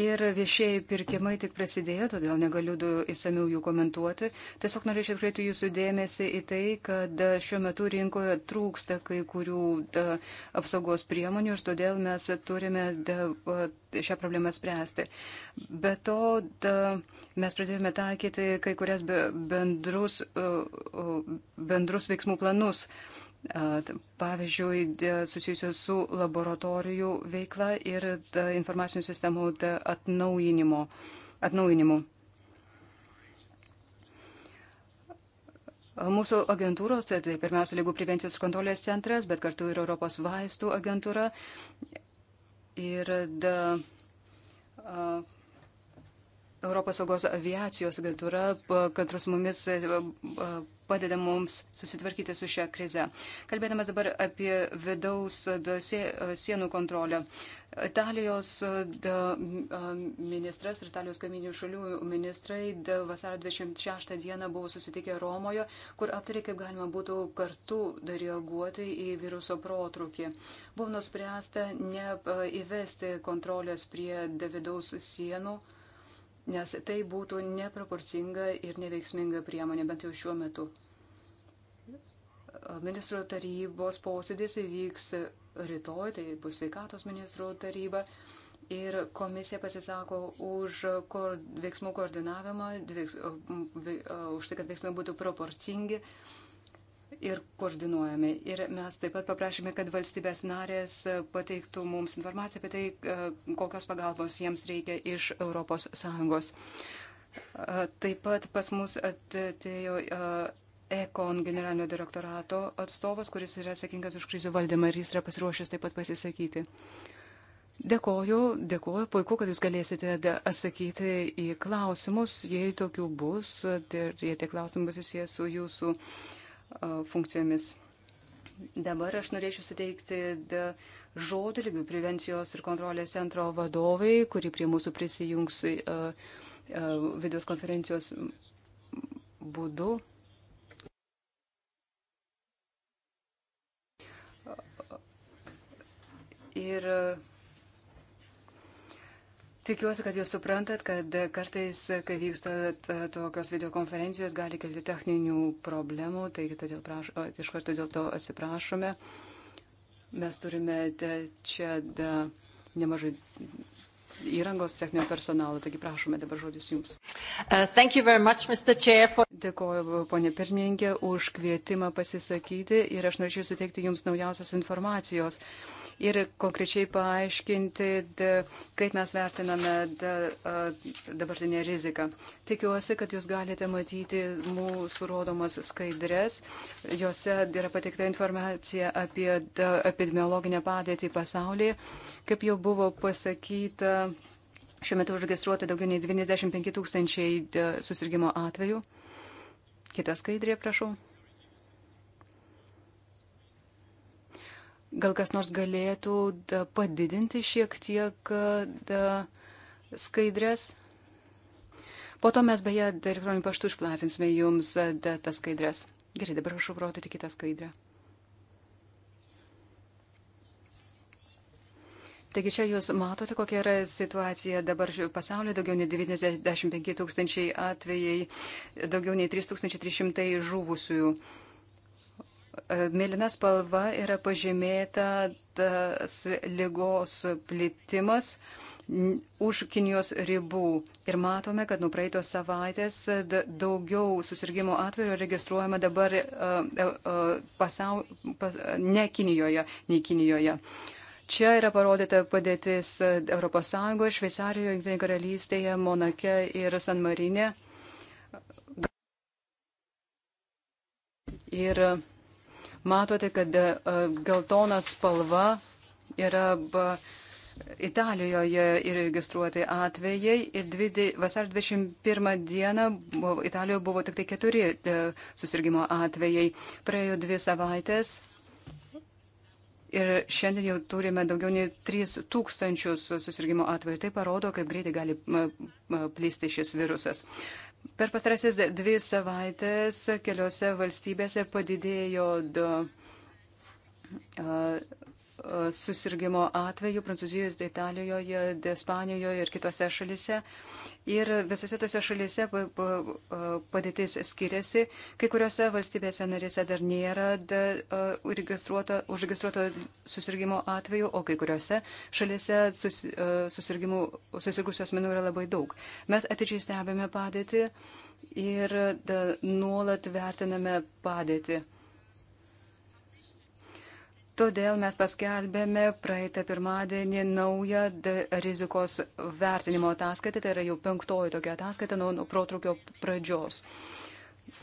Ir viešieji pirkimai tik prasidėjo, todėl negaliu įsamiau jų komentuoti. Tiesiog norėčiau atkreipti jūsų dėmesį į tai, kad šiuo metu rinkoje trūksta kai kurių da, apsaugos priemonių ir todėl mes turime da, šią problemą spręsti. Be to, da, mes pradėjome taikyti kai kurias bendrus, bendrus veiksmų planus. Uh, pavyzdžiui, susijusios su laboratorijų veikla ir informacinių sistemų atnaujinimo, atnaujinimu. Mūsų agentūros, tai, tai pirmiausia, lygų prevencijos kontrolės centras, bet kartu ir Europos vaistų agentūra. Ir da, a, Europos saugos aviacijos agentūra, kad su mumis e, e, padeda mums susitvarkyti su šią krizę. Kalbėdamas dabar apie vidaus e, sienų kontrolę. Italijos ministras ir Italijos kaiminių šalių ministrai vasaro 26 dieną buvo susitikę Romoje, kur aptarė, kaip galima būtų kartu reaguoti į viruso protrukį. Buvo nuspręsta neįvesti kontrolės prie vidaus sienų nes tai būtų neproporcinga ir neveiksminga priemonė, bent jau šiuo metu. Ministro tarybos posėdis įvyks rytoj, tai bus sveikatos ministro taryba. Ir komisija pasisako už veiksmų koordinavimą, už tai, kad veiksmai būtų proporcingi. Uh, ir koordinuojami. Ir mes taip pat paprašėme, kad valstybės narės e, pateiktų mums informaciją apie tai, e, kokios pagalbos jiems reikia iš ES. E, taip pat pas mus atėjo ECON generalinio direktorato atstovas, kuris yra atsakingas už krizių valdymą ir jis yra pasiruošęs taip pat pasisakyti. Dėkoju, dėkoju, puiku, kad jūs galėsite atsakyti į klausimus, jei tokių bus, tai ir jei tie klausimai bus susijęs su jūsų uh, funkcijomis. Dabar aš norėčiau suteikti žodį lygių prevencijos ir kontrolės centro vadovai, kuri prie mūsų prisijungs videos konferencijos būdu. Ir uh, Tikiuosi, kad jūs suprantat, kad kartais, kai vyksta tokios videokonferencijos, gali kilti techninių problemų, taigi todėl praš, iš karto dėl to atsiprašome. Mes turime čia nemažai įrangos techninio personalo. Taigi prašome dabar žodis Jums. Uh, much, Chair, for... Dėkoju, ponė pirmininkė, už kvietimą pasisakyti ir aš norėčiau suteikti Jums naujausios informacijos. Uh, ir konkrečiai paaiškinti, kaip mes vertiname dabartinę riziką. Tikiuosi, kad jūs galite matyti mūsų rodomas skaidrės. Jose yra pateikta informacija apie epidemiologinę padėtį pasaulyje. Kaip jau buvo pasakyta, šiuo metu užregistruota daugiau nei 95 tūkstančiai susirgymo atvejų. Kita skaidrė, prašau. Gal kas nors galėtų da, padidinti šiek tiek da, skaidrės? Po to mes beje elektroniniu paštu išplatinsime jums da, tas skaidrės. Gerai, dabar prašau rodyti kitą skaidrę. Taigi čia jūs matote, kokia yra situacija dabar pasaulyje. Daugiau nei 95 tūkstančiai atvejai, daugiau nei 3300 žuvusiųjų. E, mėlyna spalva yra pažymėta tas lygos plitimas už Kinijos ribų. Ir matome, kad nuo praeitos savaitės daugiau susirgymo atveju registruojama dabar e, e, pasau, pas, ne Kinijoje, nei Kinijoje. Čia yra parodyta padėtis ES, Šveicarijoje, Junktinėje karalystėje, Monake ir San Marinė. Ir matote, kad e, geltona spalva yra Italijoje įregistruoti atvejai ir dvide, vasar 21 dieną buvo, Italijoje buvo tik tai keturi e, susirgymo atvejai. Praėjo dvi savaitės ir šiandien jau turime daugiau nei 3 tūkstančius susirgymo atvejų. Tai parodo, kaip greitai gali plisti šis virusas. Per pastarasis dvi savaitės keliose valstybėse padidėjo do, uh, susirgymo atveju Prancūzijoje, Italijoje, Ispanijoje ir kitose šalise. Ir visose tose šalise padėtis skiriasi. Kai kuriuose valstybėse narėse dar nėra užregistruoto susirgymo atveju, o kai kuriuose šalise sus, susirgusių asmenų yra labai daug. Mes atidžiai stebime padėtį ir nuolat vertiname padėtį. Todėl mes paskelbėme praeitą pirmadienį naują rizikos vertinimo ataskaitą, tai yra jau penktoji tokia ataskaita nuo, nuo protrukio pradžios.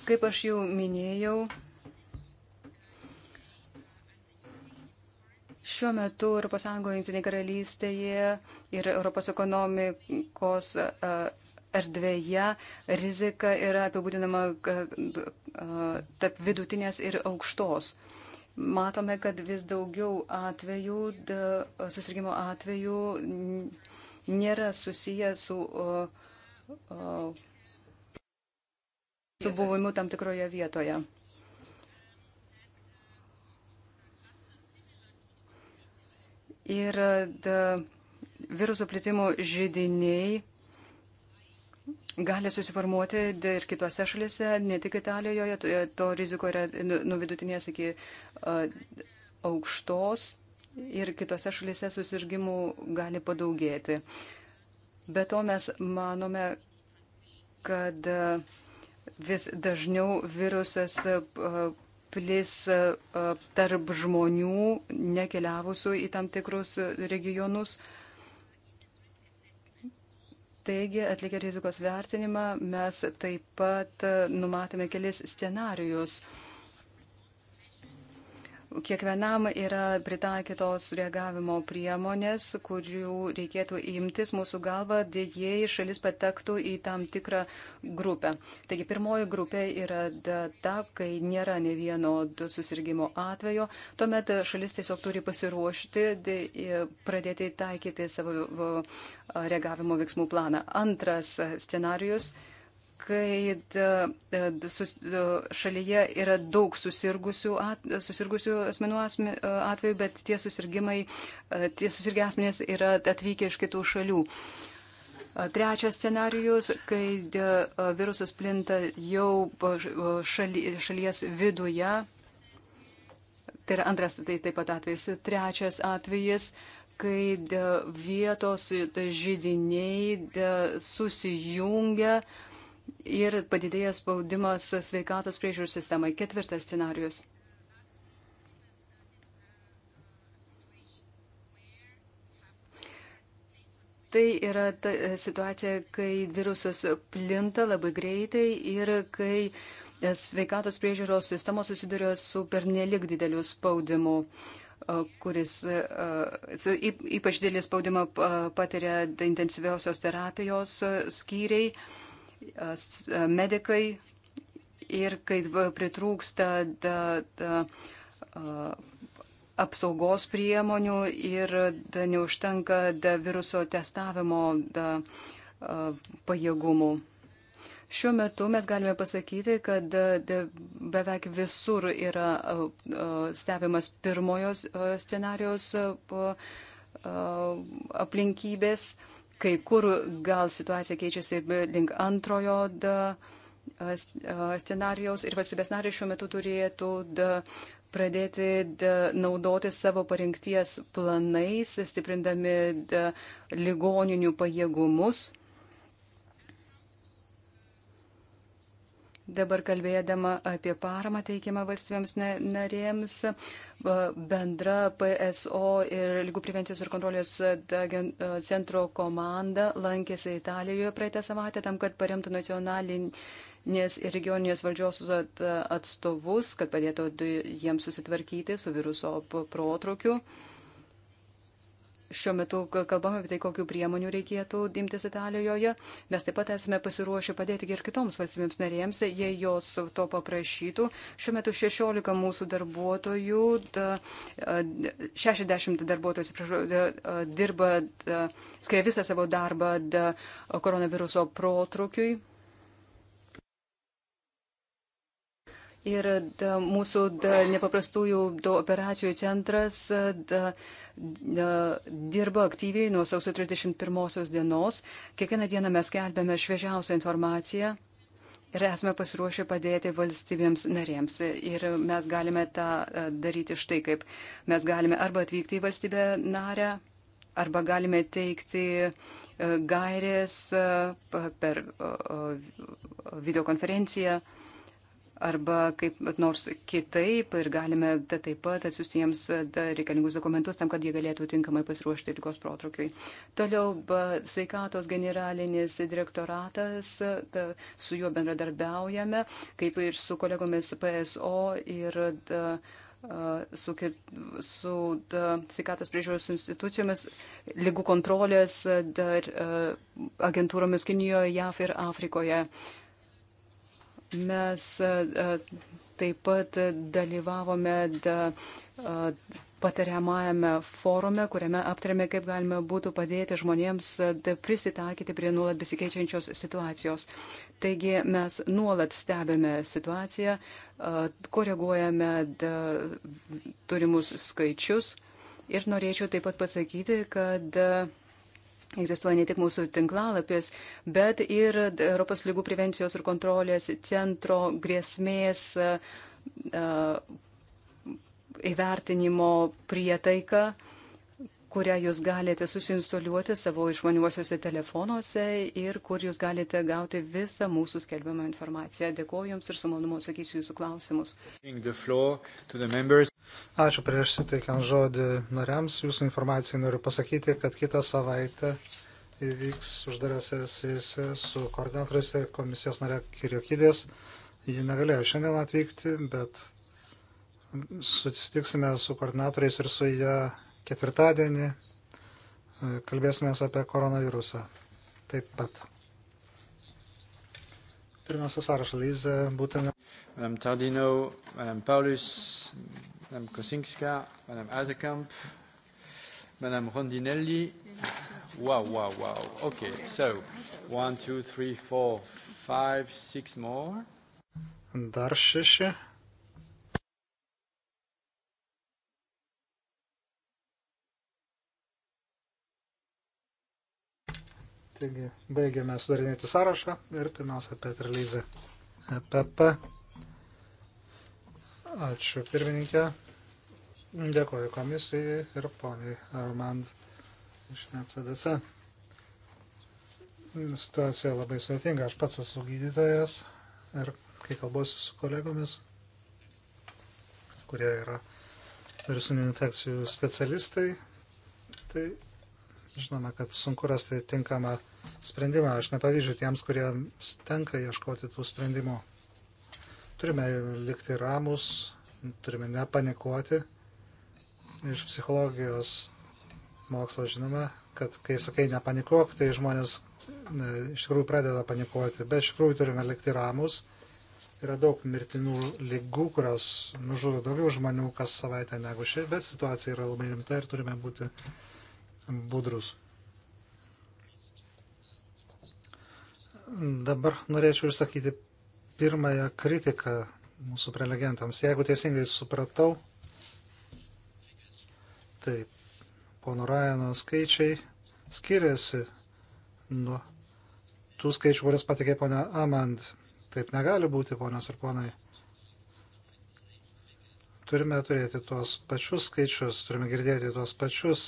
Kaip aš jau minėjau, šiuo metu ES Junktinėje karalystėje ir Europos ekonomikos erdvėje rizika yra apibūdinama tarp vidutinės ir aukštos matome, kad vis daugiau atvejų, susirgymo atvejų nėra susiję su, o, o, su buvimu tam tikroje vietoje. Ir da, viruso plitimo žydiniai gali susiformuoti ir kitose šalise, ne tik Italijoje, to riziko yra nu, nuo vidutinės iki aukštos ir kitose šalise susirgymų gali padaugėti. Be to mes manome, kad vis dažniau virusas plis tarp žmonių nekeliavusių į tam tikrus regionus. Taigi, atlikę rizikos vertinimą, mes taip pat e, numatėme kelis scenarius, uh, Kiekvienam yra pritaikytos reagavimo priemonės, kurių reikėtų imtis mūsų galva, jei šalis patektų į tam tikrą grupę. Taigi pirmoji grupė yra ta, kai nėra ne vieno susirgymo atvejo, tuomet šalis tiesiog turi pasiruošti, pradėti taikyti savo reagavimo veiksmų planą. Antras scenarius kai e, šalyje yra daug susirgusių, at, susirgusių asmenų asme, e, atveju, bet tie susirgymai, e, tie susirgę asmenys yra atvykę iš kitų šalių. Trečias scenarius, kai virusas plinta jau šaly, šalies viduje. Tai yra antras tai taip pat atvejis. Trečias atvejis kai vietos žydiniai susijungia ir padidėjęs spaudimas sveikatos priežiūros sistemai. Ketvirtas scenarius. Tai yra ta e, situacija, kai virusas plinta labai greitai ir kai e, sveikatos priežiūros sistemos susiduria su pernelik dideliu spaudimu, e, kuris ypač didelį spaudimą patiria intensyviausios terapijos skyriai medikai ir kai pritrūksta da, da, apsaugos priemonių ir da, neužtenka da, viruso testavimo da, a, pajėgumų. Šiuo metu mes galime pasakyti, kad da, da, beveik visur yra a, a, stebimas pirmojos scenarijos a, a, aplinkybės. A, Kai kur gal situacija keičiasi link antrojo da, scenarijaus ir valstybės nariai šiuo metu turėtų da, pradėti da, naudoti savo parinkties planais, stiprindami da, ligoninių pajėgumus dabar kalbėdama apie paramą teikiamą valstybėms narėms, bendra PSO ir lygų prevencijos ir kontrolės centro komanda lankėsi Italijoje praeitą savaitę tam, kad paremtų nacionalinės ir regioninės valdžios atstovus, kad padėtų jiems susitvarkyti su viruso protrukiu šiuo metu kalbame apie tai, kokiu priemonių reikėtų dimtis Italijoje. Mes taip pat esame pasiruošę padėti ir kitoms valstybėms narėms, jei jos to paprašytų. Šiuo metu 16 mūsų darbuotojų, 60 darbuotojų, atsiprašau, dirba, skiria visą savo darbą koronaviruso protrukiui. Ir da, mūsų da, nepaprastųjų da, operacijų centras da, da, dirba aktyviai nuo sausio 31 dienos. Kiekvieną dieną mes kelbėme šviežiausią informaciją ir esame pasiruošę padėti valstybėms narėms. Ir mes galime tą daryti štai kaip. Mes galime arba atvykti į valstybę narę, arba galime teikti gairės per videokonferenciją arba kaip nors kitaip ir galime taip pat atsiųsti jiems e, reikalingus dokumentus tam, kad jie galėtų tinkamai pasiruošti lygos protrukiui. Toliau sveikatos generalinis direktoratas, ta, e, su juo bendradarbiaujame, kaip ir su kolegomis PSO ir da, e, su, su da, sveikatos priežiūros institucijomis, lygų kontrolės da, agentūromis Kinijoje, JAF ir Afrikoje. Uh, Mes e, e, taip pat dalyvavome e, patariamajame forume, kuriame aptarėme, kaip galime būtų padėti žmonėms prisitaikyti prie nuolat besikeičiančios situacijos. Taigi mes nuolat stebime situaciją, koreguojame turimus skaičius ir norėčiau taip pat pasakyti, kad Egzistuoja ne tik mūsų tinklalapis, bet ir Europos lygų prevencijos ir kontrolės centro grėsmės e, e, įvertinimo prietaika, kurią jūs galite susinstoliuoti savo išmaniuosiuose telefonuose ir kur jūs galite gauti visą mūsų skelbiamą informaciją. Dėkuoju Jums ir su malonumu atsakysiu Jūsų klausimus. Ačiū prieš suteikiant žodį nariams. Jūsų informacijai noriu pasakyti, kad kitą savaitę įvyks uždara sesija su koordinatoriais ir komisijos nare Kiriokydės. Ji negalėjo šiandien atvykti, bet susitiksime su koordinatoriais ir su ją ketvirtadienį. Kalbėsime apie koronavirusą taip pat. Pirmiausia sąrašą Lyze, būtent. Madame Tardino, Madame Paulus, Madame Kosinska, Madame Azekamp, Madame Rondinelli. Wow, wow, wow. Okay, so one, two, three, four, five, six more. Dar šeši. Taigi, baigiame sudarinėti sąrašą ir pirmiausia Petr Lyze. EPP Ačiū pirmininkė. Dėkoju komisijai ir poniai Armand iš NCDC. Situacija labai sudėtinga. Aš pats esu gydytojas ir kai kalbuosiu su kolegomis, kurie yra virusinių infekcijų specialistai, tai žinoma, kad sunku rasti tinkamą sprendimą. Aš nepavyzdžiu tiems, kurie tenka ieškoti tų sprendimų. Turime likti ramus, turime nepanikuoti. Iš psichologijos mokslo žinome, kad kai sakai nepanikuok, tai žmonės e, iš tikrųjų pradeda panikuoti, bet iš tikrųjų turime likti ramus. Yra daug mirtinų lygų, kurios nužudo daugiau žmonių kas savaitę negu ši, bet situacija yra labai rimta ir turime būti budrus. Dabar norėčiau išsakyti pirmąją kritiką mūsų prelegentams. Jeigu teisingai supratau, tai pono Rajano skaičiai skiriasi nuo tų skaičių, kurias patikė ponia Amand. Taip negali būti, ponios ir ponai. Turime turėti tuos pačius skaičius, turime girdėti tuos pačius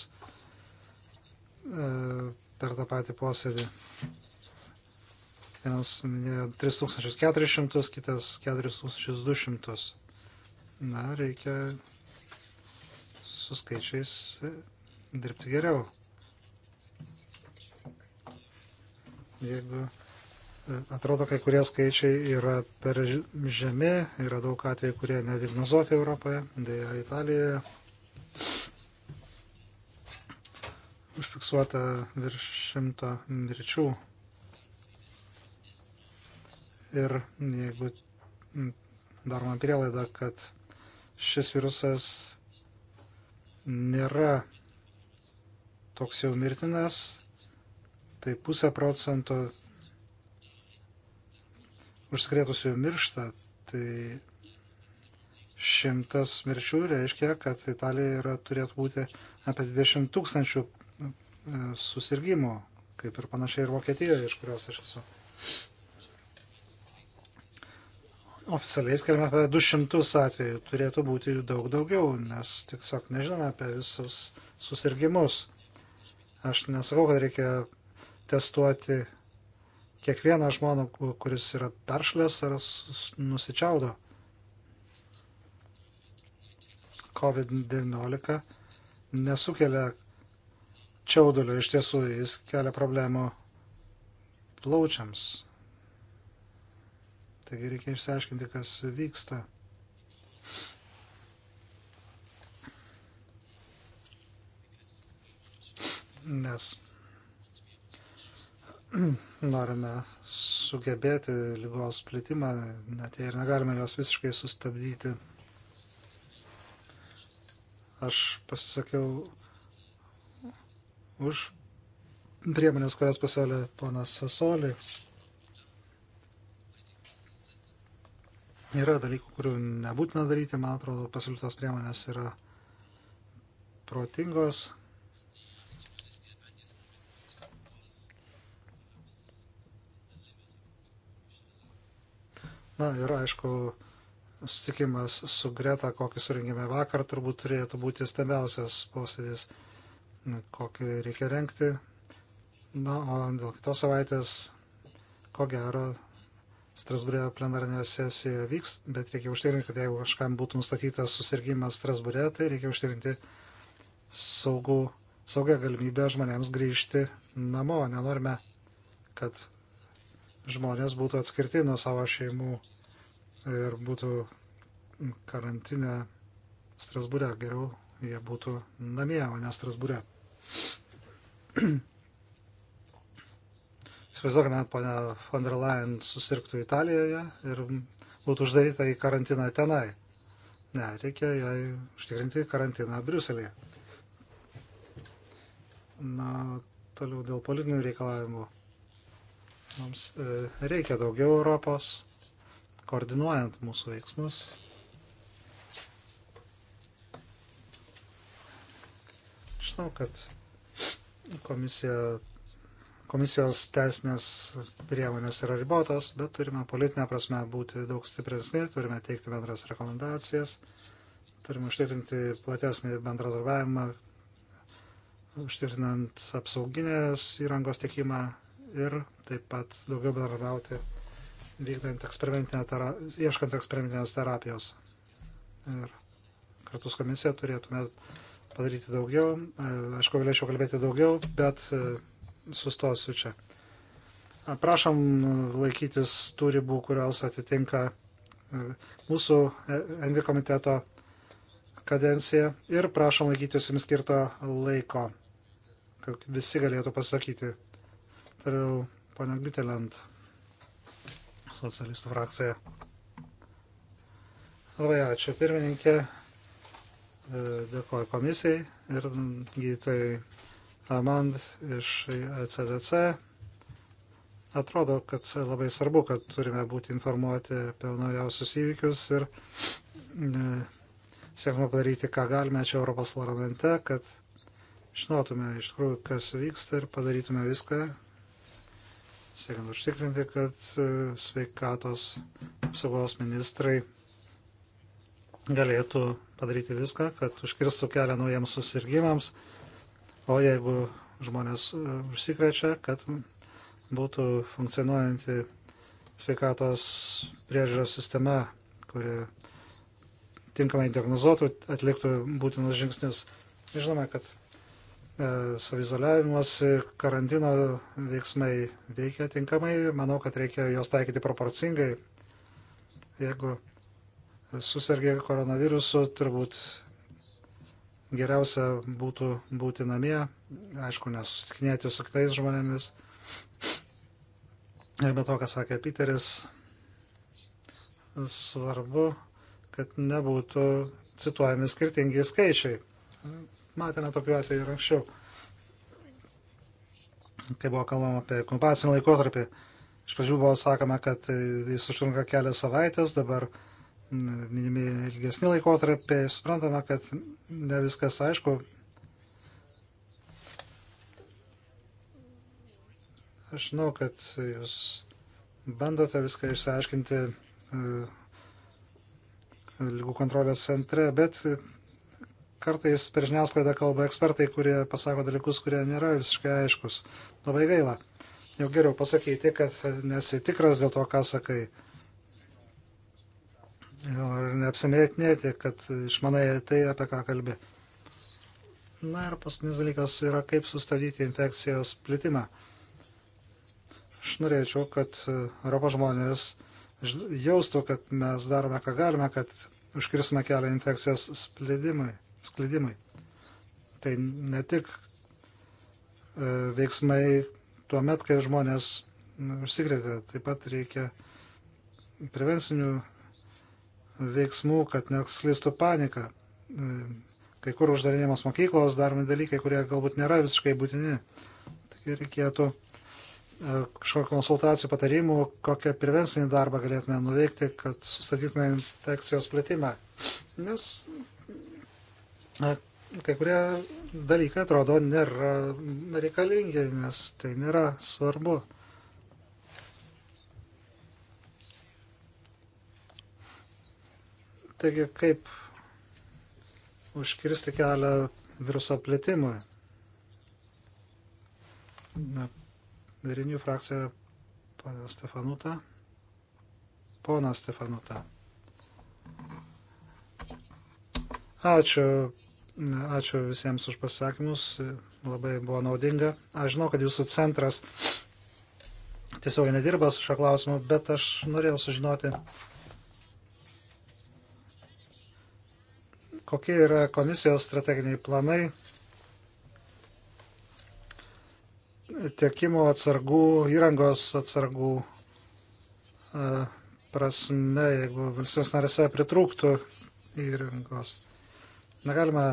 e, per tą patį posėdį. Vienas minėjo 3400, kitas 4200. Na, reikia su skaičiais e, dirbti geriau. Jeigu e, atrodo, kai kurie skaičiai yra per žemi, yra daug atvejų, kurie nediagnozuoti Europoje, dėja Italijoje. Užfiksuota virš šimto mirčių Ir jeigu daroma prielaida, kad šis virusas nėra toks jau mirtinas, tai pusę procento užsikrėtusių miršta, tai šimtas mirčių reiškia, kad Italijoje yra, turėtų būti apie 20 tūkstančių e, susirgymų, kaip ir panašiai ir Vokietijoje, iš kurios aš esu oficialiai skelbia apie 200 atvejų, turėtų būti jų daug daugiau, nes tiesiog nežinome apie visus susirgymus. Aš nesakau, kad reikia testuoti kiekvieną žmogų, kuris yra peršlės ar nusičiaudo. COVID-19 nesukelia čiaudulio, iš tiesų jis kelia problemų plaučiams. Taigi reikia išsiaiškinti, kas vyksta. Nes norime sugebėti lygos plitimą, net jei ir negalime jos visiškai sustabdyti. Aš pasisakiau už priemonės, kurias pasiūlė ponas Sasoli. Yra dalykų, kurių nebūtina daryti, man atrodo, pasiūlytos priemonės yra protingos. Na ir aišku, susitikimas su Greta, kokį surinkime vakar, turbūt turėtų būti stambiausias posėdis, kokį reikia renkti. Na, o dėl kitos savaitės, ko gero, Strasbūrė plenarinė sesija vyks, bet reikia užtikrinti, kad jeigu kažkam būtų nustatytas susirgymas Strasbūrė, tai reikia užtikrinti saugų, saugę galimybę žmonėms grįžti namo. Nenorime, kad žmonės būtų atskirti nuo savo šeimų ir būtų karantinę Strasbūrė. Geriau jie būtų namie, o ne Strasbūrė. Įsivaizduokime, ponia von der Leyen susirgtų Italijoje ir būtų uždaryta į karantiną tenai. Ne, reikia jai užtikrinti karantiną Briuselėje. Na, toliau dėl politinių reikalavimų. Mums e, reikia daugiau Europos, koordinuojant mūsų veiksmus. Žinau, kad komisija komisijos teisinės priemonės yra ribotos, bet turime politinę prasme būti daug stipresni, turime teikti bendras rekomendacijas, turime užtikrinti platesnį bendradarbiavimą, užtikrinant apsauginės įrangos tiekimą ir taip pat daugiau bendradarbiauti vykdant eksperimentinę terapiją, ieškant eksperimentinės terapijos. Ir kartu su komisija turėtume padaryti daugiau. Aišku, galėčiau kalbėti daugiau, bet sustosiu čia. Prašom laikytis tų ribų, kurios atitinka e, mūsų e, NV komiteto kadenciją ir prašom laikytis jums skirto laiko, kad visi galėtų pasakyti. Toliau, ponia Glitelent, socialistų frakcija. Labai ačiū pirmininkė, e, dėkoju komisijai ir gydytojai Amand iš ECDC. Atrodo, kad labai svarbu, kad turime būti informuoti apie naujausius įvykius ir e, siekime padaryti, ką galime čia Europos parlamente, kad žinotume iš tikrųjų, kas vyksta ir padarytume viską, siekiant užtikrinti, kad e, sveikatos apsaugos ministrai galėtų padaryti viską, kad užkirstų kelią naujiems susirgymams O jeigu žmonės e, užsikrečia, kad būtų funkcionuojanti sveikatos priežiūros sistema, kuri tinkamai diagnozuotų, atliktų būtinus žingsnius. Žinome, kad e, savizoliavimas, karantino veiksmai veikia tinkamai, manau, kad reikia juos taikyti proporcingai. Jeigu susirgė koronavirusu, turbūt geriausia būtų būti namie, aišku, nesusitikinėti su kitais žmonėmis. Ir be to, ką sakė Piteris, svarbu, kad nebūtų cituojami skirtingi skaičiai. Matėme tokiu atveju ir anksčiau, kai buvo kalbama apie okupacinį laikotarpį. Iš pradžių buvo sakoma, kad jis užtrunka kelias savaitės, dabar uh, minimi ilgesni laikotarpiai, suprantama, kad ne viskas aišku. Aš žinau, kad jūs bandote viską išsiaiškinti e, lygų kontrolės centre, bet kartais per žiniasklaidą kalba ekspertai, kurie pasako dalykus, kurie nėra visiškai aiškus. Labai gaila. Jau geriau pasakyti, kad nesi tikras dėl to, ką sakai ir neapsimėtinėti, kad išmanai tai, apie ką kalbi. Na ir paskutinis dalykas yra, kaip sustabdyti infekcijos plitimą. Aš norėčiau, kad Europos žmonės jaustų, kad mes darome, ką galime, kad užkirsime kelią infekcijos sklidimui. Tai ne tik e, veiksmai tuo met, kai žmonės užsikrėtė, taip pat reikia prevencinių veiksmų, kad nesklistų panika. E, kai kur uždarinėjimas mokyklos, daromi dalykai, kurie galbūt nėra visiškai būtini. Taigi reikėtų e, kažkokio konsultacijų patarimų, kokią prevencinį darbą galėtume nuveikti, kad sustabdytume infekcijos plėtimą. Nes e, kai kurie dalykai atrodo nėra reikalingi, nes tai nėra svarbu. Taigi, kaip užkirsti kelią viruso plėtimui? Na, darinių frakcija pana Stefanuta. Pona Stefanuta. Ačiū. Ačiū visiems už pasisakymus. Labai buvo naudinga. Aš žinau, kad jūsų centras tiesiog nedirba su šio klausimu, bet aš norėjau sužinoti, Kokie yra komisijos strateginiai planai tiekimo atsargų, įrangos atsargų e, prasme, jeigu valstybės narėse pritrūktų įrangos. Negalime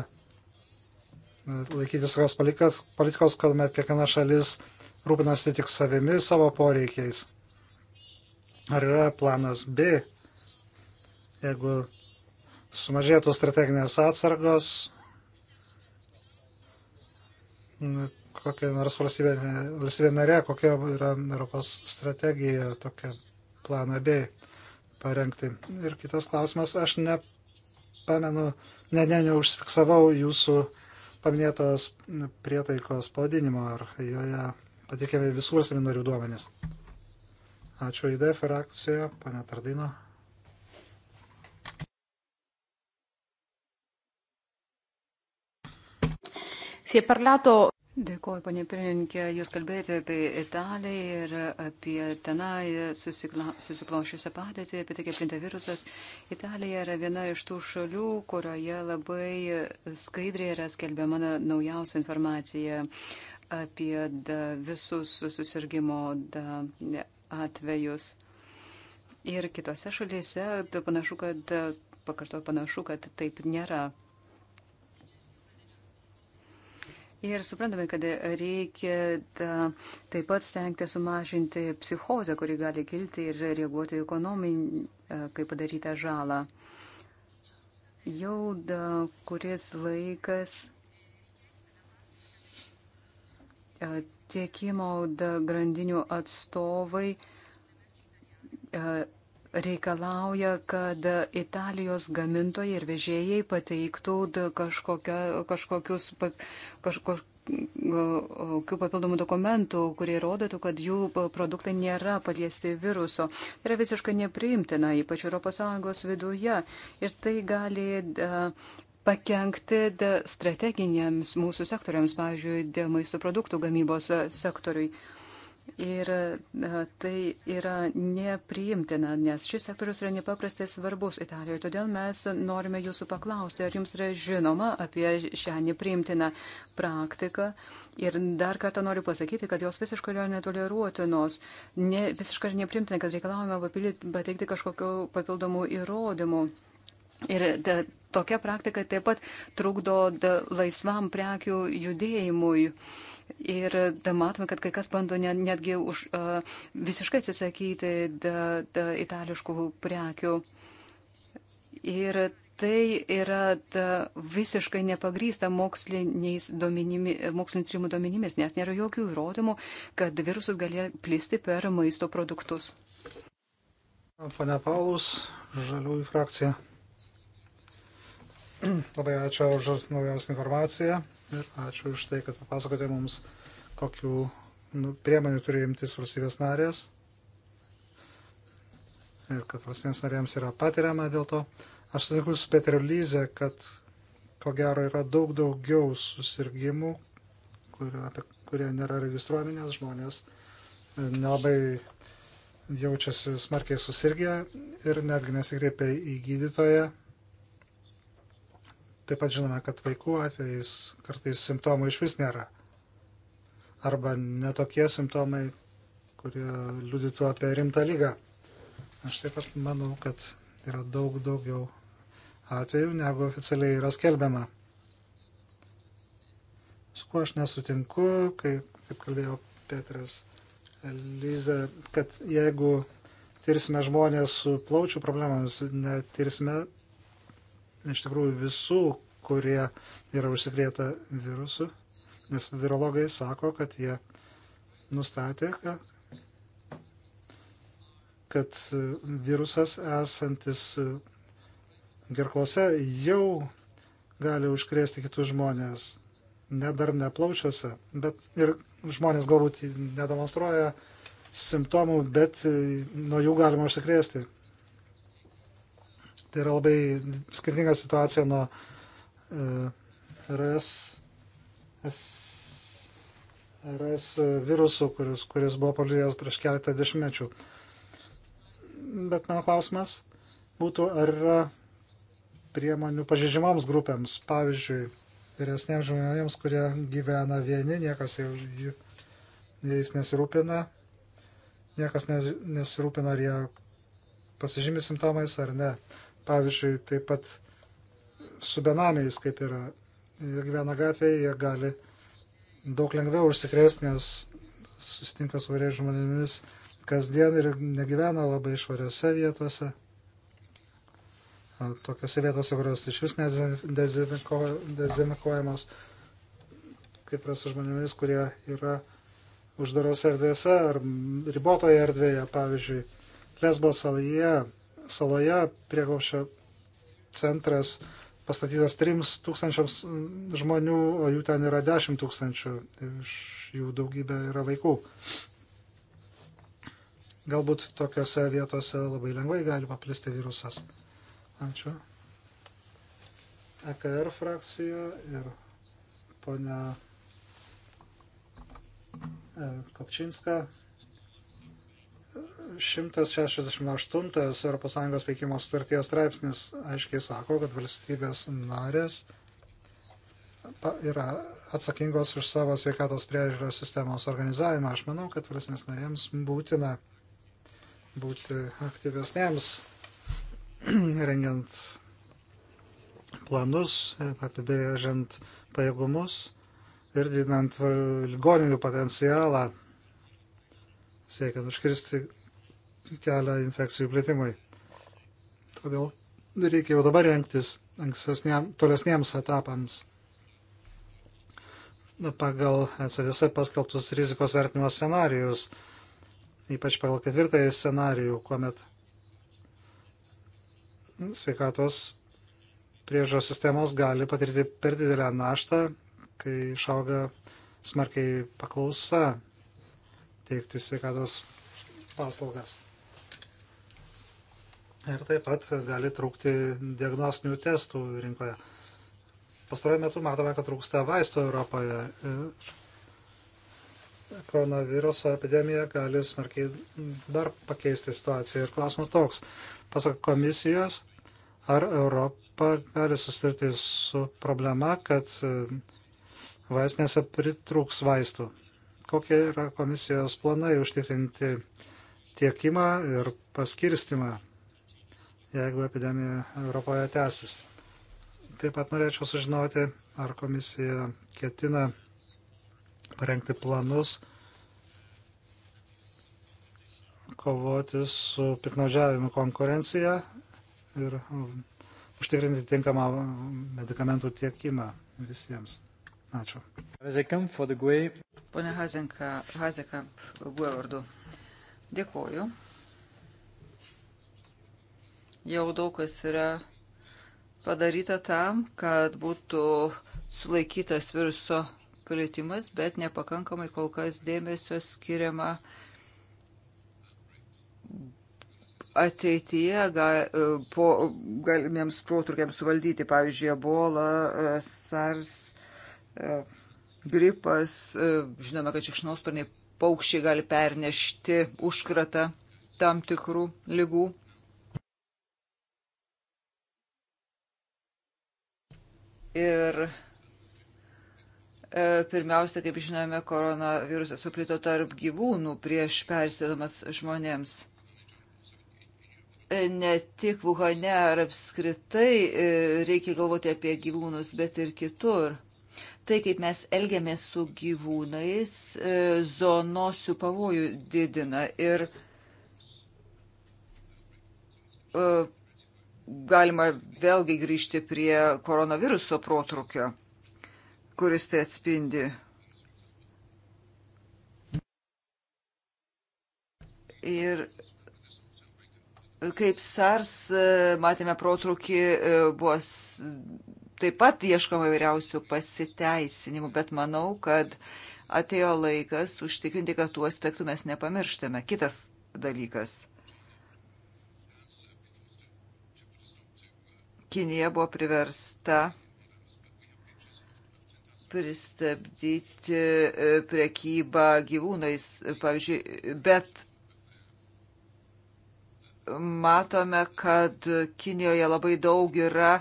laikytis tokios politikos, politikos, kuomet kiekviena šalis rūpinasi tik savimi, savo poreikiais. Ar yra planas B, jeigu sumažėtų strateginės atsargos, kokia nors valstybė, valstybė narė, kokia yra Europos strategija tokia planą B parengti. Ir kitas klausimas, aš nepamenu, ne, ne, neužfiksavau jūsų paminėtos prietaikos pavadinimo, ar joje patikėme visų valstybių narių duomenys. Ačiū ID frakcijoje, pane Tardino. Si è parlato Dėkuoju, panė Pirinkė, jūs kalbėjote apie Italiją ir apie tenai susiklošiusią padėtį, apie tai, kaip plinta virusas. Italija yra viena iš tų šalių, kurioje labai skaidriai yra skelbiama naujausia informacija apie da, visus susirgymo da, atvejus. Ir kitose šalyse tai panašu, kad, pakartoju, panašu, kad taip nėra. Ir suprantame, kad reikia taip pat stengti sumažinti psichozę, kuri gali kilti ir reaguoti ekonominį, e, kai padarytą žalą. Jau da, kuris laikas e, tiekimo grandinių atstovai e, reikalauja, kad Italijos gamintojai ir vežėjai pateiktų kažkokia, kažkokius kažkokius kokių papildomų dokumentų, kurie rodytų, kad jų produktai nėra paliesti viruso. Tai yra visiškai nepriimtina, ypač ES viduje. Ir tai gali pakenkti strateginiams mūsų sektoriams, pavyzdžiui, maisto produktų gamybos sektoriui. Ir e, tai yra nepriimtina, nes šis sektorius yra nepaprastai svarbus Italijoje. Todėl mes norime jūsų paklausti, ar jums yra žinoma apie šią nepriimtiną praktiką. Ir dar kartą noriu pasakyti, kad jos visiškai yra netoleruotinos, ne, visiškai neprimtina, kad reikalavome pateikti kažkokiu papildomų įrodymų. Ir da, e, tokia praktika taip pat trukdo da, laisvam prekių judėjimui. Uh, Ir da, matome, kad kai kas bando net, netgi už, uh, visiškai atsisakyti da, da, itališkų prekių. Ir tai yra da, visiškai nepagrysta moksliniais duomenimi, mokslinio tyrimų duomenimis, nes nėra jokių įrodymų, kad virusas gali plisti per maisto produktus. Pane Paulus, Žaliųjų frakcija. Labai ačiū už naujos informaciją. Ir ačiū už tai, kad papasakote mums, kokiu nu, priemonių turi imtis valstybės narės. Ir kad valstybėms narėms yra patiriama dėl to. Aš sutinku su Peteriu Lyze, kad ko gero yra daug daugiau susirgymų, kur, apie, kurie nėra registruojami, nes žmonės e, nelabai jaučiasi smarkiai susirgę ir netgi nesikreipia į gydytoją Taip pat žinome, kad vaikų atvejais kartais simptomų iš vis nėra. Arba netokie simptomai, kurie liudytų apie rimtą lygą. Aš taip pat manau, kad yra daug daugiau atvejų, negu oficialiai yra skelbiama. Su kuo aš nesutinku, kai, kaip kalbėjo Petras Eliza, kad jeigu tirsime žmonės su plaučių problemomis, netirsime iš tikrųjų visų, kurie yra užsikrėta virusu, nes virologai sako, kad jie nustatė, kad virusas esantis gerklose jau gali užkrėsti kitus žmonės, net dar neplaučiuose, bet ir žmonės galbūt nedemonstruoja simptomų, bet nuo jų galima užsikrėsti. Tai yra labai skirtinga situacija nuo e, RS, RS virusų, kuris, kuris buvo palydėjęs prieš keletą dešimtmečių. Bet mano klausimas būtų, ar yra priemonių pažeidžiamoms grupėms, pavyzdžiui, vyresniems žmonėms, kurie gyvena vieni, niekas jau jais nesirūpina, niekas nesirūpina, ar jie pasižymi simptomais ar ne pavyzdžiui, taip pat su benamiais, kaip yra. Jie gyvena gatvėje, jie gali daug lengviau užsikrėsti, nes susitinka su vairiais žmonėmis kasdien ir negyvena labai švariose vietose. Tokiose vietose, kurios iš vis dezinfekuojamos, kaip yra su žmonėmis, kurie yra uždarose erdvėse ar ribotoje erdvėje, pavyzdžiui, Lesbos salyje saloje prieglaušio centras pastatytas 3 tūkstančiams žmonių, o jų ten yra 10 tūkstančių, iš jų daugybė yra vaikų. Galbūt tokiuose vietose labai lengvai gali paplisti virusas. Ačiū. EKR frakcija ir ponia e, Kopčinska. 168 ES veikimo sutarties straipsnis aiškiai sako, kad valstybės narės yra atsakingos už savo sveikatos priežiūros sistemos organizavimą. Aš manau, kad valstybės narėms būtina būti aktyvesnėms, rengiant planus, apibrėžiant pajėgumus ir didinant ligoninių potencialą siekiant užkirsti kelią infekcijų plėtimui. Todėl reikia jau dabar rengtis tolesniems etapams. Pagal ECDC paskelbtus rizikos vertinimo scenarijus, ypač pagal ketvirtąjį scenarijų, kuomet sveikatos priežos sistemos gali patirti per didelę naštą, kai išauga smarkiai paklausa teikti sveikatos paslaugas. Ir taip pat gali trūkti diagnostinių testų rinkoje. Pastaruoju metu matome, kad trūksta vaistų Europoje. Ir koronaviruso epidemija gali smarkiai dar pakeisti situaciją. Ir klausimas toks. Pasak komisijos, ar Europa gali susitirti su problema, kad e, vaistinėse pritrūks vaistų. Kokie yra komisijos planai užtikrinti tiekimą ir paskirstimą jeigu epidemija Europoje tęsis. Taip pat norėčiau sužinoti, ar komisija ketina parengti planus kovoti su piknaudžiavimu konkurencija ir um, užtikrinti tinkamą um, medikamentų tiekimą visiems. Ačiū. E. Pone Hazenka, Hazekamp, Guevardų. Dėkuoju. Jau daug kas yra padaryta tam, kad būtų sulaikytas viruso plėtimas, bet nepakankamai kol kas dėmesio skiriama ateityje ga, e, po galimiems protrukiams suvaldyti, pavyzdžiui, ebola, e, SARS, e, gripas, žinome, kad šikšnosparniai paukščiai gali pernešti užkratą tam tikrų lygų. Ir e, pirmiausia, kaip žinome, koronavirusas paplito tarp gyvūnų prieš persėdamas žmonėms. E, ne tik Vuhane ar apskritai e, reikia galvoti apie gyvūnus, bet ir kitur. Tai, kaip mes elgiamės su gyvūnais, zonosių pavojų didina ir galima vėlgi grįžti prie koronaviruso protrukio, kuris tai atspindi. Ir kaip SARS e, matėme protrukį, e, buvo taip pat ieškoma įvairiausių pasiteisinimų, bet manau, kad atėjo laikas užtikrinti, kad tų aspektų mes nepamirštame. Kitas dalykas Kinija buvo priversta pristabdyti e, prekybą gyvūnais, pavyzdžiui, bet matome, kad Kinijoje labai daug yra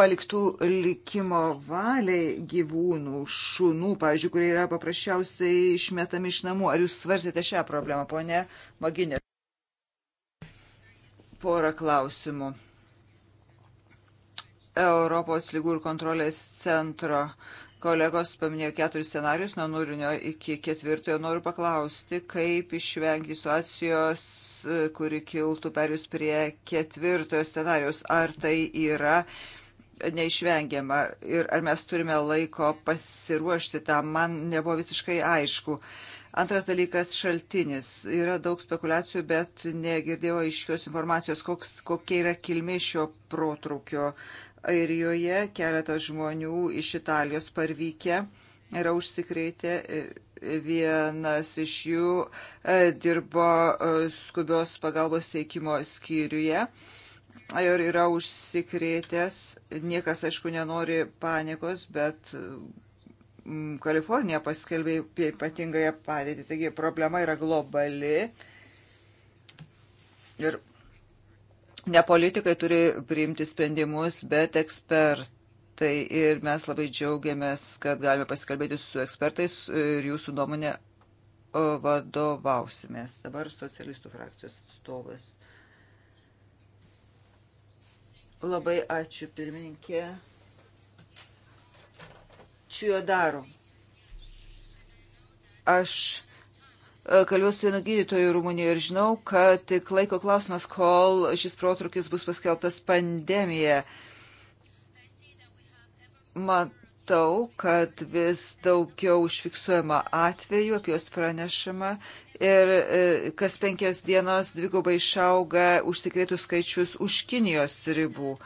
paliktų likimo valiai gyvūnų, šunų, pavyzdžiui, kurie yra paprasčiausiai išmetami iš namų. Ar jūs svarstėte šią problemą, ponė Maginė? Porą klausimų. Europos lygų ir kontrolės centro kolegos paminėjo keturis scenarius nuo nulinio iki ketvirtojo. Noriu paklausti, kaip išvengti situacijos, e, kuri kiltų perėjus prie ketvirtojo scenarius. Ar tai yra neišvengiama ir ar mes turime laiko pasiruošti tam, man nebuvo visiškai aišku. Antras dalykas - šaltinis. Yra daug spekulacijų, bet negirdėjau aiškios informacijos, koks, kokia yra kilmė šio protrukio. Airijoje keletas žmonių iš Italijos parvykę yra užsikrėtę. Vienas iš jų e, dirbo e, skubios pagalbos teikimo skyriuje ir yra užsikrėtęs. Niekas, aišku, nenori panikos, bet Kalifornija paskelbė ypatingąją padėtį. Taigi problema yra globali. Ir ne politikai turi priimti sprendimus, bet ekspertai. Ir mes labai džiaugiamės, kad galime pasikalbėti su ekspertais ir jūsų nuomonė e, vadovausimės. Dabar socialistų frakcijos atstovas. Labai ačiū pirmininkė. Čia jo darom. Aš E, kalbėjau su vienu gydytoju Rumunijoje ir žinau, kad tik laiko klausimas, kol šis protrukis bus paskelbtas pandemija. Matau, kad vis daugiau užfiksuojama atvejų, apie juos pranešama ir e, kas penkios dienos dvigubai išauga užsikrėtų skaičius už Kinijos ribų.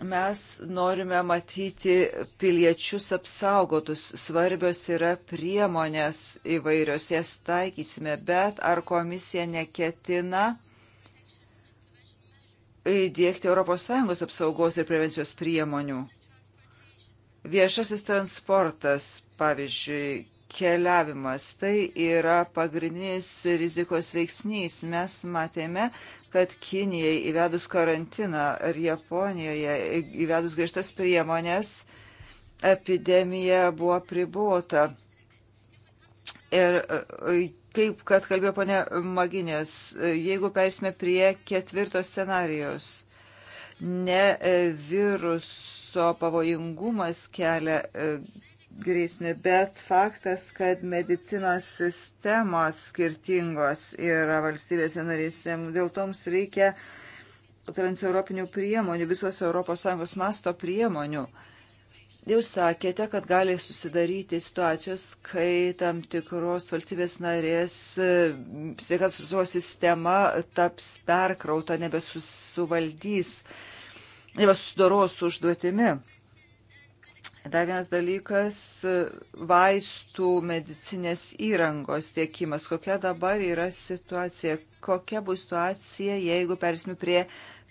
Mes norime matyti piliečius apsaugotus, svarbios yra priemonės įvairios, jas taikysime, bet ar komisija neketina įdėkti ES apsaugos ir prevencijos priemonių? Viešasis transportas, pavyzdžiui, keliavimas. Tai yra pagrindinis rizikos veiksnys. Mes matėme, kad Kinijai įvedus karantiną ar Japonijoje įvedus griežtas priemonės epidemija buvo pribuota. Ir e, kaip, kad kalbėjo ponė Maginės, e, jeigu persime prie ketvirto scenarijos, ne e, viruso pavojingumas kelia grėsmę, bet faktas, kad medicinos sistemos skirtingos yra valstybėse narėse, dėl to mums reikia transeuropinių priemonių, visos ES masto priemonių. Jūs sakėte, kad gali susidaryti situacijos, kai tam tikros valstybės narės e, sveikatos apsaugos sistema taps perkrauta, nebesusuvaldys, nebesusidoros užduotimi. Dar vienas dalykas - vaistų medicinės įrangos tiekimas. Kokia dabar yra situacija? Kokia bus situacija, jeigu persime prie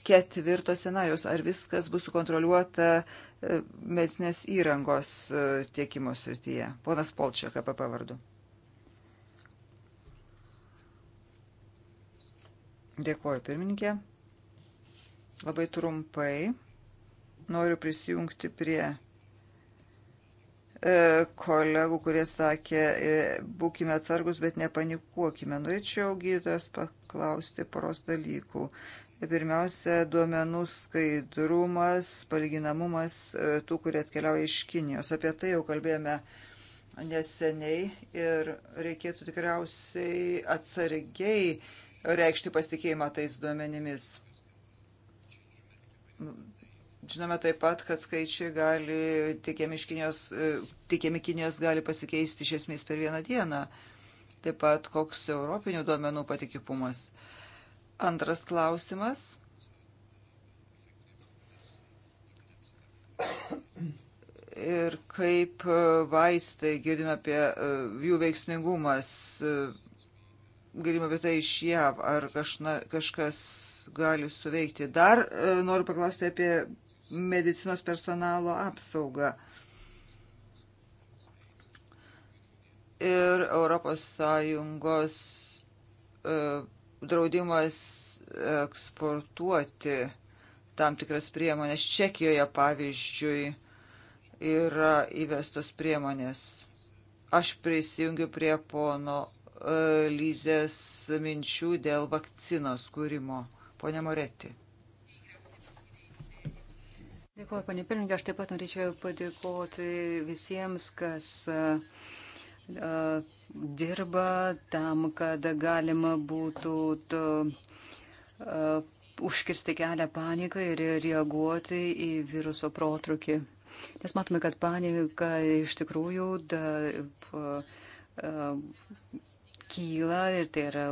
ketvirto scenarius? Ar viskas bus sukontroliuota e, medicinės įrangos e, tiekimo srityje? Ponas Polčiak, apie pavardų. Dėkuoju, pirmininkė. Labai trumpai noriu prisijungti prie E, kolegų, kurie sakė, e, būkime atsargus, bet nepanikuokime. Norėčiau gydytojas paklausti poros dalykų. Pirmiausia, duomenų skaidrumas, palyginamumas e, tų, kurie atkeliauja iš Kinijos. Apie tai jau kalbėjome neseniai ir reikėtų tikriausiai atsargiai reikšti pasitikėjimą tais duomenimis Žinome taip pat, kad skaičiai gali, teikiami, Kinijos, e, teikiami Kinijos gali pasikeisti iš esmės per vieną dieną. Taip pat koks europinių duomenų patikimumas. Antras klausimas. ir kaip e, vaistai, girdime apie e, jų veiksmingumas, girdime apie tai iš JAV, ar kažna, kažkas gali suveikti. Dar noriu paklausti apie medicinos personalo apsaugą. Ir Europos Sąjungos e, draudimas eksportuoti tam tikras priemonės. Čekijoje, pavyzdžiui, yra įvestos priemonės. Aš prisijungiu prie pono e, Lyzės minčių dėl vakcinos kūrimo. Pone Moretti. Dėkuoju, panė Pirmininkė, aš taip pat norėčiau padėkoti visiems, kas dirba tam, kad galima būtų to, užkirsti kelią paniką ir reaguoti į viruso protrukį. Nes matome, kad panika iš tikrųjų da, kyla ir tai yra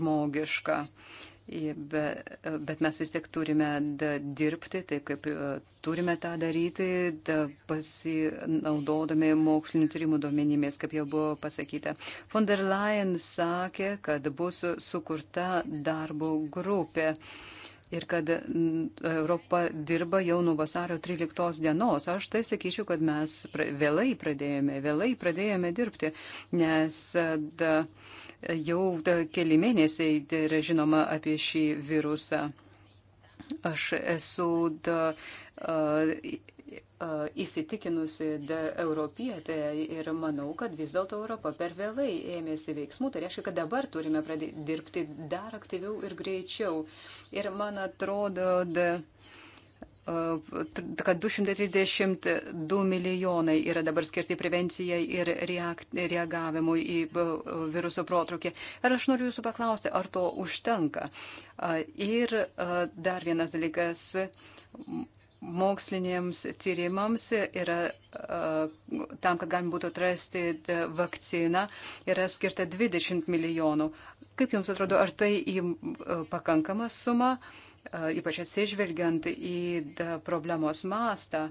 žmogiška. Bet mes vis tiek turime dirbti taip, kaip e, turime tą daryti, pasinaudodami mokslinių tyrimų duomenimis, kaip jau buvo pasakyta. Von der Leyen sakė, kad bus sukurta darbo grupė. Ir kad Europa dirba jau nuo vasario 13 dienos. Aš tai sakyčiau, kad mes vėlai pradėjome, vėlai pradėjome dirbti, nes da, uh, Jau e, keli mėnesiai tai yra žinoma apie šį virusą. Aš esu da, e, e, įsitikinusi europietė ir manau, kad vis dėlto Europa per vėlai ėmėsi veiksmų. Tai reiškia, kad dabar turime pradėti dirbti dar aktyviau ir greičiau. Ir man atrodo, da, kad 232 milijonai yra dabar skirti prevencijai ir reagavimui į e, viruso protrukį. Ir aš noriu jūsų paklausti, ar to užtenka. Ir dar vienas dalykas. Moksliniams tyrimams yra tam, kad galima būtų atrasti vakciną, yra skirta 20 milijonų. Kaip Jums atrodo, ar tai pakankama suma? Uh, ypač atsižvelgiant į problemos mastą.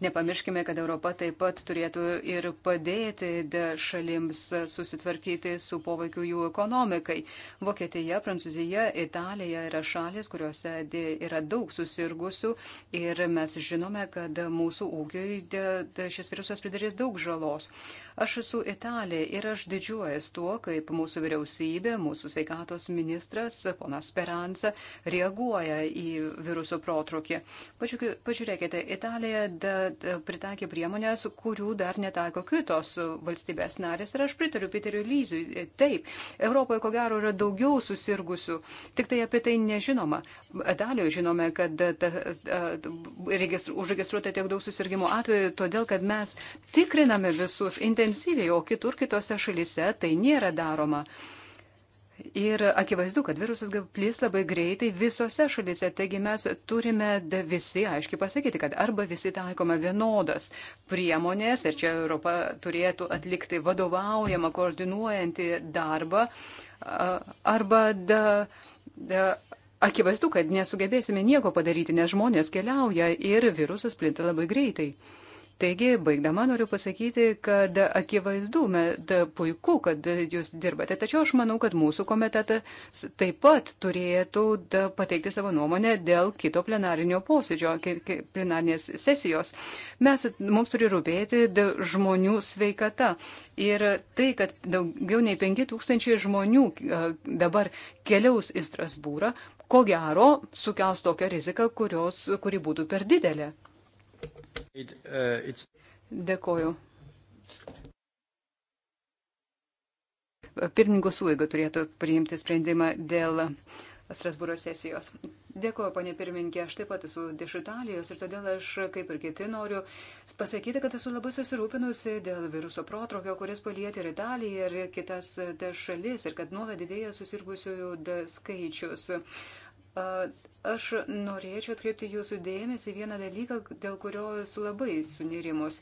Nepamirškime, kad Europa taip pat turėtų ir padėti šalims susitvarkyti su poveikiu jų ekonomikai. Vokietija, Prancūzija, Italija yra šalis, kuriuose yra daug susirgusių ir mes žinome, kad mūsų ūkiai šis virusas pridarys daug žalos. Aš esu Italija ir aš didžiuojas tuo, kaip mūsų vyriausybė, mūsų sveikatos ministras, ponas Speranza, reaguoja į viruso protrukį. Pažiūrėkite, Italija da, pritaikė priemonės, kurių dar netaiko kitos valstybės narės. Ir aš pritariu Piteriu Lyzui. Taip, Europoje ko gero yra daugiau susirgusių, tik tai apie tai nežinoma. Italijoje žinome, kad ta, ta, registru, užregistruota tiek daug susirgymų atveju, todėl kad mes tikriname visus intensyviai, o kitur kitose šalise tai nėra daroma. Ir akivaizdu, kad virusas plis labai greitai visose šalise, taigi mes turime visi aiškiai pasakyti, kad arba visi taikoma vienodas priemonės ir čia Europa turėtų atlikti vadovaujamą, koordinuojantį darbą, arba da, da, akivaizdu, kad nesugebėsime nieko padaryti, nes žmonės keliauja ir virusas plinta labai greitai. Taigi, baigdama noriu pasakyti, kad akivaizdu, bet puiku, kad jūs dirbate, tačiau aš manau, kad mūsų komitetas taip pat turėtų pateikti savo nuomonę dėl kito plenarinio posėdžio, plenarinės sesijos. Mes, mums turi rūpėti žmonių sveikata. Ir tai, kad daugiau nei 5000 žmonių dabar keliaus į Strasbūrą, ko gero sukels tokią riziką, kurios, kuri būtų per didelė. It, uh, Dėkoju. Pirmininko suiga turėtų priimti sprendimą dėl Strasbūro sesijos. Dėkuoju, ponė pirmininkė, aš taip pat esu iš Italijos ir todėl aš, kaip ir kiti, noriu pasakyti, kad esu labai susirūpinusi dėl viruso protrukio, kuris palietė ir Italiją, ir kitas e, šalis, ir kad nuolat didėja susirgusiųjų skaičius. Aš norėčiau atkreipti jūsų dėmesį vieną dalyką, dėl kurio esu labai sunirimus.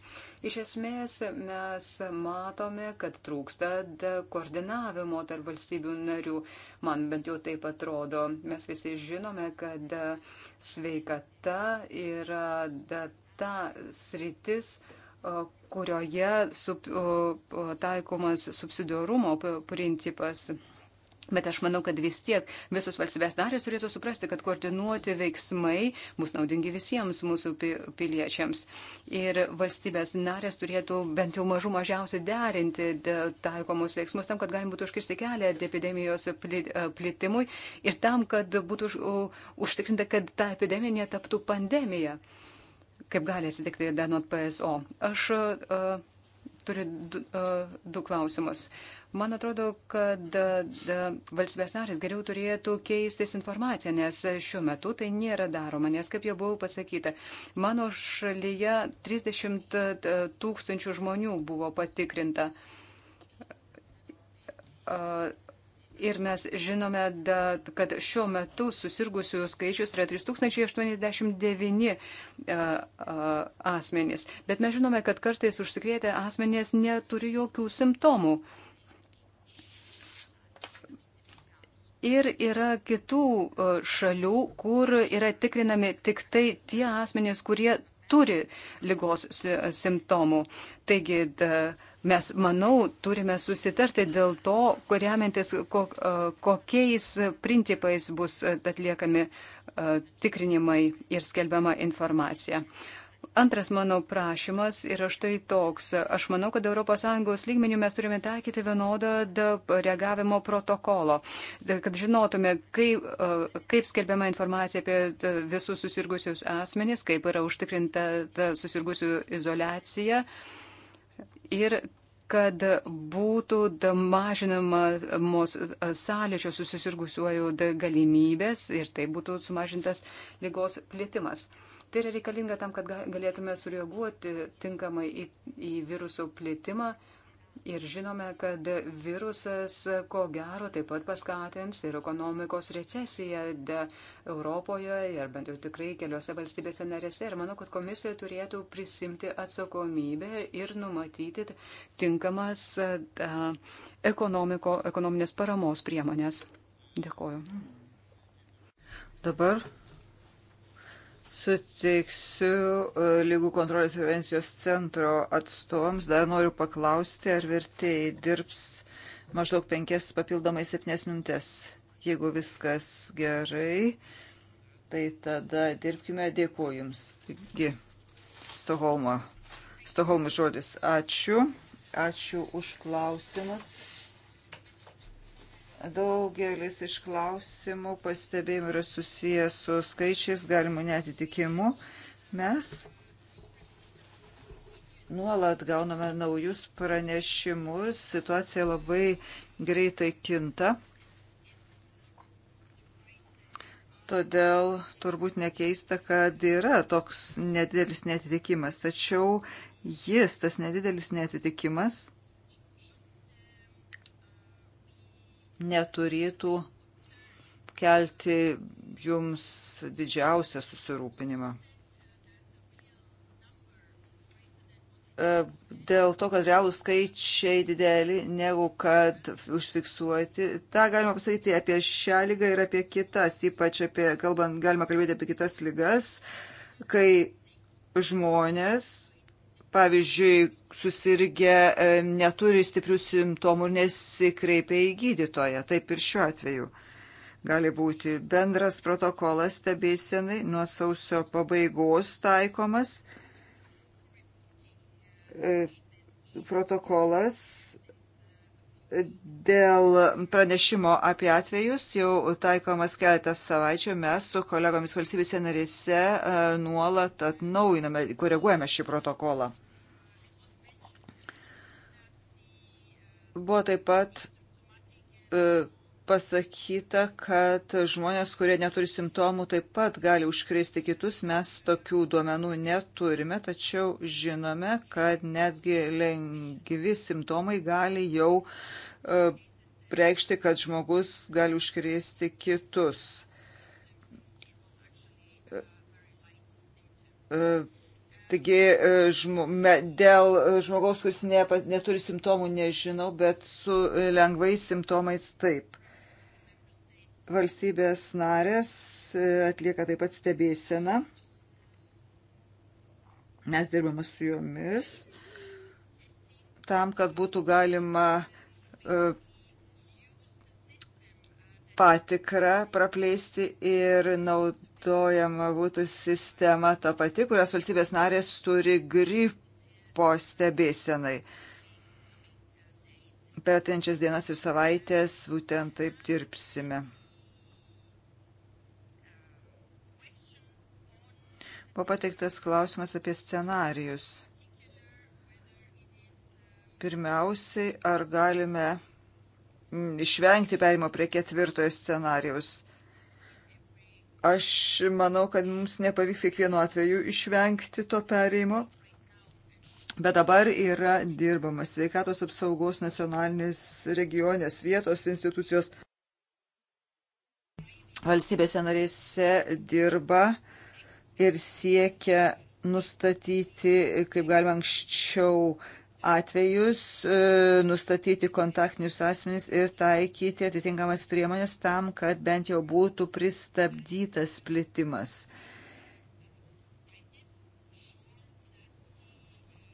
Iš esmės mes matome, kad trūksta koordinavimo tarp valstybių narių. Man bent jau taip atrodo. Mes visi žinome, kad sveikata yra ta sritis, kurioje sub, taikomas subsidiarumo principas. Bet aš manau, kad vis tiek visos valstybės narės turėtų suprasti, kad koordinuoti veiksmai bus naudingi visiems mūsų piliečiams. Ir valstybės narės turėtų bent jau mažų mažiausiai derinti taikomus veiksmus tam, kad galima būtų užkirsti kelią epidemijos e, plitimui ir tam, kad būtų užtikrinta, kad ta epidemija netaptų pandemija, kaip gali atsitikti denot PSO. Aš uh, turiu du, du klausimus. Man atrodo, kad valstybės narės geriau turėtų keistis informaciją, nes šiuo metu tai nėra daroma, nes, kaip jau buvau pasakyta, mano šalyje 30 tūkstančių žmonių buvo patikrinta. Ir mes žinome, da, kad šiuo metu susirgusių skaičius yra 3089 e, e, asmenys. Bet mes žinome, kad kartais užsikrėtę asmenys neturi jokių simptomų. Ir yra kitų e, šalių, kur yra tikrinami tik tai tie asmenys, kurie turi lygos simptomų. Taigi mes, manau, turime susitarti dėl to, kuriamintis kokiais principais bus atliekami tikrinimai ir skelbiama informacija. Antras mano prašymas yra štai toks. Aš manau, kad ES lygmenių mes turime taikyti vienodą reagavimo protokolo, kad žinotume, kaip, e, kaip skelbiama informacija apie visus susirgusius asmenys, kaip yra užtikrinta susirgusių izolacija ir kad būtų mažinamos e, sąlyčio susirgusiuojų galimybės ir tai būtų sumažintas lygos plėtimas. Tai yra reikalinga tam, kad galėtume sureaguoti tinkamai į, į viruso plėtimą. Ir žinome, kad virusas ko gero taip pat paskatins ir ekonomikos recesiją Europoje ir bent jau tikrai keliose valstybėse narėse. Ir manau, kad komisija turėtų prisimti atsakomybę ir numatyti tinkamas ekonomiko, ekonominės paramos priemonės. Dėkoju. Dabar suteiksiu e, lygų kontrolės prevencijos centro atstovams. Dar noriu paklausti, ar vertėjai dirbs maždaug penkias papildomai septynes minutės. Jeigu viskas gerai, tai tada dirbkime. Dėkuoju Jums. Taigi, Stoholmo. Stoholmo žodis. Ačiū. Ačiū už klausimus. Daugelis iš klausimų pastebėjimų yra susijęs su skaičiais, galimų netitikimu. Mes nuolat gauname naujus pranešimus, situacija labai greitai kinta. Todėl turbūt nekeista, kad yra toks nedidelis netitikimas. Tačiau jis, tas nedidelis netitikimas, neturėtų kelti jums didžiausią susirūpinimą. E, dėl to, kad realų skaičiai dideli negu kad užfiksuoti, tą galima pasakyti apie šią lygą ir apie kitas, ypač apie, kalbant, galima kalbėti apie kitas lygas, kai žmonės, pavyzdžiui, susirgę e, neturi stiprių simptomų ir nesikreipia į gydytoją. Taip ir šiuo atveju gali būti bendras protokolas stebėsenai nuo sausio pabaigos taikomas. E, protokolas dėl pranešimo apie atvejus jau taikomas keletas savaičių. Mes su kolegomis valstybėse narėse e, nuolat atnaujiname, koreguojame šį protokolą. Buvo taip pat e, pasakyta, kad žmonės, kurie neturi simptomų, taip pat gali užkrėsti kitus. Mes tokių duomenų neturime, tačiau žinome, kad netgi lengvi simptomai gali jau e, reikšti, kad žmogus gali užkrėsti kitus e, Taigi e, dėl e, žmogaus, kuris ne, neturi simptomų, nežinau, bet su lengvais simptomais taip. Valstybės narės e, atlieka taip pat stebėseną. Mes dirbame su jomis tam, kad būtų galima patikrą prapleisti ir naud naudojama būtų sistema ta pati, kurias valstybės narės turi gripo stebėsenai. Per atenčias dienas ir savaitės būtent taip dirbsime. Buvo pateiktas klausimas apie scenarijus. Pirmiausiai, ar galime išvengti perimo prie ketvirtojo scenarijaus. Aš manau, kad mums nepavyks kiekvienu atveju išvengti to pereimo. Bet dabar yra dirbamas sveikatos apsaugos nacionalinės regionės vietos institucijos valstybėse narėse dirba ir siekia nustatyti, kaip galima anksčiau, atvejus, e, nustatyti kontaktinius asmenys ir taikyti atitinkamas priemonės tam, kad bent jau būtų pristabdytas plitimas.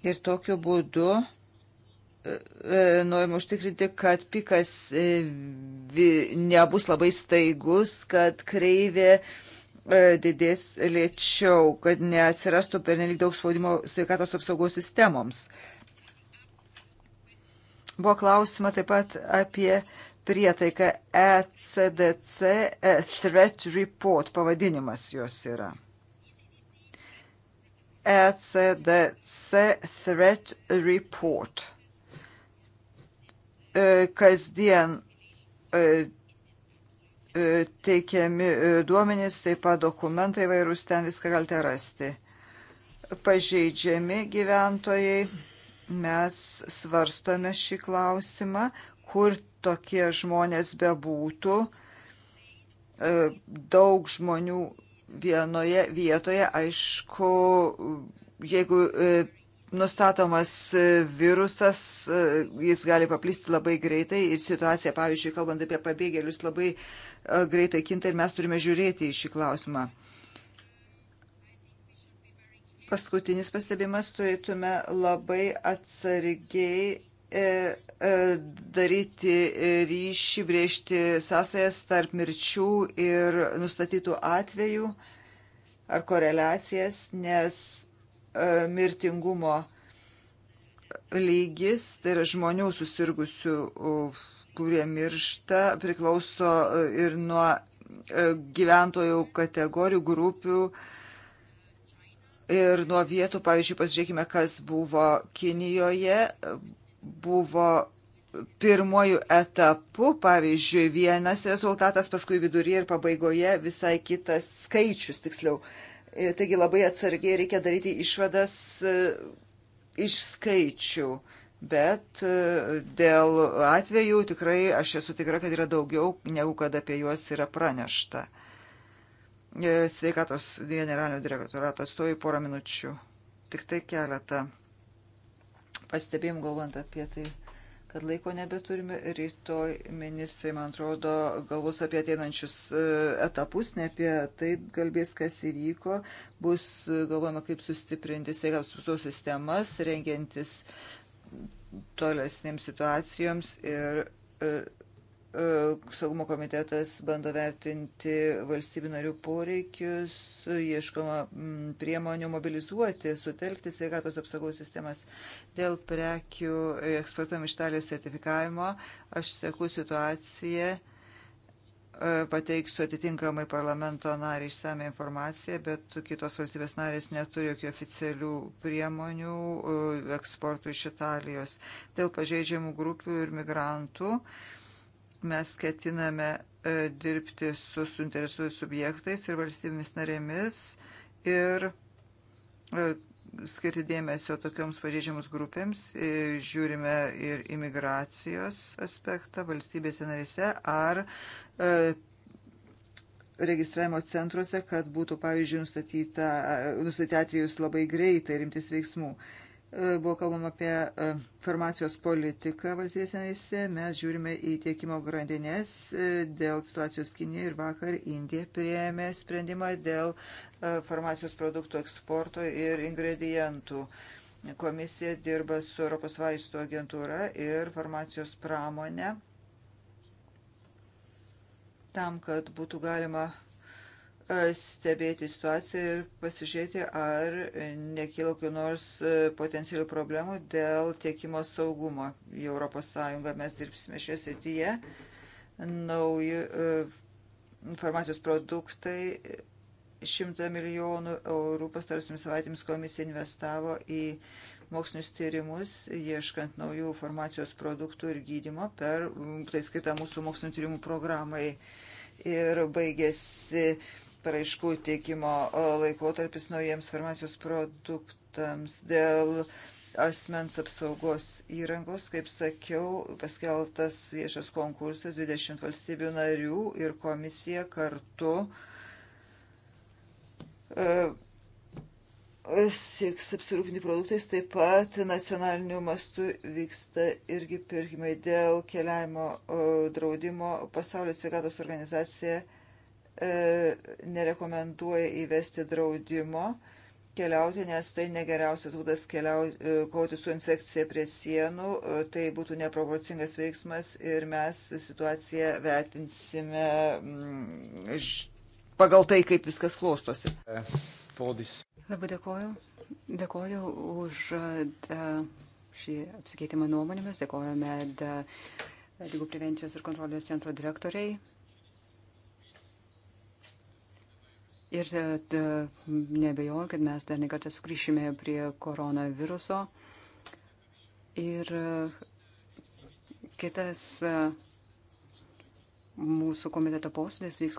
Ir tokiu būdu e, e, norim užtikrinti, kad pikas nebus labai staigus, kad kreivė didės lėčiau, kad neatsirastų pernelik daug spaudimo sveikatos apsaugos sistemoms. Buvo klausima taip pat apie prietaiką ECDC e, Threat Report, pavadinimas jos yra. ECDC Threat Report. E, kasdien e, teikiami duomenys, taip pat dokumentai vairūs, ten viską galite rasti. Pažeidžiami gyventojai Mes svarstome šį klausimą, kur tokie žmonės bebūtų. E, daug žmonių vienoje vietoje, aišku, jeigu e, nustatomas e, virusas, jis gali paplisti labai greitai ir situacija, pavyzdžiui, kalbant apie pabėgėlius, labai greitai kinta ir mes turime žiūrėti į šį klausimą paskutinis pastebimas turėtume labai atsargiai e, e, daryti ryšį, brėžti sąsajas tarp mirčių ir nustatytų atvejų ar koreliacijas, nes e, mirtingumo lygis, tai yra žmonių susirgusių, kurie miršta, priklauso ir nuo gyventojų kategorijų, grupių, Ir nuo vietų, pavyzdžiui, pasižiūrėkime, kas buvo Kinijoje, buvo pirmojų etapų, pavyzdžiui, vienas rezultatas, paskui viduryje ir pabaigoje visai kitas skaičius, tiksliau. E, taigi labai atsargiai reikia daryti išvadas e, iš skaičių, bet e, dėl atvejų tikrai aš esu tikra, kad yra daugiau negu kad apie juos yra pranešta. E, sveikatos generalinio direktorato atstovai porą minučių. Tik tai keletą pastebėjimų galvant apie tai, kad laiko nebeturime. Rytoj ministrai, man atrodo, galvos apie ateinančius e, etapus, ne apie tai kalbės, kas įvyko. Bus e, galvojama, kaip sustiprinti sveikatos apsaugos sistemas, rengiantis tolesnėms situacijoms ir E, saugumo komitetas bando vertinti valstybių narių poreikius, ieškoma mm, priemonių mobilizuoti, sutelkti sveikatos apsaugos sistemas dėl prekių eksportam iš talės sertifikavimo. Aš seku situaciją e, pateiksiu atitinkamai parlamento narį išsame informaciją, bet kitos valstybės narės neturi jokių oficialių priemonių e, eksportų iš Italijos. Dėl pažeidžiamų grupių ir migrantų Mes ketiname e, dirbti su suinteresuotais subjektais ir valstybėmis narėmis ir e, skirti dėmesio tokioms pažeidžiamus grupėms. E, žiūrime ir imigracijos aspektą valstybėse narėse ar registravimo centruose, kad būtų, pavyzdžiui, nustatyta, nustatyti atvejus labai greitai rimtis veiksmų. E, buvo kalbama apie e, farmacijos politiką valstybės naise. Mes žiūrime į tiekimo grandinės e, dėl situacijos Kinėje ir vakar Indija prieėmė sprendimą dėl farmacijos produktų eksporto ir ingredientų. Komisija dirba su Europos vaistų agentūra ir farmacijos pramonė tam, kad būtų galima stebėti situaciją ir pasižiūrėti, ar nekyla kokių nors e, potencialių problemų dėl tiekimo saugumo į ES. Mes dirbsime šioje srityje. Nauji e, informacijos produktai 100 milijonų eurų pastarosiams savaitėms komisija investavo į mokslinius tyrimus, ieškant naujų informacijos produktų ir gydimo per, tai skirta mūsų mokslinio tyrimų programai. Ir baigėsi paraiškų teikimo laikotarpis naujiems farmacijos produktams dėl asmens apsaugos įrangos, kaip sakiau, paskeltas viešas konkursas 20 valstybių narių ir komisija kartu e, sieks apsirūpinti produktais, taip pat nacionaliniu mastu vyksta irgi pirkimai dėl keliavimo draudimo. Pasaulio sveikatos organizacija E, nerekomenduoja įvesti draudimo keliauti, nes tai negeriausias būdas e, kovoti su infekcija prie sienų, e, tai būtų neproporcingas veiksmas ir mes situaciją vertinsime mm, pagal tai, kaip viskas klostosi. Labai dėkoju. Dėkoju už šį apsikeitimą nuomonėmis, dėkojame lygų prevencijos ir kontrolės centro direktoriai. Ir e, nebejoju, kad mes dar nekartą sugrįšime prie koronaviruso. Ir e, kitas e, mūsų komiteto posėdis vyks